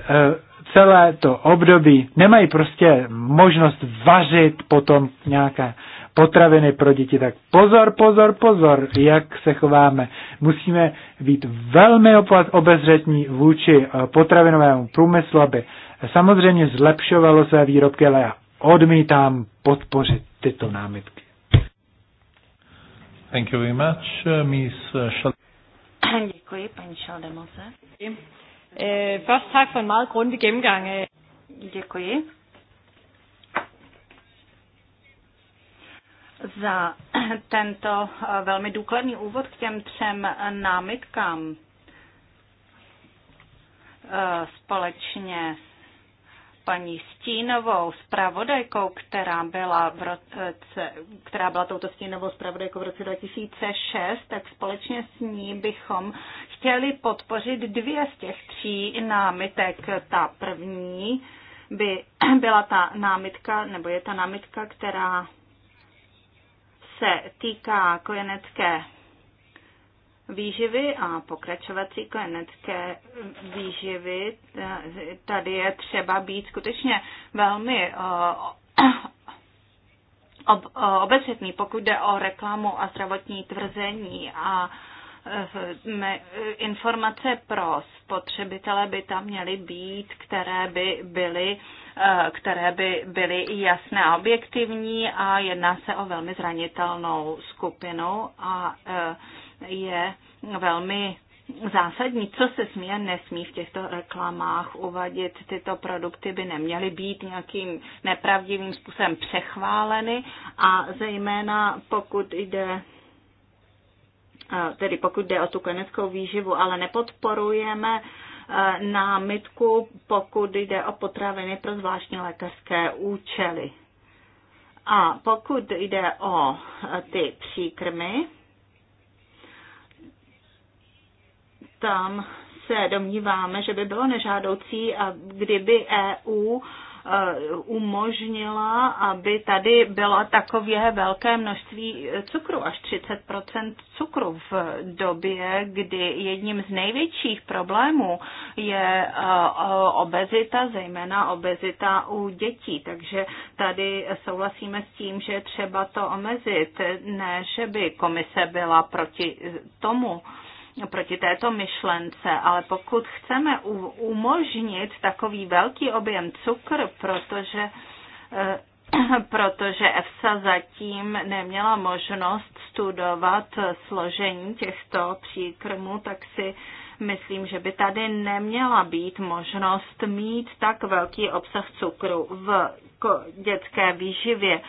celé to období. Nemají prostě možnost vařit potom nějaké potraviny pro děti. Tak pozor, pozor, pozor, jak se chováme. Musíme být velmi obezřetní vůči potravinovému průmyslu, aby samozřejmě zlepšovalo své výrobky, ale já odmítám podpořit tyto námitky. Thank you very much, uh, Miss uh, Schall. Děkuji, paní Schaldemose. Eh, først tak for en meget grundig gennemgang af... Děkuji. za tento eh, velmi důkladný úvod k těm třem eh, námitkám společně paní Stínovou zpravodajkou, která byla, v roce, která byla touto Stínovou zpravodajkou v roce 2006, tak společně s ní bychom chtěli podpořit dvě z těch tří námitek. Ta první by byla ta námitka, nebo je ta námitka, která se týká kojenecké výživy a pokračovací klinické výživy. Tady je třeba být skutečně velmi eh, ob, eh, pokud jde o reklamu a zdravotní tvrzení a eh, informace pro spotřebitele by tam měly být, které by byly, které by byly jasné a objektivní a jedná se o velmi zranitelnou skupinu a je velmi zásadní, co se smí a nesmí v těchto reklamách uvadit. Tyto produkty by neměly být nějakým nepravdivým způsobem přechváleny a zejména pokud jde eh, tedy pokud jde o tu koneckou výživu, ale nepodporujeme eh, námitku, pokud jde o potraviny pro zvláštní lékařské účely. A pokud jde o eh, ty příkrmy, tam se domníváme, že by bylo nežádoucí, kdyby EU e, umožnila, aby tady bylo takové velké množství e, cukru, až 30 cukru v době, kdy jedním z největších problémů je e, obezita, zejména obezita u dětí. Takže tady souhlasíme s tím, že třeba to omezit, ne, že by komise byla proti tomu proti této myšlence, ale pokud chceme umožnit takový velký objem cukr, protože eh, protože EFSA zatím neměla možnost studovat složení těchto příkrmů, tak si myslím, že by tady neměla být možnost mít tak velký obsah cukru v dětské výživě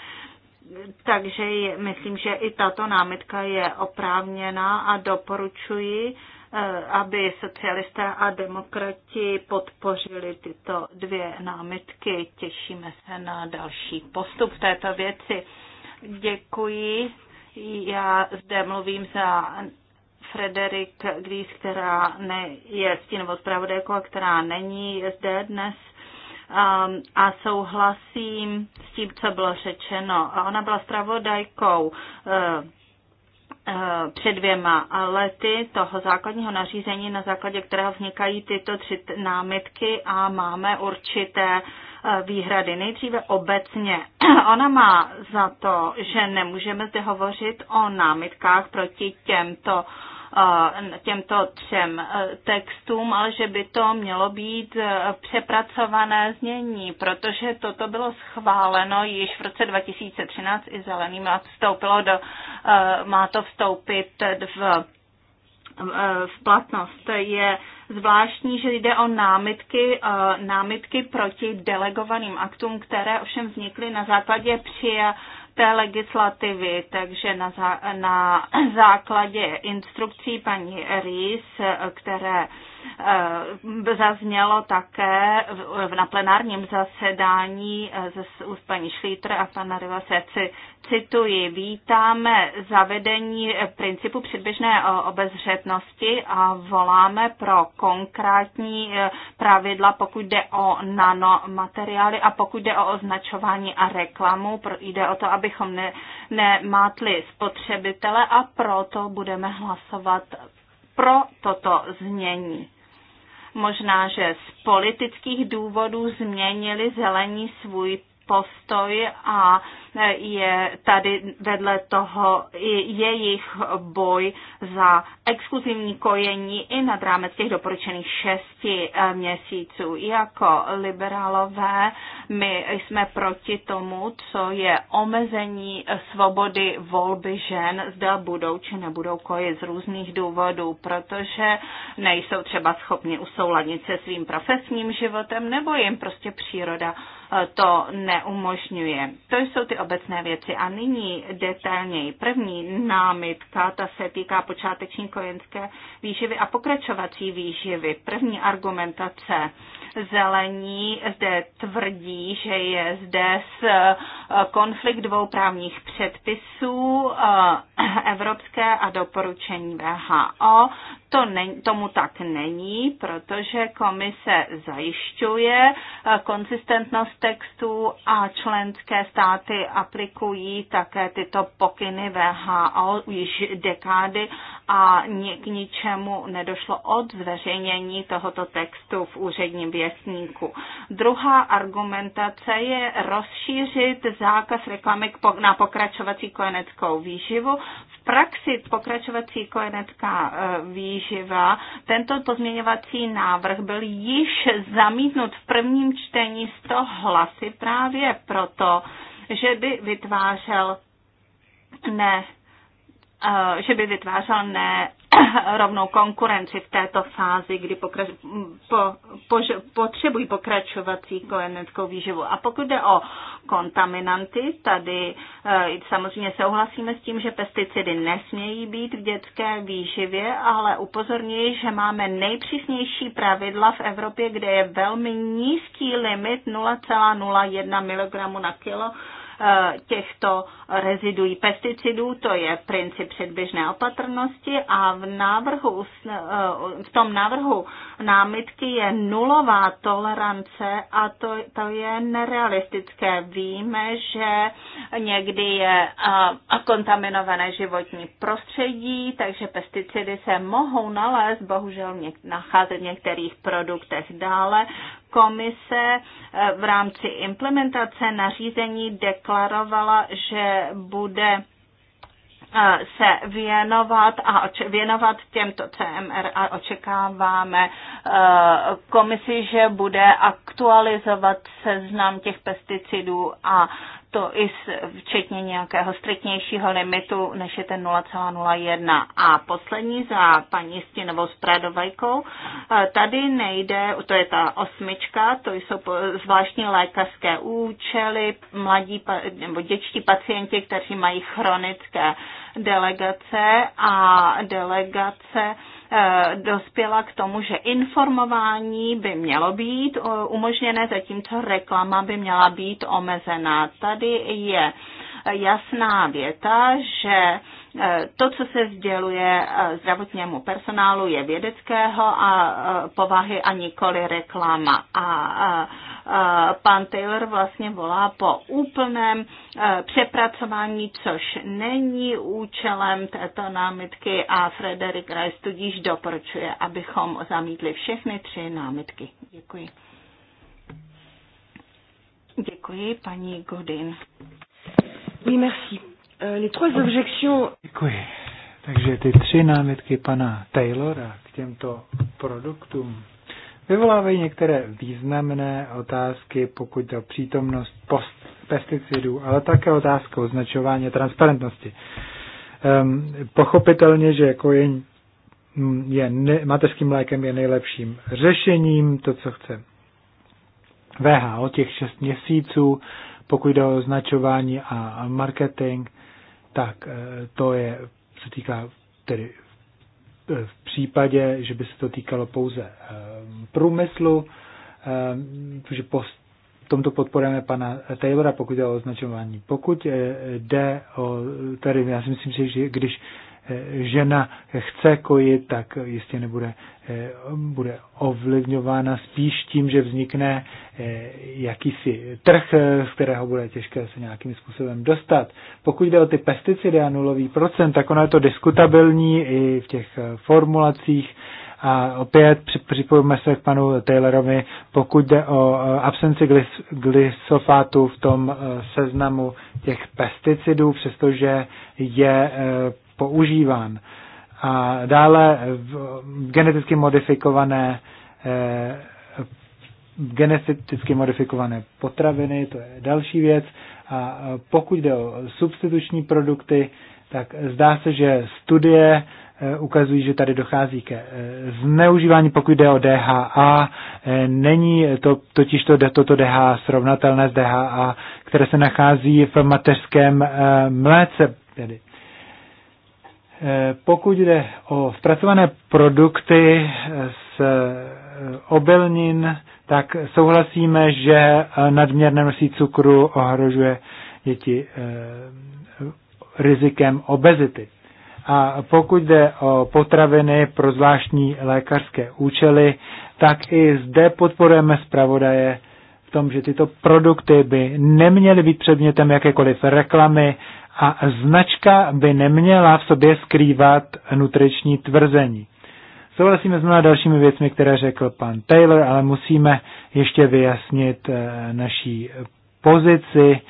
takže myslím, že i tato námitka je oprávněná a doporučuji, eh, aby socialisté a demokrati podpořili tyto dvě námitky. Těšíme se na další postup této věci. Děkuji. Já zde mluvím za Frederik Gries, která ne, je stínovou zpravodajkou a která není zde dnes Ehm, a souhlasím s tím, co bylo řečeno. A ona byla stravodajkou eh, eh, před dvěma lety toho základního nařízení, na základě kterého vznikají tyto tři námitky a máme určité eh, výhrady. Nejdříve obecně. Ona má za to, že nemůžeme zde hovořit o námitkách proti těmto těmto třem e, textům, ale že by to mělo být e, přepracované znění, protože toto bylo schváleno již v roce 2013 i zeleným a vstoupilo do, e, má to vstoupit v v platnost. Je zvláštní, že jde o námitky, námitky proti delegovaným aktům, které ovšem vznikly na základě přijatí té legislativy, takže na, zá, na základě instrukcí paní Rýs, které Eh, zaznělo také na plenárním zasedání eh, ze úst paní Šlítr a pana Rivase, cituji, vítáme zavedení principu předběžné eh, obezřetnosti a voláme pro konkrétní pravidla, pokud jde o nanomateriály a pokud jde o označování a reklamu. Jde o to, abychom ne, nemátli spotřebitele a proto budeme hlasovat pro toto změní. Možná, že z politických důvodů změnili zelení svůj postoj a je tady vedle toho jejich boj za exkluzivní kojení i nad rámec těch doporučených šesti eh, měsíců. Jako liberálové my jsme proti tomu, co je omezení svobody volby žen, zda budou či nebudou kojit z různých důvodů, protože nejsou třeba schopni usouladnit se svým profesním životem nebo jim prostě příroda eh, to neumožňuje. To jsou ty obecné věci. A nyní detailněji. První námitka, ta se týká počáteční kojenské výživy a pokračovací výživy. První argumentace zelení zde tvrdí, že je zde s eh, konflikt dvou právních předpisů eh, evropské a doporučení VHO. To ne, tomu tak není, protože komise zajišťuje eh, konsistentnost textů a členské státy aplikují také tyto pokyny VHO již dekády a k ničemu nedošlo od zveřejnění tohoto textu v úředním věstníku. Druhá argumentace je rozšířit zákaz reklamy na pokračovací kojeneckou výživu. V praxi pokračovací kojenecká e, výživa, tento pozměňovací návrh byl již zamítnut v prvním čtení 100 hlasy právě proto, že by vytvářel ne Eh, že by vytvářel ne rovnou konkurenci v této fázi, kdy pokrač, mm, po, pož, potřebují pokračovací kojeneckou výživu. A pokud jde o kontaminanty, tady eh, samozřejmě souhlasíme s tím, že pesticidy nesmějí být v dětské výživě, ale upozorňuji, že máme nejpřísnější pravidla v Evropě, kde je velmi nízký limit 0,01 mg na kilo Eh, těchto reziduí pesticidů, to je princip předběžné opatrnosti a v, návrhu, eh, v tom návrhu námitky je nulová tolerance a to, to je nerealistické. Víme, že někdy je eh, kontaminované životní prostředí, takže pesticidy se mohou nalézt, bohužel nacházet v některých produktech dále komise eh, v rámci implementace nařízení deklarovala, že bude eh, se věnovat a věnovat těmto CMR a očekáváme eh, komisi, že bude aktualizovat seznam těch pesticidů a to i včetně nějakého striktnějšího limitu, než je ten 0,01. A poslední za paní Stěnovou s Pradovajkou, eh, tady nejde, to je ta osmička, to jsou zvláštní lékařské účely, mladí nebo dětští pacienti, kteří mají chronické delegace a delegace Eh, dospěla k tomu, že informování by mělo být eh, umožněné, zatímco reklama by měla být omezená. Tady je jasná věta, že Eh, to, co se sděluje eh, zdravotnímu personálu, je vědeckého a eh, povahy a nikoli reklama. A pan Taylor vlastně volá po úplném přepracování, což není účelem této námitky a Frederick Rice tudíž doporučuje, abychom zamítli všechny tři námitky. Děkuji. Děkuji, paní Godin. Oui, merci. Eh, les trois objections... Děkuji. Takže ty tři námitky pana Taylora k těmto produktům vyvolávají některé významné otázky, pokud o přítomnost post pesticidů, ale také otázka označování transparentnosti. Um, pochopitelně, že jako je, mm, je ne, mateřským lékem je nejlepším řešením, to, co chce VHO těch šest měsíců, pokud jde o označování a marketing – tak eh, to je, se týká tedy eh, v případě, že by se to týkalo pouze eh, průmyslu, protože po tomto podporujeme pana Taylora, pokud je o označování. Pokud jde o, tady já si myslím, že když Eh, žena chce kojit, tak jistě nebude eh, bude ovlivňována spíš tím, že vznikne eh, jakýsi trh, z kterého bude těžké se nějakým způsobem dostat. Pokud jde o ty pesticidy a nulový procent, tak ono je to diskutabilní i v těch formulacích. A opět připojíme se k panu Taylorovi, pokud jde o absenci glys, v tom seznamu těch pesticidů, přestože je používán. A dále geneticky modifikované eh, geneticky modifikované potraviny, to je další věc. A eh, pokud jde o substituční produkty, tak zdá se, že studie eh, ukazují, že tady dochází ke zneužívání, pokud jde o DHA. Není to, totiž to, toto DHA srovnatelné s DHA, které se nachází v mateřském mléce, tedy pokud jde o zpracované produkty z e, obilnin, tak souhlasíme, že nadměrné množství cukru ohrožuje děti e, rizikem obezity. A pokud jde o potraviny pro zvláštní lékařské účely, tak i zde podporujeme zpravodaje v tom, že tyto produkty by neměly být předmětem jakékoliv reklamy a značka by neměla v sobě skrývat nutriční tvrzení. Souhlasíme s mnoha dalšími věcmi, které řekl pan Taylor, ale musíme ještě vyjasnit eh, naší pozici,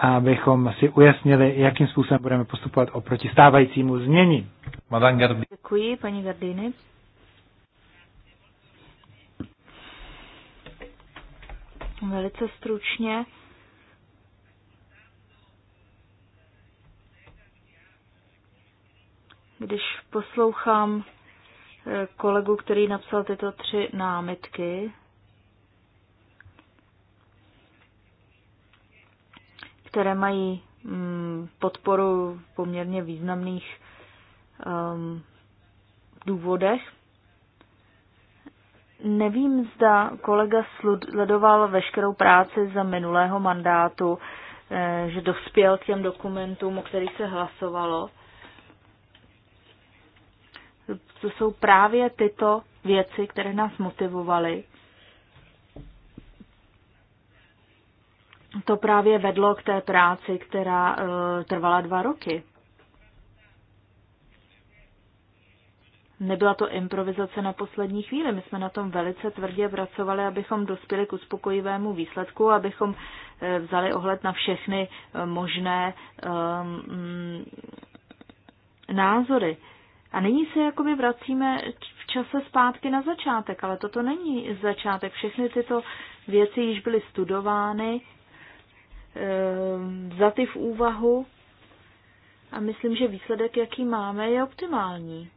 abychom si ujasnili, jakým způsobem budeme postupovat oproti stávajícímu změní. Děkuji, paní Gardini. Velice stručně Když poslouchám eh, kolegu, který napsal tyto tři námitky, které mají mm, podporu v poměrně významných um, důvodech. Nevím, zda kolega sledoval veškerou práci za minulého mandátu, eh, že dospěl k těm dokumentům, o kterých se hlasovalo to jsou právě tyto věci, které nás motivovaly. To právě vedlo k té práci, která e, trvala dva roky. Nebyla to improvizace na poslední chvíli. My jsme na tom velice tvrdě pracovali, abychom dospěli k uspokojivému výsledku, abychom eh, vzali ohled na všechny eh, možné m, ehm, mm, názory. A nyní se jakoby vracíme v čase zpátky na začátek, ale toto není začátek. Všechny tyto věci již byly studovány, ehm, ty v úvahu a myslím, že výsledek, jaký máme, je optimální.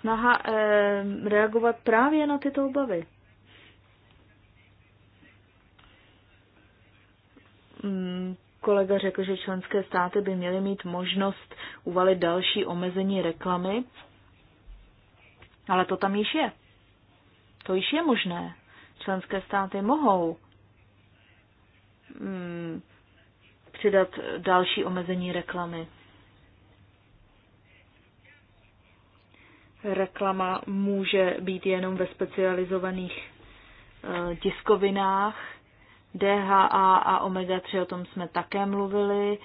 Snaha ehm, reagovat právě na tyto obavy. Hmm, kolega řekl, že členské státy by měly mít možnost uvalit další omezení reklamy, ale to tam již je. To již je možné. Členské státy mohou hmm, přidat další omezení reklamy. Reklama může být jenom ve specializovaných eh, tiskovinách, DHA a omega-3, o tom jsme také mluvili.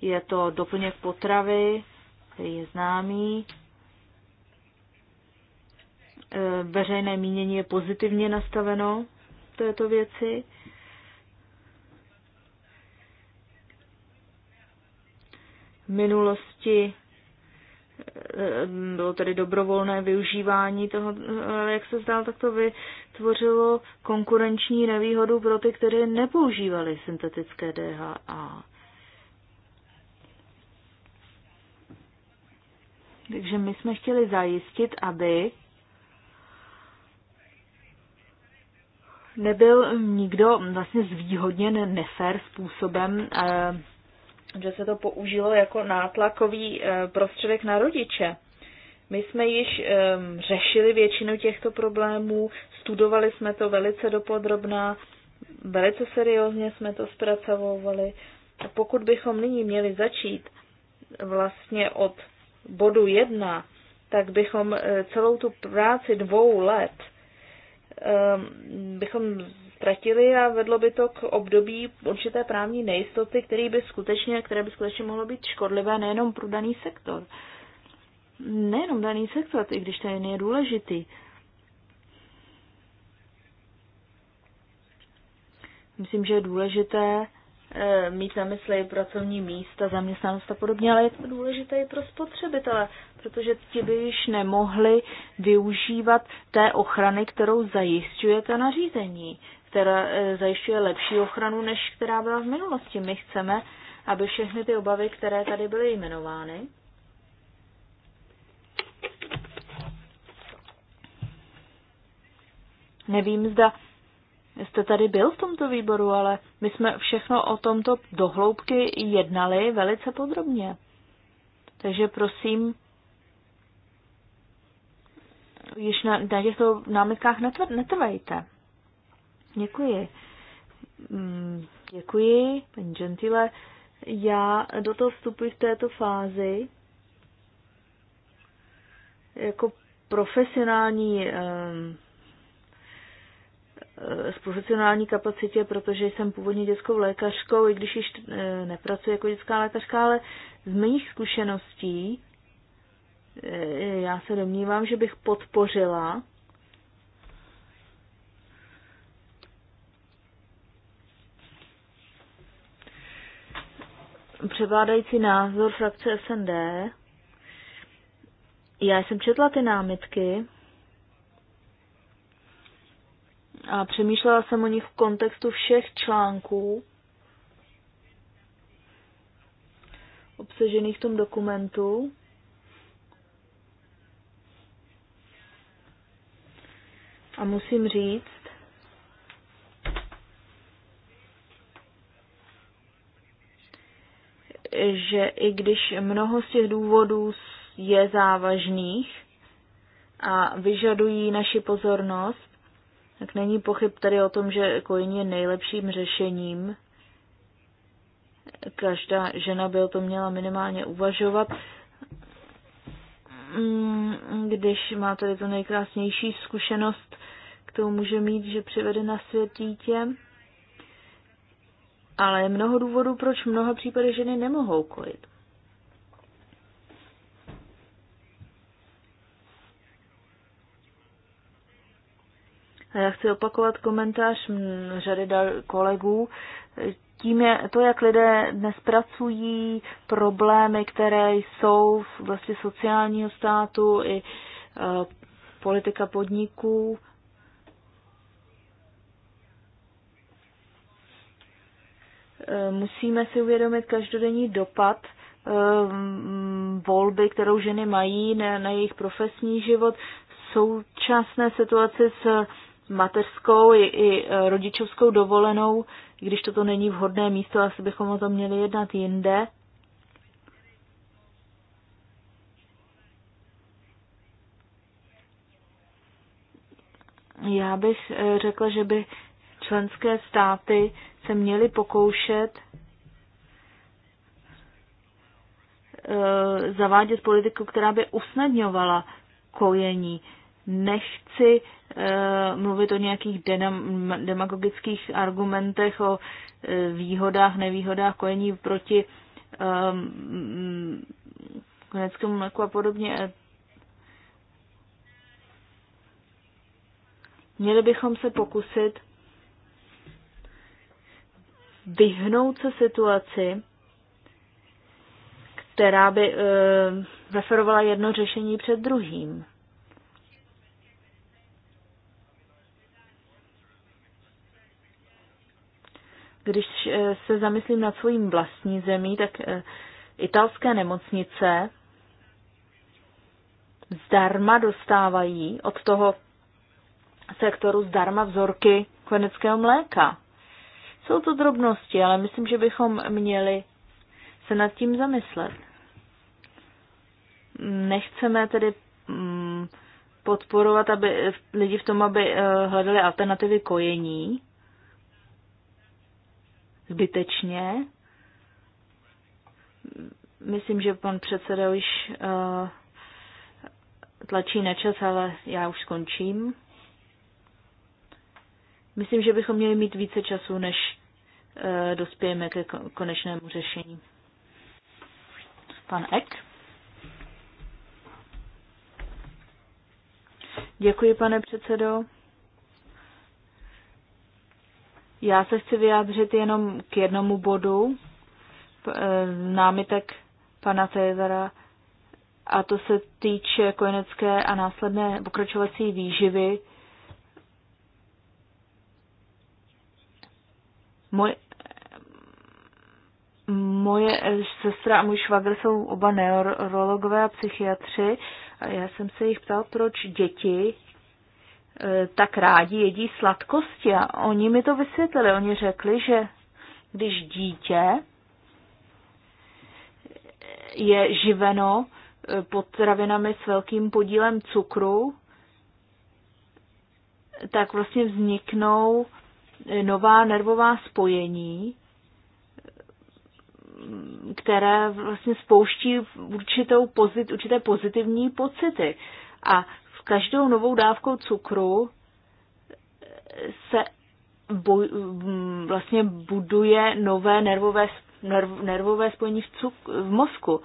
Je to doplněk potravy, který je známý. E, veřejné mínění je pozitivně nastaveno této věci. V minulosti bylo tedy dobrovolné využívání toho, jak se zdál, tak to vytvořilo konkurenční nevýhodu pro ty, kteří nepoužívali syntetické DHA. Takže my jsme chtěli zajistit, aby nebyl nikdo vlastně zvýhodněn nefér způsobem eh, že se to použilo jako nátlakový eh, prostředek na rodiče. My jsme již um, řešili většinu těchto problémů, studovali jsme to velice dopodrobná, velice seriózně jsme to zpracovovali. A pokud bychom nyní měli začít vlastně od bodu jedna, tak bychom eh, celou tu práci dvou let um, bychom ztratili a vedlo by to k období určité právní nejistoty, který by skutečně, které by skutečně mohlo být škodlivé nejenom pro daný sektor. Nejenom daný sektor, i když ten je důležitý. Myslím, že je důležité eh, mít na mysli pracovní místa, zaměstnanost a podobně, ale je to důležité i pro spotřebitele, protože ti by již nemohli využívat té ochrany, kterou zajišťuje to nařízení která eh, zajišťuje lepší ochranu, než která byla v minulosti. My chceme, aby všechny ty obavy, které tady byly jmenovány, Nevím, zda jste tady byl v tomto výboru, ale my jsme všechno o tomto dohloubky jednali velice podrobně. Takže prosím, již na, na těchto námitkách netrvejte. Děkuji. Mm, děkuji, paní Gentile. Já do toho vstupuji v této fázi jako profesionální z ehm, eh, profesionální kapacitě, protože jsem původně dětskou lékařkou, i když již eh, nepracuji jako dětská lékařka, ale z mých zkušeností eh, já se domnívám, že bych podpořila převládající názor frakce SND. Já jsem četla ty námitky a přemýšlela jsem o nich v kontextu všech článků obsažených v tom dokumentu. A musím říct, že i když mnoho z těch důvodů je závažných a vyžadují naši pozornost, tak není pochyb tady o tom, že kojení je nejlepším řešením. Každá žena by o tom měla minimálně uvažovat. Mm, když má tady tu nejkrásnější zkušenost, k tomu může mít, že přivede na svět dítě ale je mnoho důvodů, proč mnoha případech ženy nemohou kojit. A já chci opakovat komentář řady kolegů. Tím je to, jak lidé dnes pracují, problémy, které jsou vlastně sociálního státu i eh, politika podniků, Eh, musíme si uvědomit každodenní dopad eh, volby, kterou ženy mají na, jejich profesní život, současné situaci s mateřskou i, i eh, rodičovskou dovolenou, i když toto není vhodné místo, asi bychom o tom měli jednat jinde. Já bych řekla, že by členské státy se měli pokoušet eh, zavádět politiku, která by usnadňovala kojení. Nechci eh, mluvit o nějakých demagogických argumentech, o eh, výhodách, nevýhodách kojení proti mm, koneckému mleku a podobně. Měli bychom se pokusit vyhnout se situaci, která by e, referovala jedno řešení před druhým. Když e, se zamyslím nad svým vlastní zemí, tak e, italské nemocnice zdarma dostávají od toho sektoru zdarma vzorky klinického mléka. Jsou to drobnosti, ale myslím, že bychom měli se nad tím zamyslet. Nechceme tedy mm, podporovat aby lidi v tom, aby eh, hledali alternativy kojení zbytečně. Myslím, že pan předseda už eh, tlačí na čas, ale já už skončím. Myslím, že bychom měli mít více času než Eh, dospějeme ke konečnému řešení. Pan Ek. Děkuji, pane předsedo. Já se chci vyjádřit jenom k jednomu bodu eh, námitek pana Cezara a to se týče kojenecké a následné pokračovací výživy Moje, moje sestra a můj švagr jsou oba neurologové a psychiatři a já jsem se jich ptal, proč děti e, tak rádi jedí sladkosti a oni mi to vysvětlili. Oni řekli, že když dítě je živeno e, potravinami s velkým podílem cukru, tak vlastně vzniknou nová nervová spojení, které vlastně spouští určitou pozit, určité pozitivní pocity. A v každou novou dávkou cukru se boj, vlastně buduje nové nervové, nerv, nervové spojení v, cuk, v mozku.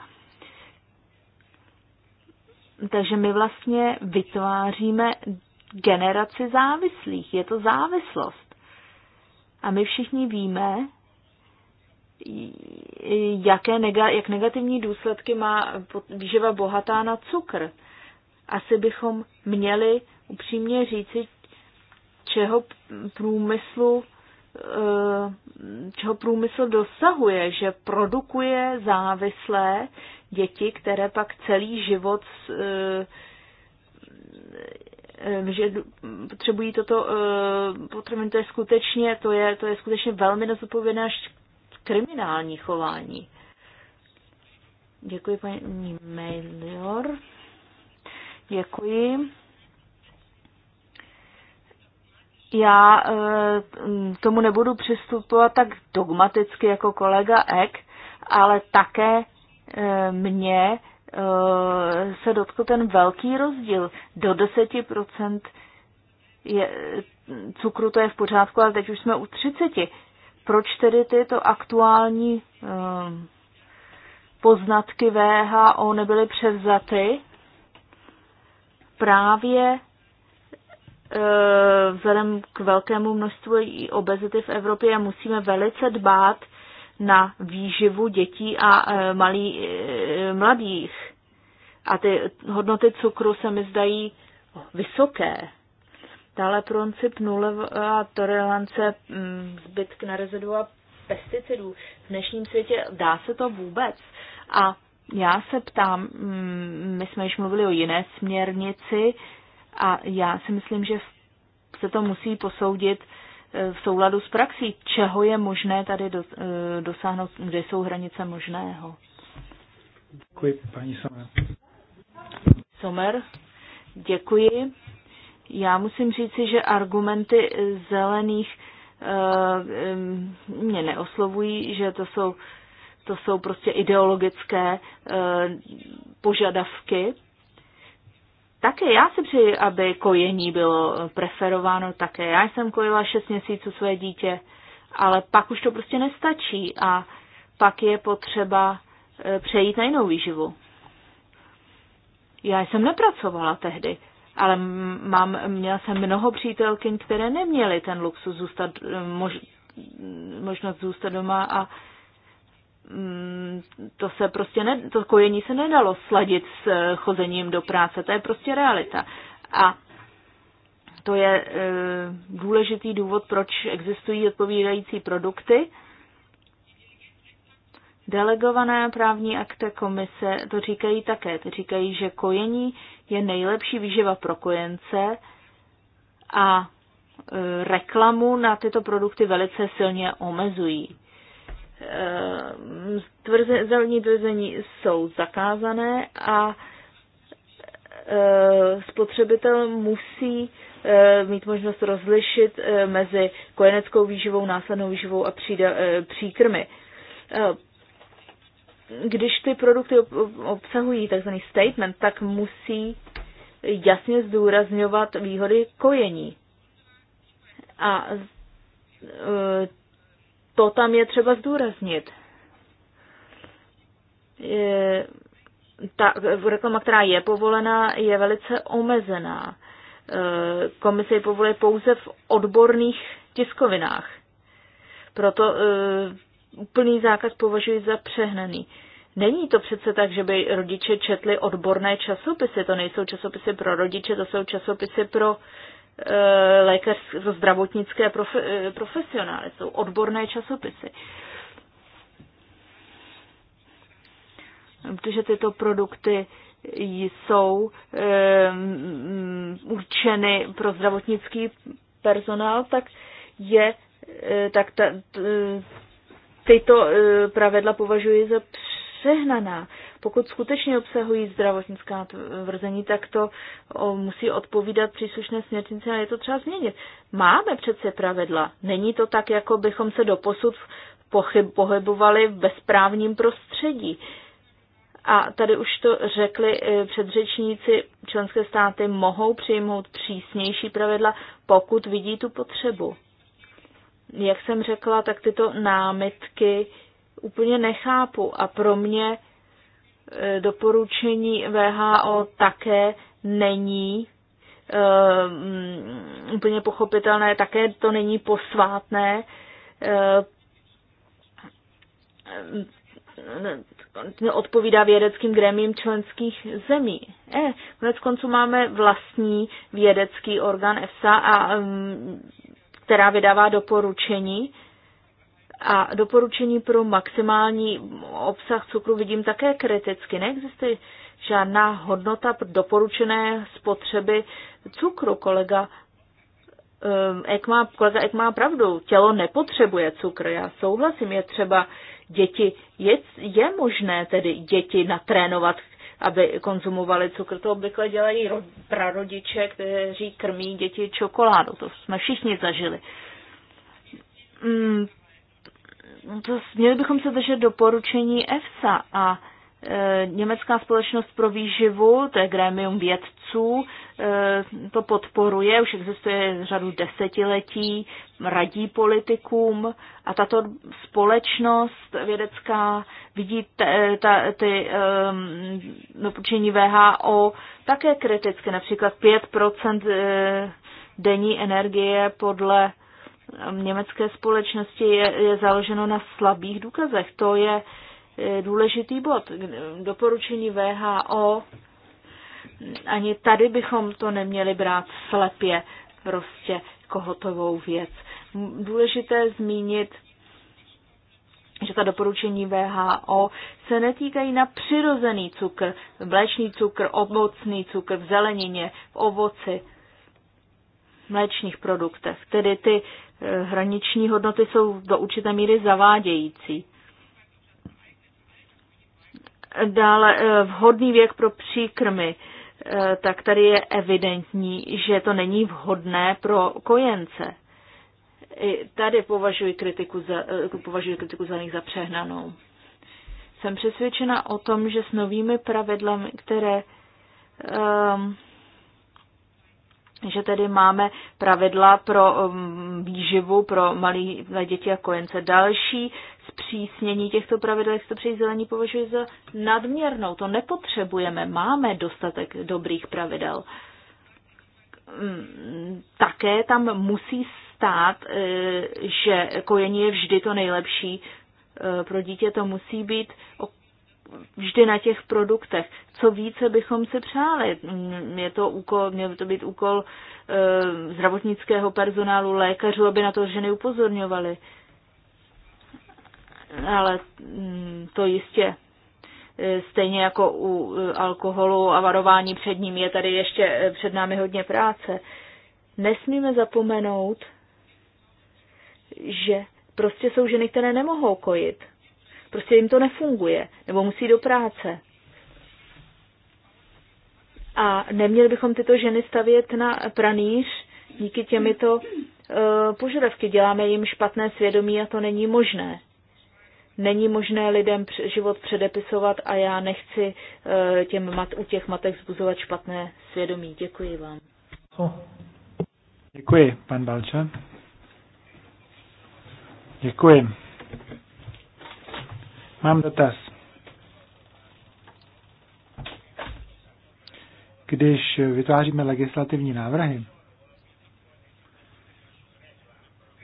Takže my vlastně vytváříme generaci závislých. Je to závislost. A my všichni víme, jaké nega, jak negativní důsledky má výživa bohatá na cukr. Asi bychom měli upřímně říci, čeho průmyslu eh, čeho průmysl dosahuje, že produkuje závislé děti, které pak celý život eh, Eh, že potřebují toto eh, potřebují to je skutečně, to je, to je skutečně velmi nezodpovědné až kriminální chování. Děkuji, paní Melior. Děkuji. Já e, tomu nebudu přistupovat tak dogmaticky jako kolega Ek, ale také e, mě se dotkl ten velký rozdíl. Do 10% je, cukru to je v pořádku, ale teď už jsme u 30. Proč tedy tyto aktuální ehm, poznatky VHO nebyly převzaty? Právě eh, vzhledem k velkému množství obezity v Evropě musíme velice dbát na výživu dětí a e, malí, e, mladých. A ty hodnoty cukru se mi zdají vysoké. Dále princip nulová tolerance mm, zbytk na rezidu a pesticidů. V dnešním světě dá se to vůbec. A já se ptám, mm, my jsme již mluvili o jiné směrnici a já si myslím, že se to musí posoudit v souladu s praxí, čeho je možné tady eh, dosáhnout, kde jsou hranice možného. Děkuji, paní Somer. Somer, děkuji. Já musím říci, že argumenty zelených eh, mě neoslovují, že to jsou, to jsou prostě ideologické eh, požadavky také já si přeji, aby kojení bylo preferováno také. Já jsem kojila 6 měsíců své dítě, ale pak už to prostě nestačí a pak je potřeba e, přejít na jinou výživu. Já jsem nepracovala tehdy, ale mám, měla jsem mnoho přítelkyn, které neměly ten luxus zůstat, e, mož, možnost zůstat doma a Mm, to se prostě ne, to kojení se nedalo sladit s eh, chozením do práce, to je prostě realita. A to je e, důležitý důvod, proč existují odpovídající produkty. Delegované právní akte komise to říkají také. To říkají, že kojení je nejlepší výživa pro kojence a e, reklamu na tyto produkty velice silně omezují. Ehm, tvrze, tvrzení jsou zakázané a ehm, spotřebitel musí ehm, mít možnost rozlišit mezi kojeneckou výživou, následnou výživou a příkrmy. Když ty produkty obsahují tzv. statement, tak musí jasně zdůrazňovat výhody kojení. A to tam je třeba zdůraznit. Je, ta reklama, která je povolená, je velice omezená. E, komise ji povoluje pouze v odborných tiskovinách. Proto e, úplný zákaz považuji za přehnaný. Není to přece tak, že by rodiče četli odborné časopisy. To nejsou časopisy pro rodiče, to jsou časopisy pro Eh, lékařské, zdravotnické profe, eh, profesionály, jsou odborné časopisy. Protože tyto produkty jsou um, určeny pro zdravotnický personál, tak je tak ta, tyto pravidla považuji za přehnaná. Pokud skutečně obsahují zdravotnická tvrzení, tak to musí odpovídat příslušné směrnice a je to třeba změnit. Máme přece pravidla. Není to tak, jako bychom se doposud pochyb, pohybovali v bezprávním prostředí. A tady už to řekli e, předřečníci, členské státy mohou přijmout přísnější pravidla, pokud vidí tu potřebu. Jak jsem řekla, tak tyto námitky úplně nechápu a pro mě e, doporučení VHO také není um, úplně pochopitelné, také to není posvátné. Um, odpovídá vědeckým gremím členských zemí. Eh, konec konců máme vlastní vědecký orgán EFSA, a, um, která vydává doporučení a doporučení pro maximální obsah cukru vidím také kriticky. Neexistuje žádná hodnota doporučené spotřeby cukru. Kolega jak um, má, kolega jak má pravdu, tělo nepotřebuje cukr, já souhlasím, je třeba děti, je, je možné tedy děti natrénovat, aby konzumovali cukr, to obvykle dělají prarodiče, kteří krmí děti čokoládu. to jsme všichni zažili. Mm, to, měli bychom se držet doporučení EFSA a e, Německá společnost pro výživu, to je grémium vědců, e, to podporuje, už existuje řadu desetiletí, radí politikům a tato společnost vědecká vidí te, ta, ty e, doporučení VHO také kriticky, například 5% e, denní energie podle německé společnosti je, je založeno na slabých důkazech. To je e, důležitý bod. Doporučení VHO, ani tady bychom to neměli brát slepě, prostě jako hotovou věc. Důležité zmínit, že ta doporučení VHO se netýkají na přirozený cukr, mléčný cukr, ovocný cukr v zelenině, v ovoci, mléčných produktech. Tedy ty Eh, hraniční hodnoty jsou do určité míry zavádějící. Dále eh, vhodný věk pro příkrmy, eh, tak tady je evidentní, že to není vhodné pro kojence. I tady považuji kritiku za, považuji kritiku za nich za přehnanou. Jsem přesvědčena o tom, že s novými pravidly, které um, že tedy máme pravidla pro um, výživu pro malé děti a kojence. Další zpřísnění těchto pravidel, jak to zelení považuji za nadměrnou. To nepotřebujeme. Máme dostatek dobrých pravidel. Mm, také tam musí stát, e, že kojení je vždy to nejlepší. E, pro dítě to musí být vždy na těch produktech. Co více bychom si přáli? Mm, je to úkol, měl by to být úkol e, zdravotnického personálu, lékařů, aby na to ženy upozorňovali. Ale mm, to jistě eh, stejně jako u eh, alkoholu a varování před ním je tady ještě před námi hodně práce. Nesmíme zapomenout, že prostě jsou ženy, které nemohou kojit Prostě jim to nefunguje, nebo musí do práce. A neměli bychom tyto ženy stavět na pranýř díky těmito eh, požadavky. Děláme jim špatné svědomí a to není možné. Není možné lidem život předepisovat a já nechci eh, těm mat, u těch matek zbuzovat špatné svědomí. Děkuji vám. Oh. Děkuji, pan Balče. Děkuji. Mám dotaz. Když vytváříme legislativní návrhy,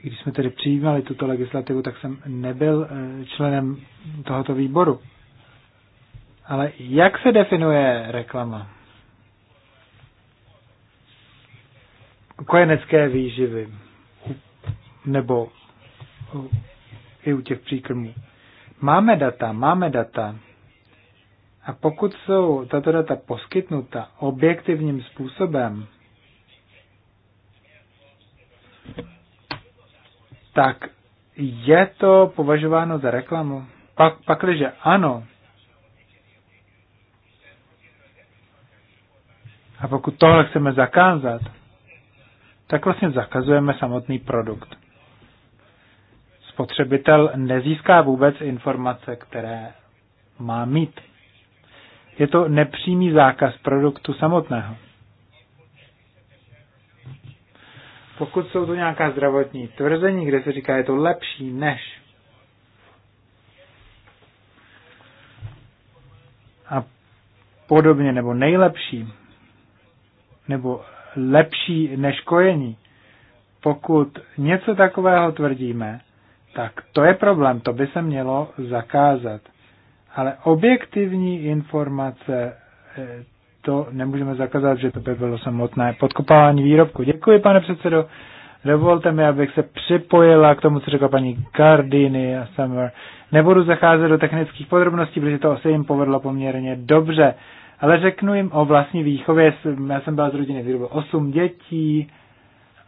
když jsme tedy přijímali tuto legislativu, tak jsem nebyl eh, členem tohoto výboru. Ale jak se definuje reklama? Kojenecké výživy nebo i u těch příkrmů. Máme data, máme data. A pokud jsou tato data poskytnuta objektivním způsobem, tak je to považováno za reklamu? Pak, pakliže ano, a pokud tohle chceme zakázat, tak vlastně zakazujeme samotný produkt spotřebitel nezíská vůbec informace, které má mít. Je to nepřímý zákaz produktu samotného. Pokud jsou to nějaká zdravotní tvrzení, kde se říká, je to lepší než. A podobně, nebo nejlepší, nebo lepší než kojení. Pokud něco takového tvrdíme, tak to je problém, to by se mělo zakázat. Ale objektivní informace eh, to nemůžeme zakázat, že to by bylo samotné podkopávání výrobku. Děkuji, pane předsedo. Dovolte mi, abych se připojila k tomu, co řekla paní Gardini a Summer. Nebudu zacházet do technických podrobností, protože to se jim povedlo poměrně dobře. Ale řeknu jim o vlastní výchově. Já jsem byla z rodiny výroby osm dětí,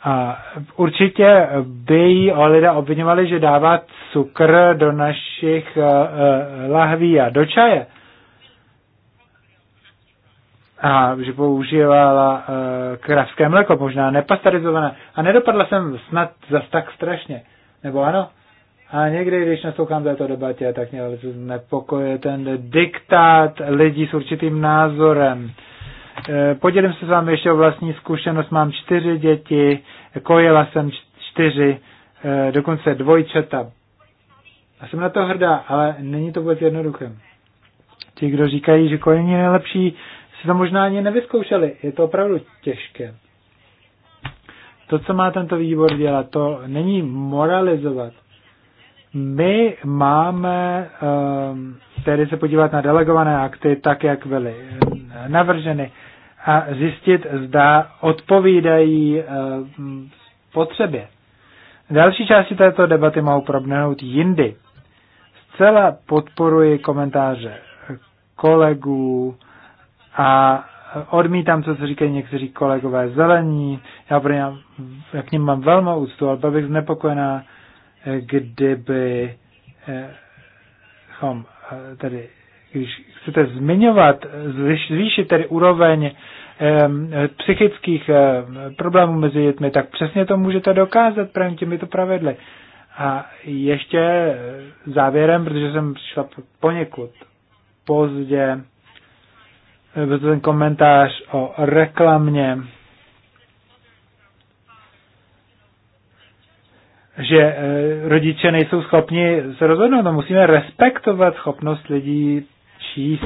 a určitě by jí Olida obvinovali, že dává cukr do našich eh, eh, lahví a do čaje. A že používala eh, kravské mléko, možná nepasterizované. A nedopadla jsem snad zas tak strašně. Nebo ano? A někdy, když naslouchám této debatě, tak mě nepokoje ten diktát lidí s určitým názorem Eh, podělím se s vámi ještě o vlastní zkušenost. Mám čtyři děti, kojela jsem čtyři, eh, dokonce dvojčata. A jsem na to hrdá, ale není to vůbec jednoduché. Ti, kdo říkají, že kojení je nejlepší, si to možná ani nevyzkoušeli. Je to opravdu těžké. To, co má tento výbor dělat, to není moralizovat. My máme um, tedy se podívat na delegované akty tak, jak byly ehm, navrženy a zjistit, zda odpovídají eh, potřebě. Další části této debaty mohou proběhnout jindy. Zcela podporuji komentáře kolegů a odmítám, co se říkají někteří kolegové zelení. Já pro ně, já k ním mám velmi úctu, ale bych znepokojená, eh, kdyby eh, chom tedy když chcete zmiňovat, zvýšit tedy úroveň psychických problémů mezi dětmi, tak přesně to můžete dokázat právě těmito pravidly. A ještě závěrem, protože jsem přišla poněkud pozdě, eh, byl ten komentář o reklamě, že eh, rodiče nejsou schopni se rozhodnout. No, musíme respektovat schopnost lidí číst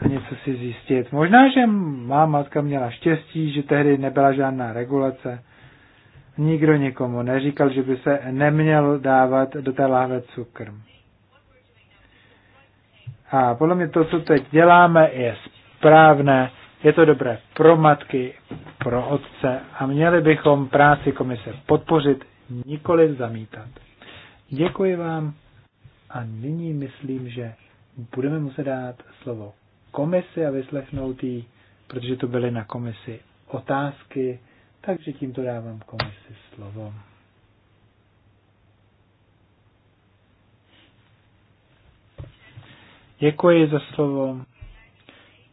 a něco si zjistit. Možná, že má matka měla štěstí, že tehdy nebyla žádná regulace. Nikdo nikomu neříkal, že by se neměl dávat do té láhve cukr. A podle mě to, co teď děláme, je správné. Je to dobré pro matky, pro otce a měli bychom práci komise podpořit, nikoli zamítat. Děkuji vám a nyní myslím, že budeme muset dát slovo komisi a vyslechnout jí, protože to byly na komisi otázky, takže tímto dávám komisi slovo. Děkuji za slovo.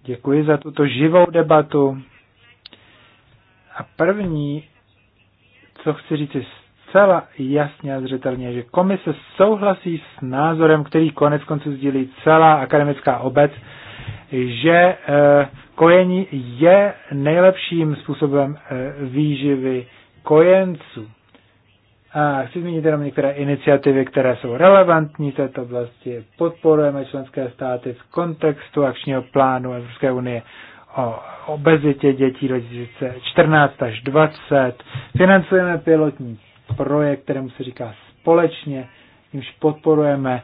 Děkuji za tuto živou debatu. A první, co chci říct, je zcela jasně a zřetelně, že komise souhlasí s názorem, který konec konců sdílí celá akademická obec, že eh, kojení je nejlepším způsobem eh, výživy kojenců. A chci zmínit jenom některé iniciativy, které jsou relevantní v této oblasti. Podporujeme členské státy v kontextu akčního plánu Evropské unie o obezitě dětí 2014 až 20. Financujeme pilotní projekt, kterému se říká společně, jimž podporujeme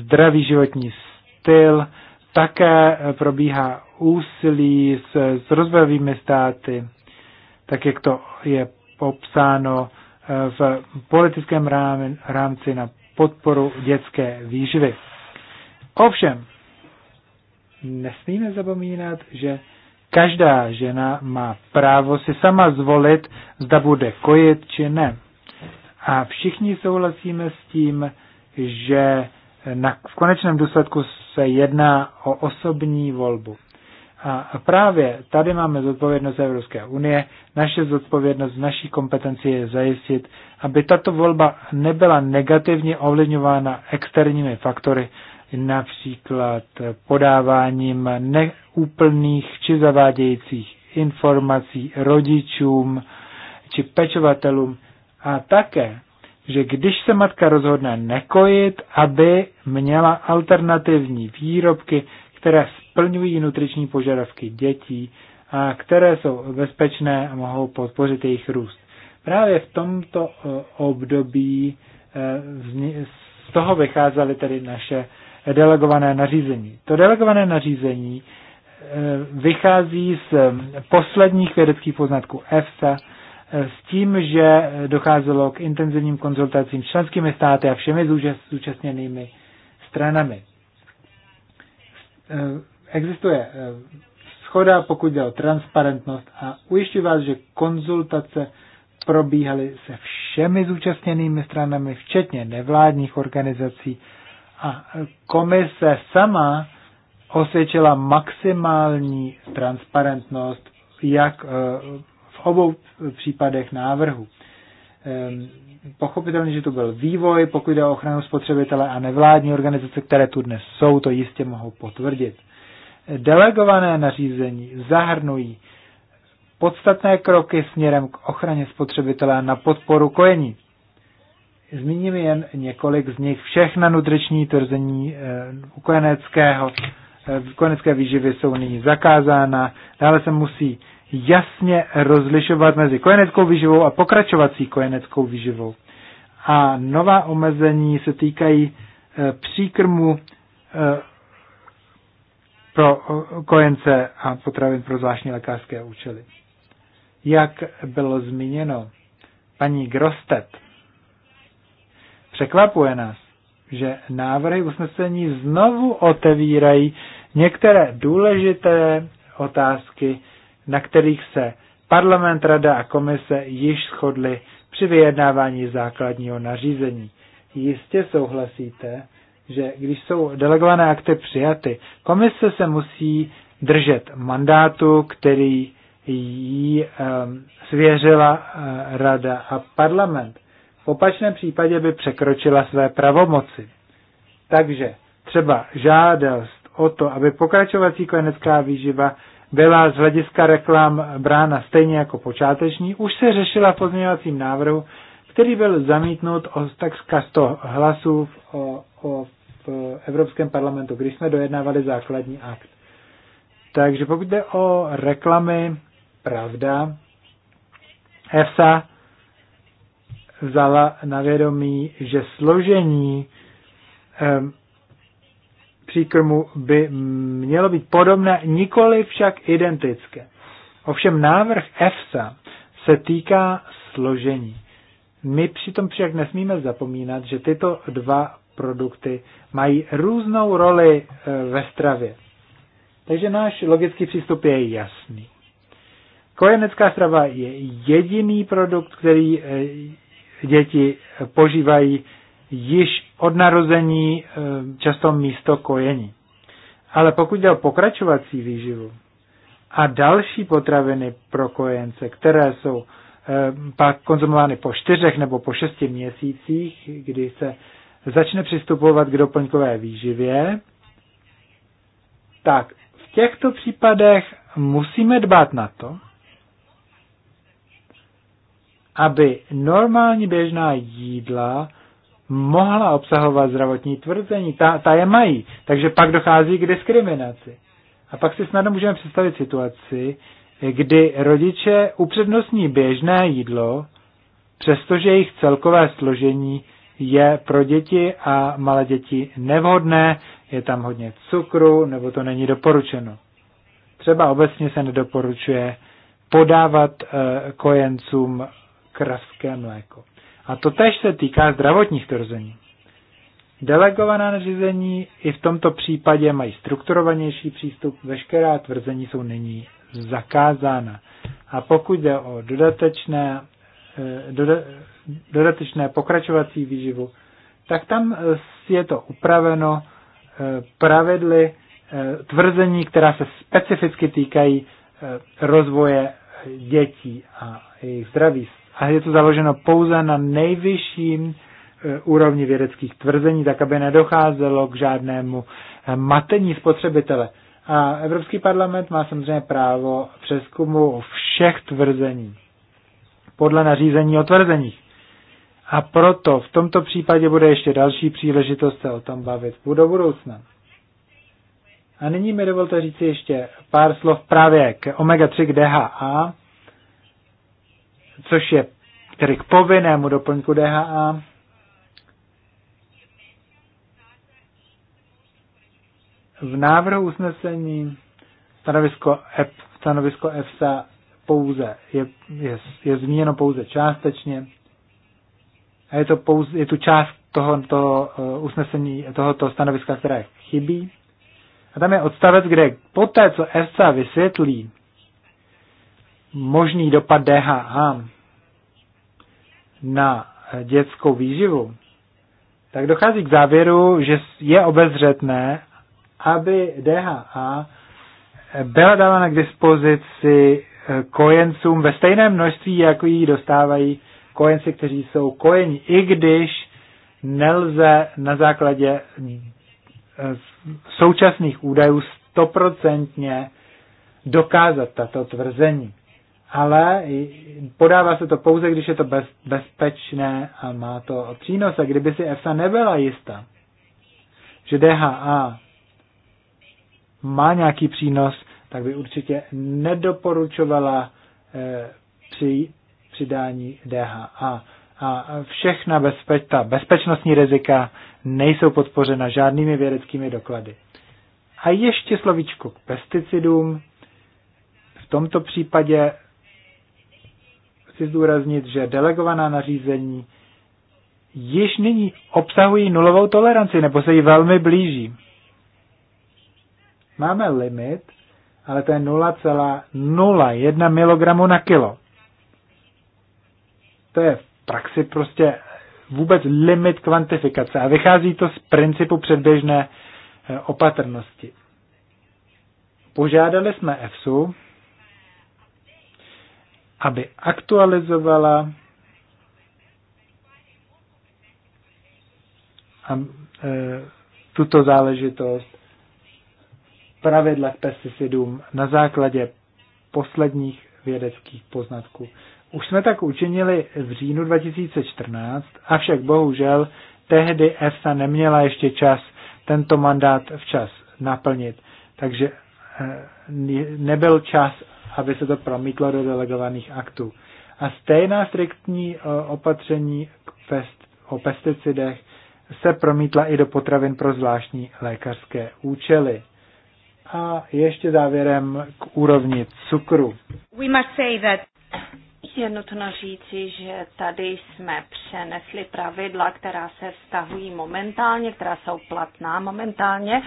zdravý životní styl. Také probíhá úsilí s, s rozvojovými státy, tak jak to je popsáno eh, v politickém rámci na podporu dětské výživy. Ovšem, nesmíme zapomínat, že každá žena má právo si sama zvolit, zda bude kojit či ne. A všichni souhlasíme s tím, že na, v konečném důsledku se jedná o osobní volbu. A právě tady máme zodpovědnost Evropské unie. Naše zodpovědnost, naší kompetenci je zajistit, aby tato volba nebyla negativně ovlivňována externími faktory, například podáváním neúplných či zavádějících informací rodičům či pečovatelům, a také, že když se matka rozhodne nekojit, aby měla alternativní výrobky, které splňují nutriční požadavky dětí, a které jsou bezpečné a mohou podpořit jejich růst. Právě v tomto e, období e, z toho vycházely tedy naše delegované nařízení. To delegované nařízení e, vychází z posledních vědeckých poznatků EFSA s tím, že docházelo k intenzivním konzultacím s členskými státy a všemi zúčastněnými stranami. Eh, existuje eh, schoda, pokud jde o transparentnost a ujišťuji vás, že konzultace probíhaly se všemi zúčastněnými stranami, včetně nevládních organizací a komise sama osvědčila maximální transparentnost jak eh, obou případech návrhu. Ehm, pochopitelně, že to byl vývoj, pokud jde o ochranu spotřebitele a nevládní organizace, které tu dnes jsou, to jistě mohou potvrdit. Delegované nařízení zahrnují podstatné kroky směrem k ochraně spotřebitele na podporu kojení. Zmíním jen několik z nich. Všechna nutriční tvrzení eh, u kojeneckého, eh, kojenecké výživy jsou nyní zakázána. Dále se musí jasně rozlišovat mezi kojeneckou výživou a pokračovací kojeneckou výživou. A nová omezení se týkají e, příkrmu e, pro kojence a potravin pro zvláštní lékařské účely. Jak bylo zmíněno, paní Grostet překvapuje nás, že návrhy usnesení znovu otevírají některé důležité otázky, na kterých se parlament, rada a komise již shodly při vyjednávání základního nařízení. Jistě souhlasíte, že když jsou delegované akty přijaty, komise se musí držet mandátu, který jí um, svěřila uh, rada a parlament. V opačném případě by překročila své pravomoci. Takže třeba žádost o to, aby pokračovací kojenecká výživa byla z hlediska reklam brána stejně jako počáteční, už se řešila v pozměňovacím návrhu, který byl zamítnut o takřka 100 hlasů v, o, o, v Evropském parlamentu, když jsme dojednávali základní akt. Takže pokud jde o reklamy, pravda, EFSA vzala na vědomí, že složení um, příkrmu by mělo být podobné, nikoli však identické. Ovšem návrh EFSA se týká složení. My přitom však nesmíme zapomínat, že tyto dva produkty mají různou roli e, ve stravě. Takže náš logický přístup je jasný. Kojenecká strava je jediný produkt, který e, děti požívají již od narození eh, často místo kojení. Ale pokud jde o pokračovací výživu a další potraviny pro kojence, které jsou eh, pak konzumovány po čtyřech nebo po šesti měsících, kdy se začne přistupovat k doplňkové výživě, tak v těchto případech musíme dbát na to, aby normální běžná jídla mohla obsahovat zdravotní tvrzení, ta, ta je mají, takže pak dochází k diskriminaci. A pak si snadno můžeme představit situaci, kdy rodiče upřednostní běžné jídlo, přestože jejich celkové složení je pro děti a malé děti nevhodné, je tam hodně cukru, nebo to není doporučeno. Třeba obecně se nedoporučuje podávat eh, kojencům kravské mléko. A to tež se týká zdravotních tvrzení. Delegovaná nařízení i v tomto případě mají strukturovanější přístup, veškerá tvrzení jsou nyní zakázána. A pokud jde o dodatečné, eh, doda, dodatečné pokračovací výživu, tak tam eh, je to upraveno eh, pravidly tvrzení, která se specificky týkají rozvoje dětí a jejich zdraví a je to založeno pouze na nejvyšším e, úrovni vědeckých tvrzení, tak aby nedocházelo k žádnému e, matení spotřebitele. A Evropský parlament má samozřejmě právo přeskumu všech tvrzení podle nařízení o tvrzeních. A proto v tomto případě bude ještě další příležitost se o tom bavit do budoucna. A nyní mi dovolte říct ještě pár slov právě k omega-3 k DHA což je tedy k povinnému doplňku DHA. V návrhu usnesení stanovisko, F, stanovisko EFSA pouze je, je, je zmíněno pouze částečně a je, to pouze, je tu část toho toho eh, usnesení, tohoto stanoviska, které chybí. A tam je odstavec, kde poté, co EFSA vysvětlí, možný dopad DHH na dětskou výživu, tak dochází k závěru, že je obezřetné, aby DHA byla dána k dispozici eh, kojencům ve stejném množství, jako ji dostávají kojenci, kteří jsou kojeni, i když nelze na základě eh, současných údajů stoprocentně dokázat tato tvrzení ale podává se to pouze, když je to bez, bezpečné a má to přínos. A kdyby si EFSA nebyla jistá, že DHA má nějaký přínos, tak by určitě nedoporučovala e, při přidání DHA. A všechna bezpeč, ta bezpečnostní rizika nejsou podpořena žádnými vědeckými doklady. A ještě slovíčko k pesticidům. V tomto případě chci zdůraznit, že delegovaná nařízení již nyní obsahují nulovou toleranci, nebo se jí velmi blíží. Máme limit, ale to je 0,01 mg na kilo. To je v praxi prostě vůbec limit kvantifikace a vychází to z principu předběžné eh, opatrnosti. Požádali jsme EFSU, aby aktualizovala a, e, tuto záležitost pravidla k pesticidům na základě posledních vědeckých poznatků. Už jsme tak učinili v říjnu 2014, avšak bohužel tehdy EFSA neměla ještě čas tento mandát včas naplnit, takže e, nebyl čas aby se to promítlo do delegovaných aktů. A stejná striktní eh, opatření pest, o pesticidech se promítla i do potravin pro zvláštní lékařské účely. A ještě závěrem k úrovni cukru. We must say that je nutno říci, že tady jsme přenesli pravidla, která se vztahují momentálně, která jsou platná momentálně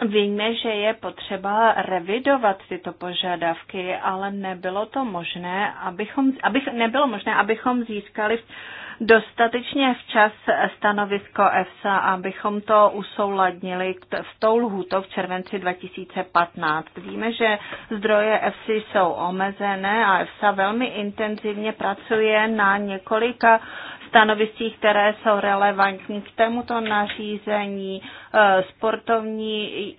Víme, že je potřeba revidovat tyto požadavky, ale nebylo to možné, abychom, abych, nebylo možné, abychom získali dostatečně včas stanovisko EFSA, abychom to usouladnili v tou lhůtou v červenci 2015. Víme, že zdroje EFSA jsou omezené a EFSA velmi intenzivně pracuje na několika stanoviscích, které jsou relevantní k tomuto nařízení, e, sportovní e,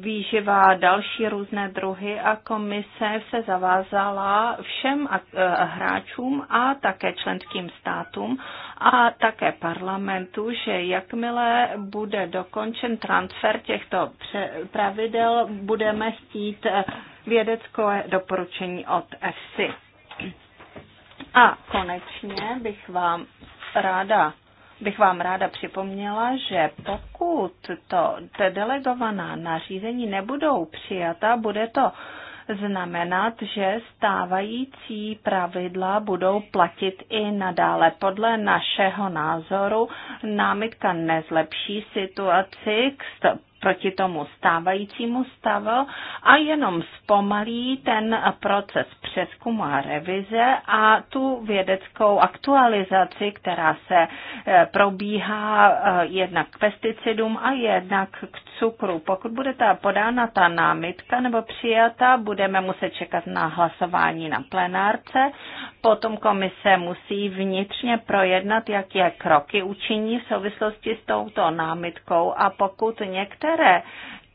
výživa, další různé druhy a komise se zavázala všem e, hráčům a také členským státům a také parlamentu, že jakmile bude dokončen transfer těchto pravidel, budeme chtít vědecké doporučení od EFSI. A konečně bych vám ráda bych vám ráda připomněla, že pokud to delegovaná nařízení nebudou přijata, bude to znamenat, že stávající pravidla budou platit i nadále. Podle našeho názoru námitka nezlepší situaci, proti tomu stávajícímu stavu a jenom zpomalí ten proces přeskumu a revize a tu vědeckou aktualizaci, která se eh, probíhá eh, jednak k pesticidům a jednak k cukru. Pokud bude ta podána ta námitka nebo přijata, budeme muset čekat na hlasování na plenárce. Potom komise musí vnitřně projednat, jaké kroky učiní v souvislosti s touto námitkou a pokud některé bere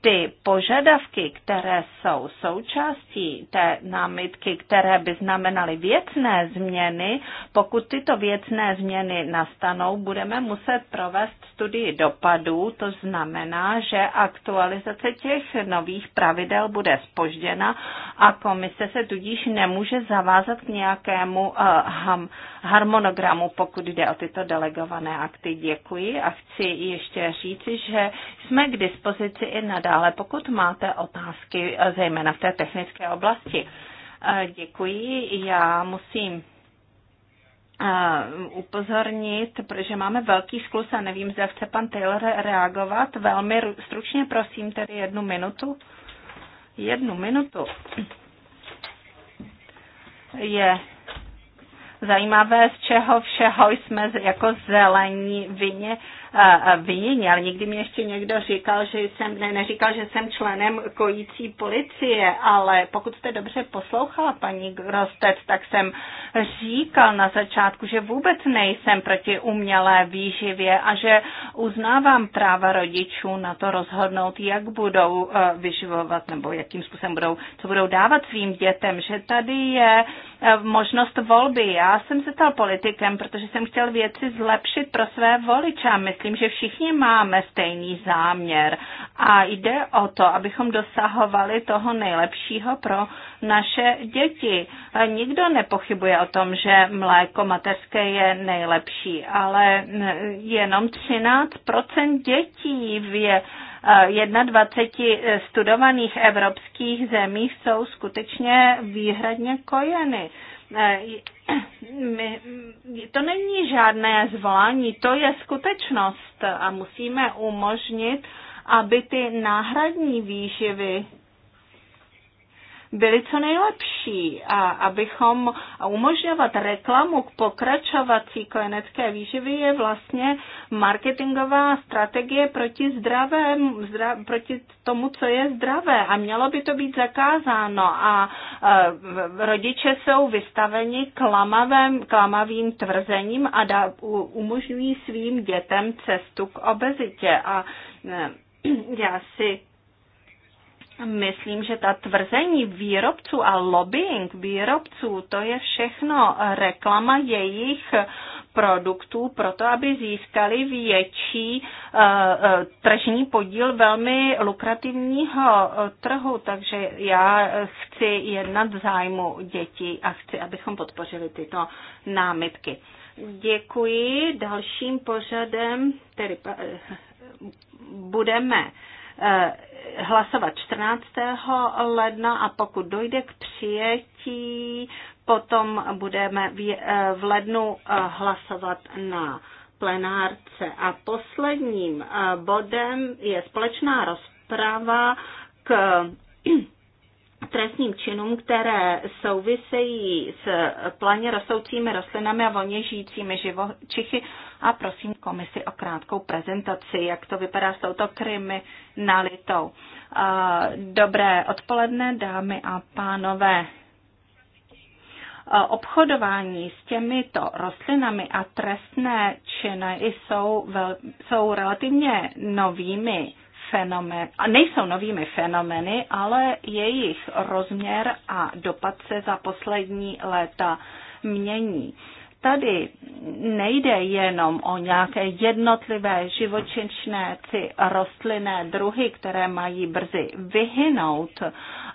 ty požadavky, které jsou součástí té námitky, které by znamenaly věcné změny, pokud tyto věcné změny nastanou, budeme muset provést studii dopadů, to znamená, že aktualizace těch nových pravidel bude spožděna a komise se tudíž nemůže zavázat k nějakému eh, harmonogramu, pokud jde o tyto delegované akty. Děkuji a chci ještě říci, že jsme k dispozici i na dále, pokud máte otázky, eh, zejména v té technické oblasti. Eh, děkuji, já musím eh, upozornit, protože máme velký sklus a nevím, zda chce pan Taylor reagovat. Velmi stručně prosím, tedy jednu minutu. Jednu minutu. Je zajímavé, z čeho všeho jsme jako zelení vině viněni, ale nikdy mi ještě někdo říkal, že jsem, ne, neříkal, že jsem členem kojící policie, ale pokud jste dobře poslouchala paní Grostec, tak jsem říkal na začátku, že vůbec nejsem proti umělé výživě a že uznávám práva rodičů na to rozhodnout, jak budou eh, vyživovat nebo jakým způsobem budou, co budou dávat svým dětem, že tady je eh, možnost volby. Já jsem se stal politikem, protože jsem chtěl věci zlepšit pro své voliče a myslím, myslím, že všichni máme stejný záměr a jde o to, abychom dosahovali toho nejlepšího pro naše děti. Nikdo nepochybuje o tom, že mléko mateřské je nejlepší, ale jenom 13% dětí v 21 eh, studovaných evropských zemích jsou skutečně výhradně kojeny. Eh, to není žádné zvolání, to je skutečnost a musíme umožnit, aby ty náhradní výživy byli co nejlepší a abychom umožňovat reklamu k pokračovací kojenecké výživy je vlastně marketingová strategie proti zdravému, zdra, proti tomu, co je zdravé a mělo by to být zakázáno a a e, rodiče jsou vystaveni klamavém, klamavým tvrzením a da, u, umožňují svým dětem cestu k obezitě a ne, já si Myslím, že ta tvrzení výrobců a lobbying výrobců, to je všechno reklama jejich produktů proto, aby získali větší uh, tržní podíl velmi lukrativního eh, trhu. Takže já chci jednat v zájmu dětí a chci, abychom podpořili tyto námitky. Děkuji. Dalším pořadem tedy budeme Eh, hlasovat 14. ledna a pokud dojde k přijetí, potom budeme v eh, lednu eh, hlasovat na plenárce. A posledním bodem je společná rozprava k trestným činům, které souvisejí s planě rostoucími rostlinami a volně žijícími živočichy. A prosím komisi o krátkou prezentaci, jak to vypadá s touto kriminalitou. Dobré odpoledne, dámy a pánové obchodování s těmito rostlinami a trestné činy jsou, vel, jsou relativně novými fenomény, a nejsou novými fenomény, ale jejich rozměr a dopad se za poslední léta mění tady nejde jenom o nějaké jednotlivé živočišné ty rostlinné druhy, které mají brzy vyhynout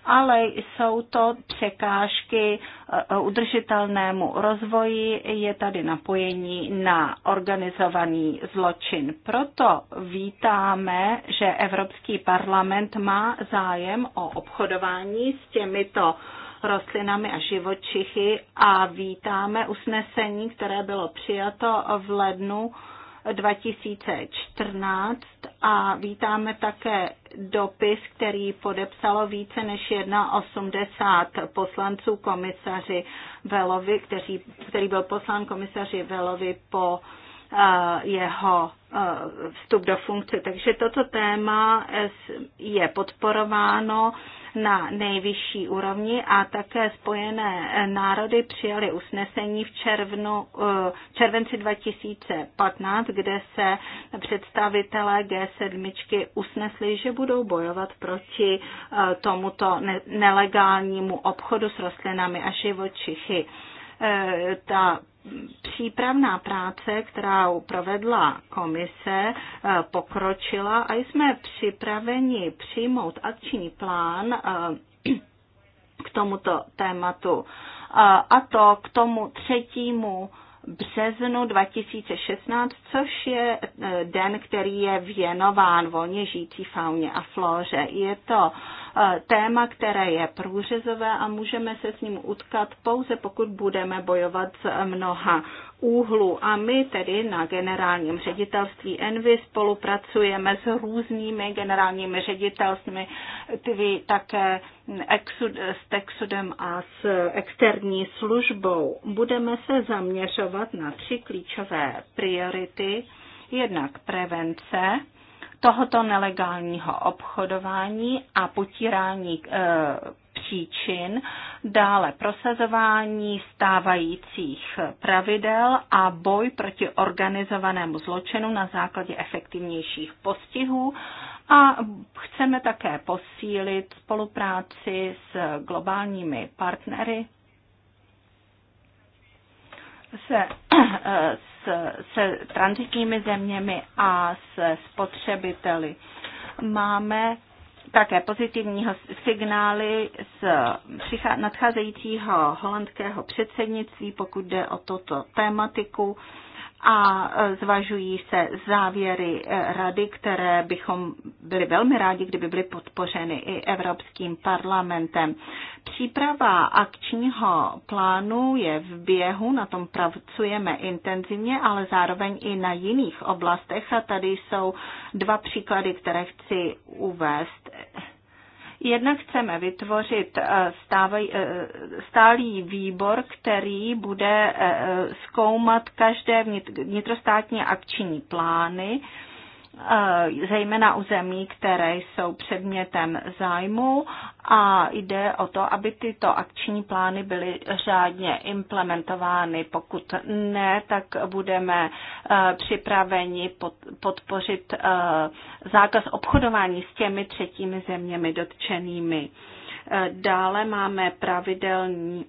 ale jsou to překážky eh, udržitelnému rozvoji, je tady napojení na organizovaný zločin. Proto vítáme, že Evropský parlament má zájem o obchodování s těmito rostlinami a živočichy a vítáme usnesení, které bylo přijato v lednu 2014 a vítáme také dopis, který podepsalo více než 180 poslanců komisaři Velovi, který, který byl poslán komisaři Velovi po eh, jeho vstup do funkce. Takže toto téma je podporováno na nejvyšší úrovni a také Spojené národy přijali usnesení v červnu, e, červenci 2015, kde se představitelé G7 usnesli, že budou bojovat proti e, tomuto nelegálnímu obchodu s rostlinami a živočichy. Eh, ta přípravná práce, která provedla komise, eh, pokročila a jsme připraveni přijmout akční plán eh, k tomuto tématu a to k tomu třetímu březnu 2016, což je eh, den, který je věnován volně žijící fauně a flóře. Je to eh, téma, které je průřezové a můžeme se s ním utkat pouze pokud budeme bojovat s mnoha úhlu. A my tedy na generálním ředitelství Envy spolupracujeme s různými generálními ředitelstvími, také exud, s Texudem a s externí službou. Budeme se zaměřovat na tři klíčové priority. Jednak prevence tohoto nelegálního obchodování a potírání e, příčin, dále prosazování stávajících pravidel a boj proti organizovanému zločinu na základě efektivnějších postihů a chceme také posílit spolupráci s globálními partnery, se, s, se transitními zeměmi a se spotřebiteli. Máme také pozitivní signály z nadcházejícího holandského předsednictví, pokud jde o toto tématiku a e, zvažují se závěry e, rady, které bychom byli velmi rádi, kdyby byly podpořeny i Evropským parlamentem. Příprava akčního plánu je v běhu, na tom pracujeme intenzivně, ale zároveň i na jiných oblastech a tady jsou dva příklady, které chci uvést Jednak chceme vytvořit eh, stávaj, eh, stálý výbor, který bude eh, zkoumat každé vnitrostátní akční plány, Eh, zejména u zemí, které jsou předmětem zájmu a jde o to, aby tyto akční plány byly řádně implementovány. Pokud ne, tak budeme eh, připraveni podpořit eh, zákaz obchodování s těmi třetími zeměmi dotčenými. Dále máme pravidelný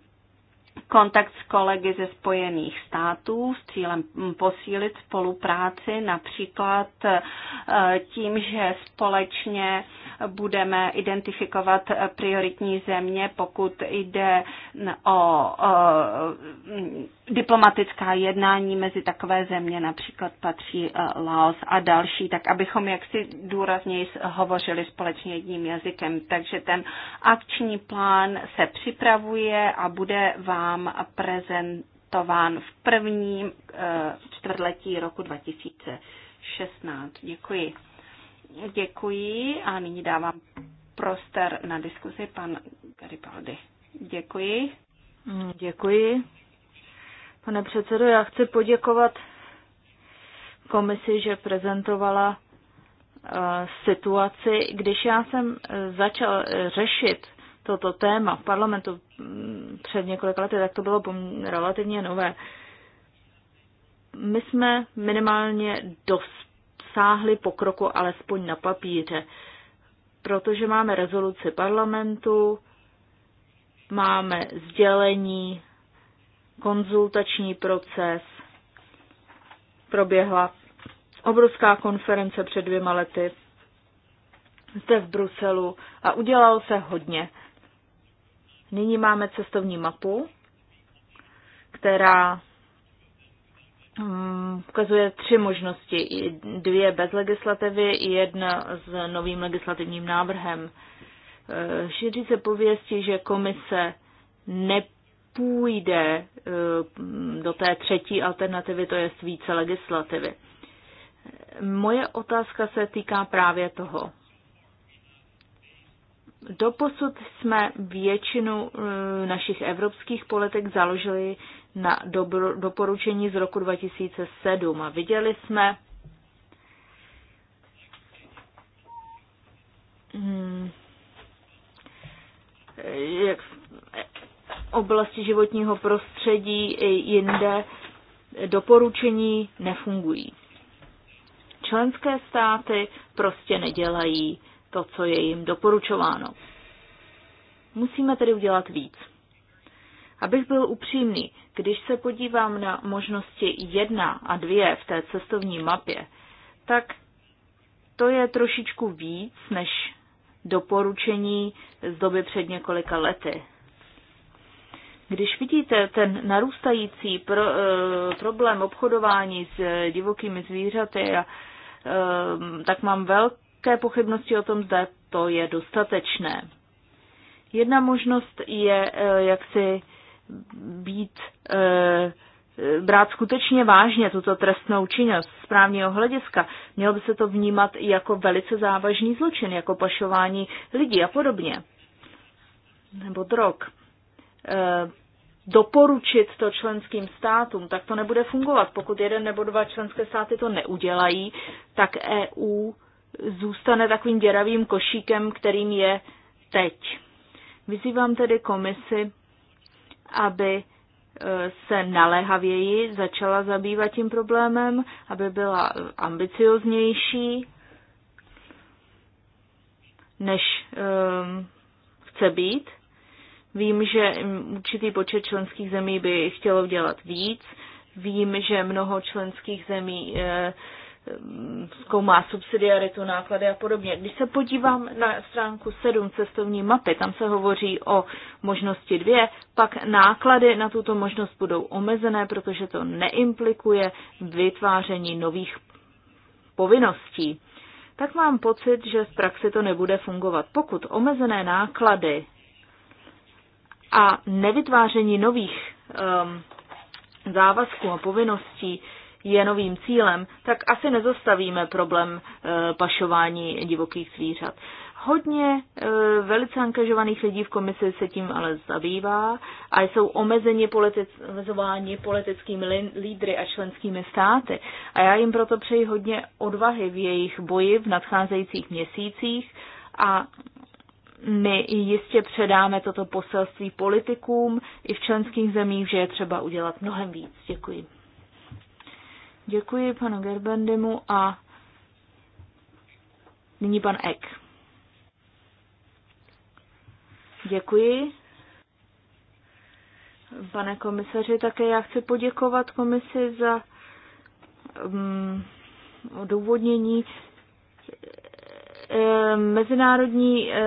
kontakt s kolegy ze Spojených států s cílem posílit spolupráci, například e, tím, že společně budeme identifikovat prioritní země, pokud jde o diplomatická jednání mezi takové země, například patří e, Laos a další, tak abychom jaksi důrazněji hovořili společně jedním jazykem. Takže ten akční plán se připravuje a bude vám prezentován v prvním e, čtvrtletí roku 2016. Děkuji. Děkuji a nyní dávám prostor na diskusi pan Garibaldi. Děkuji. Děkuji. Pane předsedo, já chci poděkovat komisi, že prezentovala eh, situaci. Když já jsem eh, začal eh, řešit toto téma v parlamentu mm, před několika lety, tak to bylo relativně nové. My jsme minimálně dos dosáhli pokroku alespoň na papíře, protože máme rezoluci parlamentu, máme sdělení, konzultační proces, proběhla obrovská konference před dvěma lety zde v Bruselu a udělalo se hodně. Nyní máme cestovní mapu, která Mm, ukazuje tři možnosti. Dvě bez legislativy, jedna s novým legislativním návrhem. Eh, šíří se pověsti, že komise nepůjde eh, do té třetí alternativy, to je více legislativy. Moje otázka se týká právě toho. Doposud jsme většinu eh, našich evropských politik založili na dobro, doporučení z roku 2007 a viděli jsme, hmm, jak v oblasti životního prostředí i jinde doporučení nefungují. Členské státy prostě nedělají to, co je jim doporučováno. Musíme tedy udělat víc. Abych byl upřímný, když se podívám na možnosti jedna a dvě v té cestovní mapě, tak to je trošičku víc než doporučení z doby před několika lety. Když vidíte ten narůstající pro, e, problém obchodování s eh, divokými zvířaty, a, e, tak mám velké pochybnosti o tom, zda to je dostatečné. Jedna možnost je e, e, být e, brát skutečně vážně tuto trestnou činnost z právního hlediska. Mělo by se to vnímat i jako velice závažný zločin, jako pašování lidí a podobně. Nebo drog. E, doporučit to členským státům, tak to nebude fungovat. Pokud jeden nebo dva členské státy to neudělají, tak EU zůstane takovým děravým košíkem, kterým je teď. Vyzývám tedy komisi, aby e, se naléhavěji začala zabývat tím problémem, aby byla e, ambicioznější, než um, chce být. Vím, že určitý počet členských zemí by chtělo dělat víc. Vím, že mnoho členských zemí uh, zkoumá subsidiaritu, náklady a podobně. Když se podívám na stránku 7 cestovní mapy, tam se hovoří o možnosti 2, pak náklady na tuto možnost budou omezené, protože to neimplikuje vytváření nových povinností. Tak mám pocit, že v praxi to nebude fungovat. Pokud omezené náklady a nevytváření nových um, závazků a povinností je novým cílem, tak asi nezastavíme problém e, pašování divokých zvířat. Hodně e, velice angažovaných lidí v komisi se tím ale zabývá a jsou omezeni politic, omezováni politickými lídry a členskými státy. A já jim proto přeji hodně odvahy v jejich boji v nadcházejících měsících a my jistě předáme toto poselství politikům i v členských zemích, že je třeba udělat mnohem víc. Děkuji. Děkuji panu Gerbendemu a nyní pan Ek. Děkuji. Pane komisaři, také já chci poděkovat komisi za um, odůvodnění. E, mezinárodní e,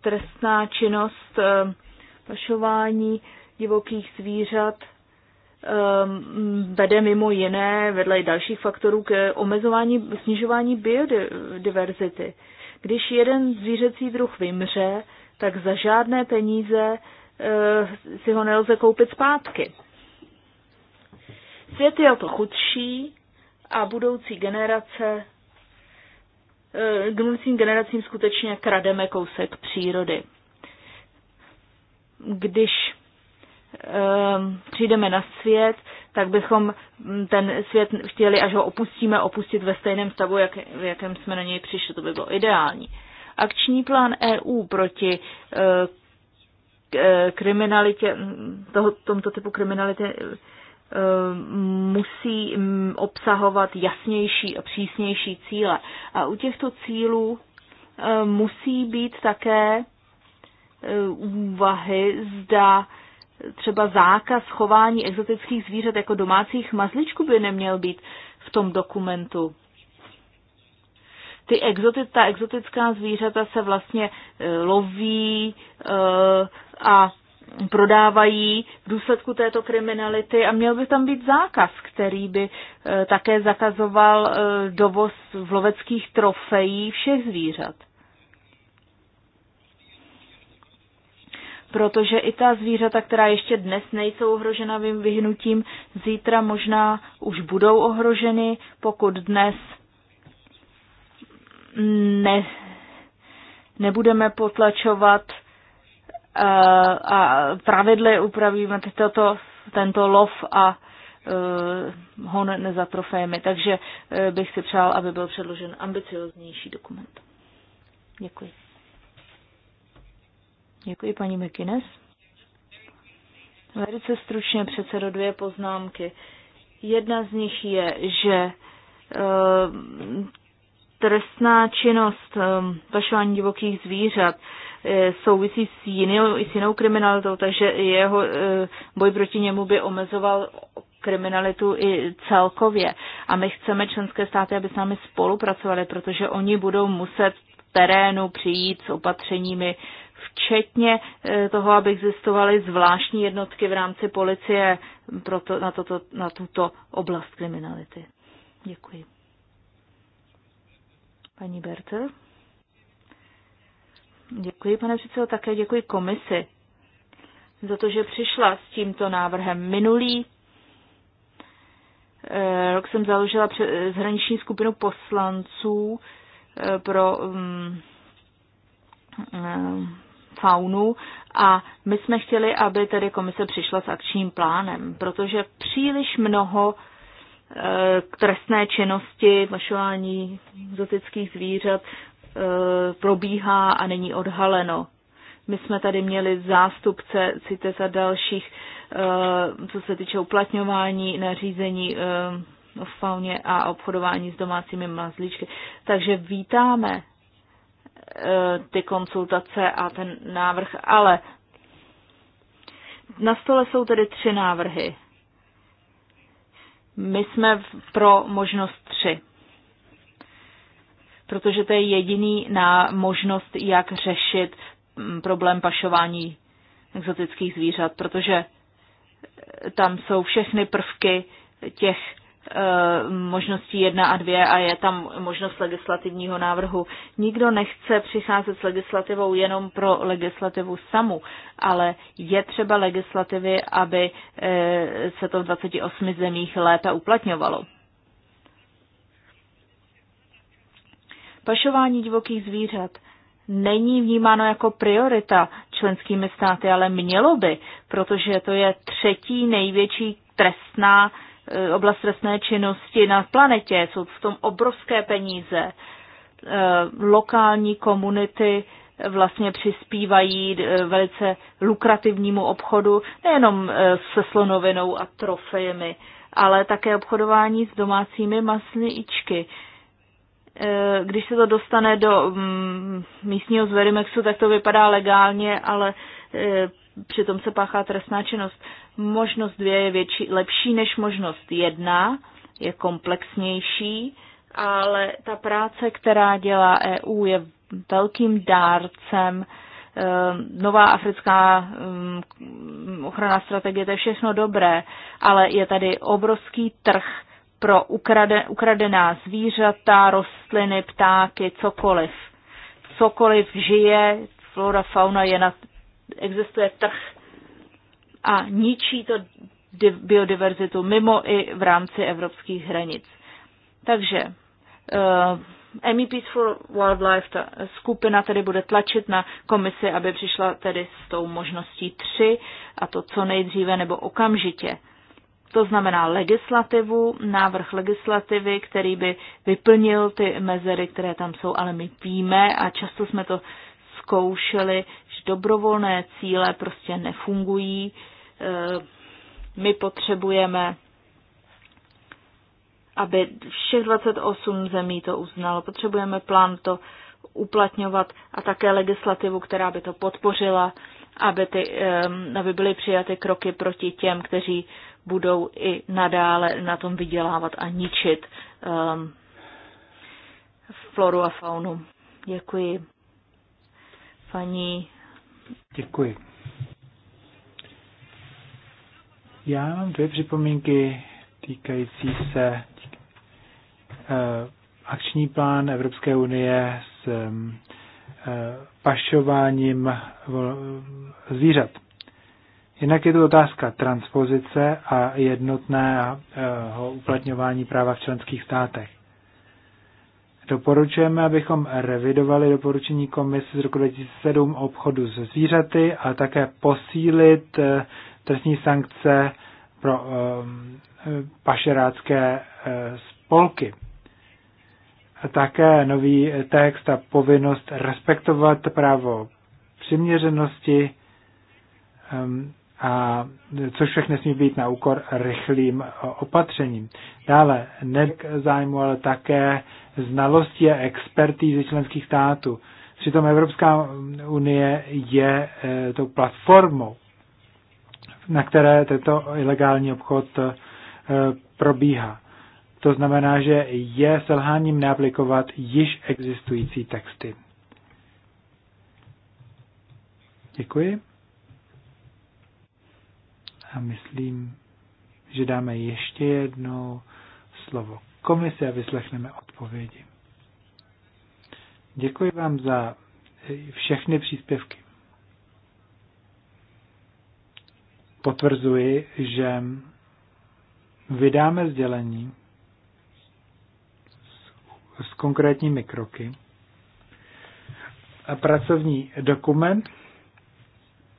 trestná činnost e, pašování divokých zvířat Ehm, vede mimo jiné, vedle dalších faktorů, k omezování, snižování biodiverzity. Když jeden zvířecí druh vymře, tak za žádné peníze eh, si ho nelze koupit zpátky. Svět je o to chudší a budoucí generace eh, budoucím generacím skutečně krademe kousek přírody. Když Ehm, přijdeme na svět, tak bychom mm, ten svět chtěli, až ho opustíme, opustit ve stejném stavu, jak, v jakém jsme na něj přišli. To by bylo ideální. Akční plán EU proti eh, eh, kriminalitě, mm, toho, tomto typu kriminality eh, musí mm, obsahovat jasnější a přísnější cíle. A u těchto cílů musí být také úvahy, zda třeba zákaz chování exotických zvířat jako domácích mazličků by neměl být v tom dokumentu. Ty exoty, ta exotická zvířata se vlastně e, loví e, a prodávají v důsledku této kriminality a měl by tam být zákaz, který by e, také zakazoval dovoz v loveckých trofejí všech zvířat. protože i ta zvířata, která ještě dnes nejsou ohrožena vyhnutím, zítra možná už budou ohroženy, pokud dnes ne, nebudeme potlačovat eh, a pravidly upravíme tato, tento lov a eh, hon za trofémy. Takže eh, bych si přál, aby byl předložen ambicioznější dokument. Děkuji. Děkuji, paní McInnes. Velice stručně předsedo dvě poznámky. Jedna z nich je, že e, trestná činnost e, pašování divokých zvířat e, souvisí s jinou, s jinou kriminalitou, takže jeho e, boj proti němu by omezoval kriminalitu i celkově. A my chceme členské státy, aby s námi spolupracovali, protože oni budou muset v terénu přijít s opatřeními včetně eh, toho, aby existovaly zvláštní jednotky v rámci policie to, na, toto, na tuto oblast kriminality. Děkuji. Paní Berter. Děkuji, pane předsedo, také děkuji komisi za to, že přišla s tímto návrhem. Minulý eh, rok jsem založila zhraniční skupinu poslanců eh, pro mm, faunu a my jsme chtěli, aby tedy komise přišla s akčním plánem, protože příliš mnoho k e, trestné činnosti, pašování zotických zvířat e, probíhá a není odhaleno. My jsme tady měli zástupce CITES a dalších, e, co se týče uplatňování nařízení o fauně a obchodování s domácími mazlíčky. Takže vítáme Eh, ty konsultace a ten návrh, ale na stole jsou tedy tři návrhy. My jsme pro možnost tři, protože to je jediný na možnost, jak řešit mm, problém pašování exotických zvířat, protože tam jsou všechny prvky těch Eh, možností jedna a dvě a je tam možnost legislativního návrhu. Nikdo nechce přicházet s legislativou jenom pro legislativu samu, ale je třeba legislativy, aby eh, se to v 28 zemích léta uplatňovalo. Pašování divokých zvířat není vnímáno jako priorita členskými státy, ale mělo by, protože to je třetí největší trestná E, oblast trestné činnosti na planetě. Jsou v tom obrovské peníze. E, lokální komunity vlastně přispívají e, velice lukrativnímu obchodu, nejenom se slonovinou a trofejemi, ale také obchodování s domácími masličky. Když se to dostane do mm, místního zverimexu, tak to vypadá legálně, ale přitom se páchá trestná činnost. Možnost dvě je větší, lepší než možnost jedna, je komplexnější, ale ta práce, která dělá EU, je velkým dárcem. Eh, nová africká mm, ochrana strategie, to je všechno dobré, ale je tady obrovský trh pro ukradená zvířata, rostliny, ptáky, cokoliv. Cokoliv žije, flora, fauna je na existuje trh a ničí to biodiverzitu mimo i v rámci evropských hranic. Takže uh, eh, MEPs for Wildlife, ta skupina tedy bude tlačit na komisi, aby přišla tedy s tou možností 3 a to co nejdříve nebo okamžitě. To znamená legislativu, návrh legislativy, který by vyplnil ty mezery, které tam jsou, ale my víme a často jsme to zkoušeli, dobrovolné cíle prostě nefungují. E, my potřebujeme, aby všech 28 zemí to uznalo. Potřebujeme plán to uplatňovat a také legislativu, která by to podpořila, aby, ty, aby byly přijaty kroky proti těm, kteří budou i nadále na tom vydělávat a ničit um, floru a faunu. Děkuji. Paní Děkuji. Já mám dvě připomínky týkající se eh, akční plán Evropské unie s eh, pašováním zvířat. Jinak je to otázka transpozice a jednotného eh, uplatňování práva v členských státech. Doporučujeme, abychom revidovali doporučení komise z roku 2007 o obchodu se zvířaty a také posílit eh, trestní sankce pro ehm, eh, pašerácké eh, spolky. A také nový text a povinnost respektovat právo přiměřenosti ehm, a což všechno nesmí být na úkor rychlým opatřením. Dále ne k zájmu, ale také znalosti a expertízy členských států. Přitom Evropská unie je e, tou platformou, na které tento ilegální obchod e, probíhá. To znamená, že je selháním neaplikovat již existující texty. Děkuji. A myslím, že dáme ještě jednou slovo komisi a vyslechneme odpovědi. Děkuji vám za eh, všechny příspěvky. Potvrzuji, že vydáme sdělení s konkrétními kroky a pracovní dokument,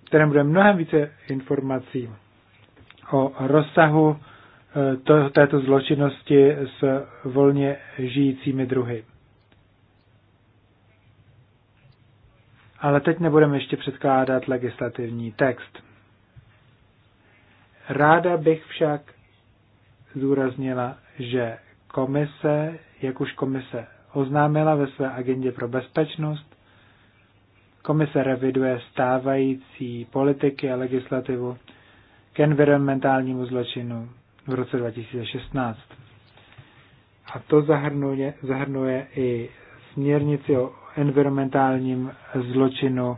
kterém bude mnohem více informací o rozsahu e, to, této zločinnosti s volně žijícími druhy. Ale teď nebudeme ještě předkládat legislativní text. Ráda bych však zúraznila, že komise, jak už komise oznámila ve své agendě pro bezpečnost, komise reviduje stávající politiky a legislativu k environmentálnímu zločinu v roce 2016. A to zahrnuje, zahrnuje i směrnici o environmentálním zločinu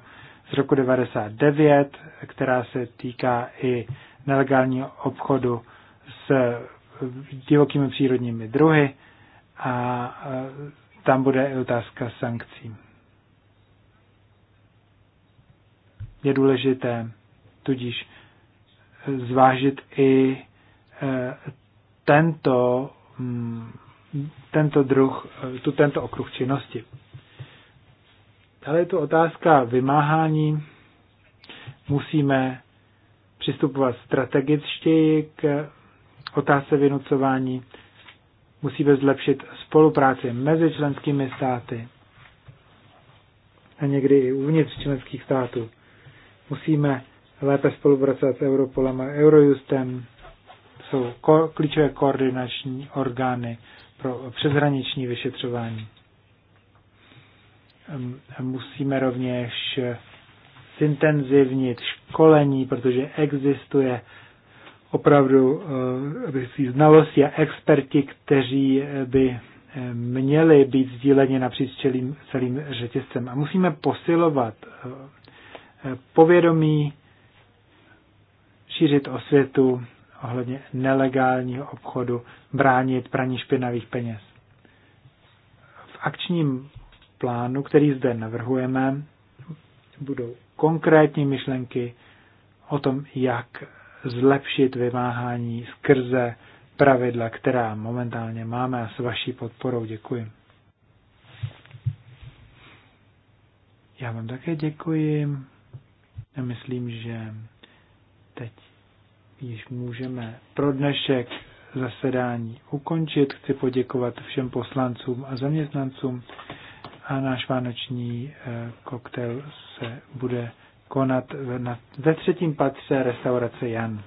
z roku 99, která se týká i nelegálního obchodu s divokými přírodními druhy a e, tam bude i otázka sankcí. Je důležité tudíž zvážit i eh, tento, mm, tento druh, eh, tu, tento okruh činnosti. Ale je tu otázka vymáhání. Musíme přistupovat strategičtěji k otázce vynucování. Musíme zlepšit spolupráci mezi členskými státy a někdy i uvnitř členských států. Musíme lépe spolupracovat s Europolem a Eurojustem. Jsou ko- klíčové koordinační orgány pro přeshraniční vyšetřování. Musíme rovněž zintenzivnit školení, protože existuje opravdu eh, znalosti a experti, kteří eh, by eh, měly být sdíleni napříč celým, celým řetězcem. A musíme posilovat povědomí šířit osvětu ohledně nelegálního obchodu, bránit praní špinavých peněz. V akčním plánu, který zde navrhujeme, budou konkrétní myšlenky o tom, jak zlepšit vymáhání skrze pravidla, která momentálně máme a s vaší podporou děkuji. Já vám také děkuji. Já myslím, že teď již můžeme pro dnešek zasedání ukončit. Chci poděkovat všem poslancům a zaměstnancům a náš vánoční eh, koktejl se bude konat ve třetím patře restaurace Jan.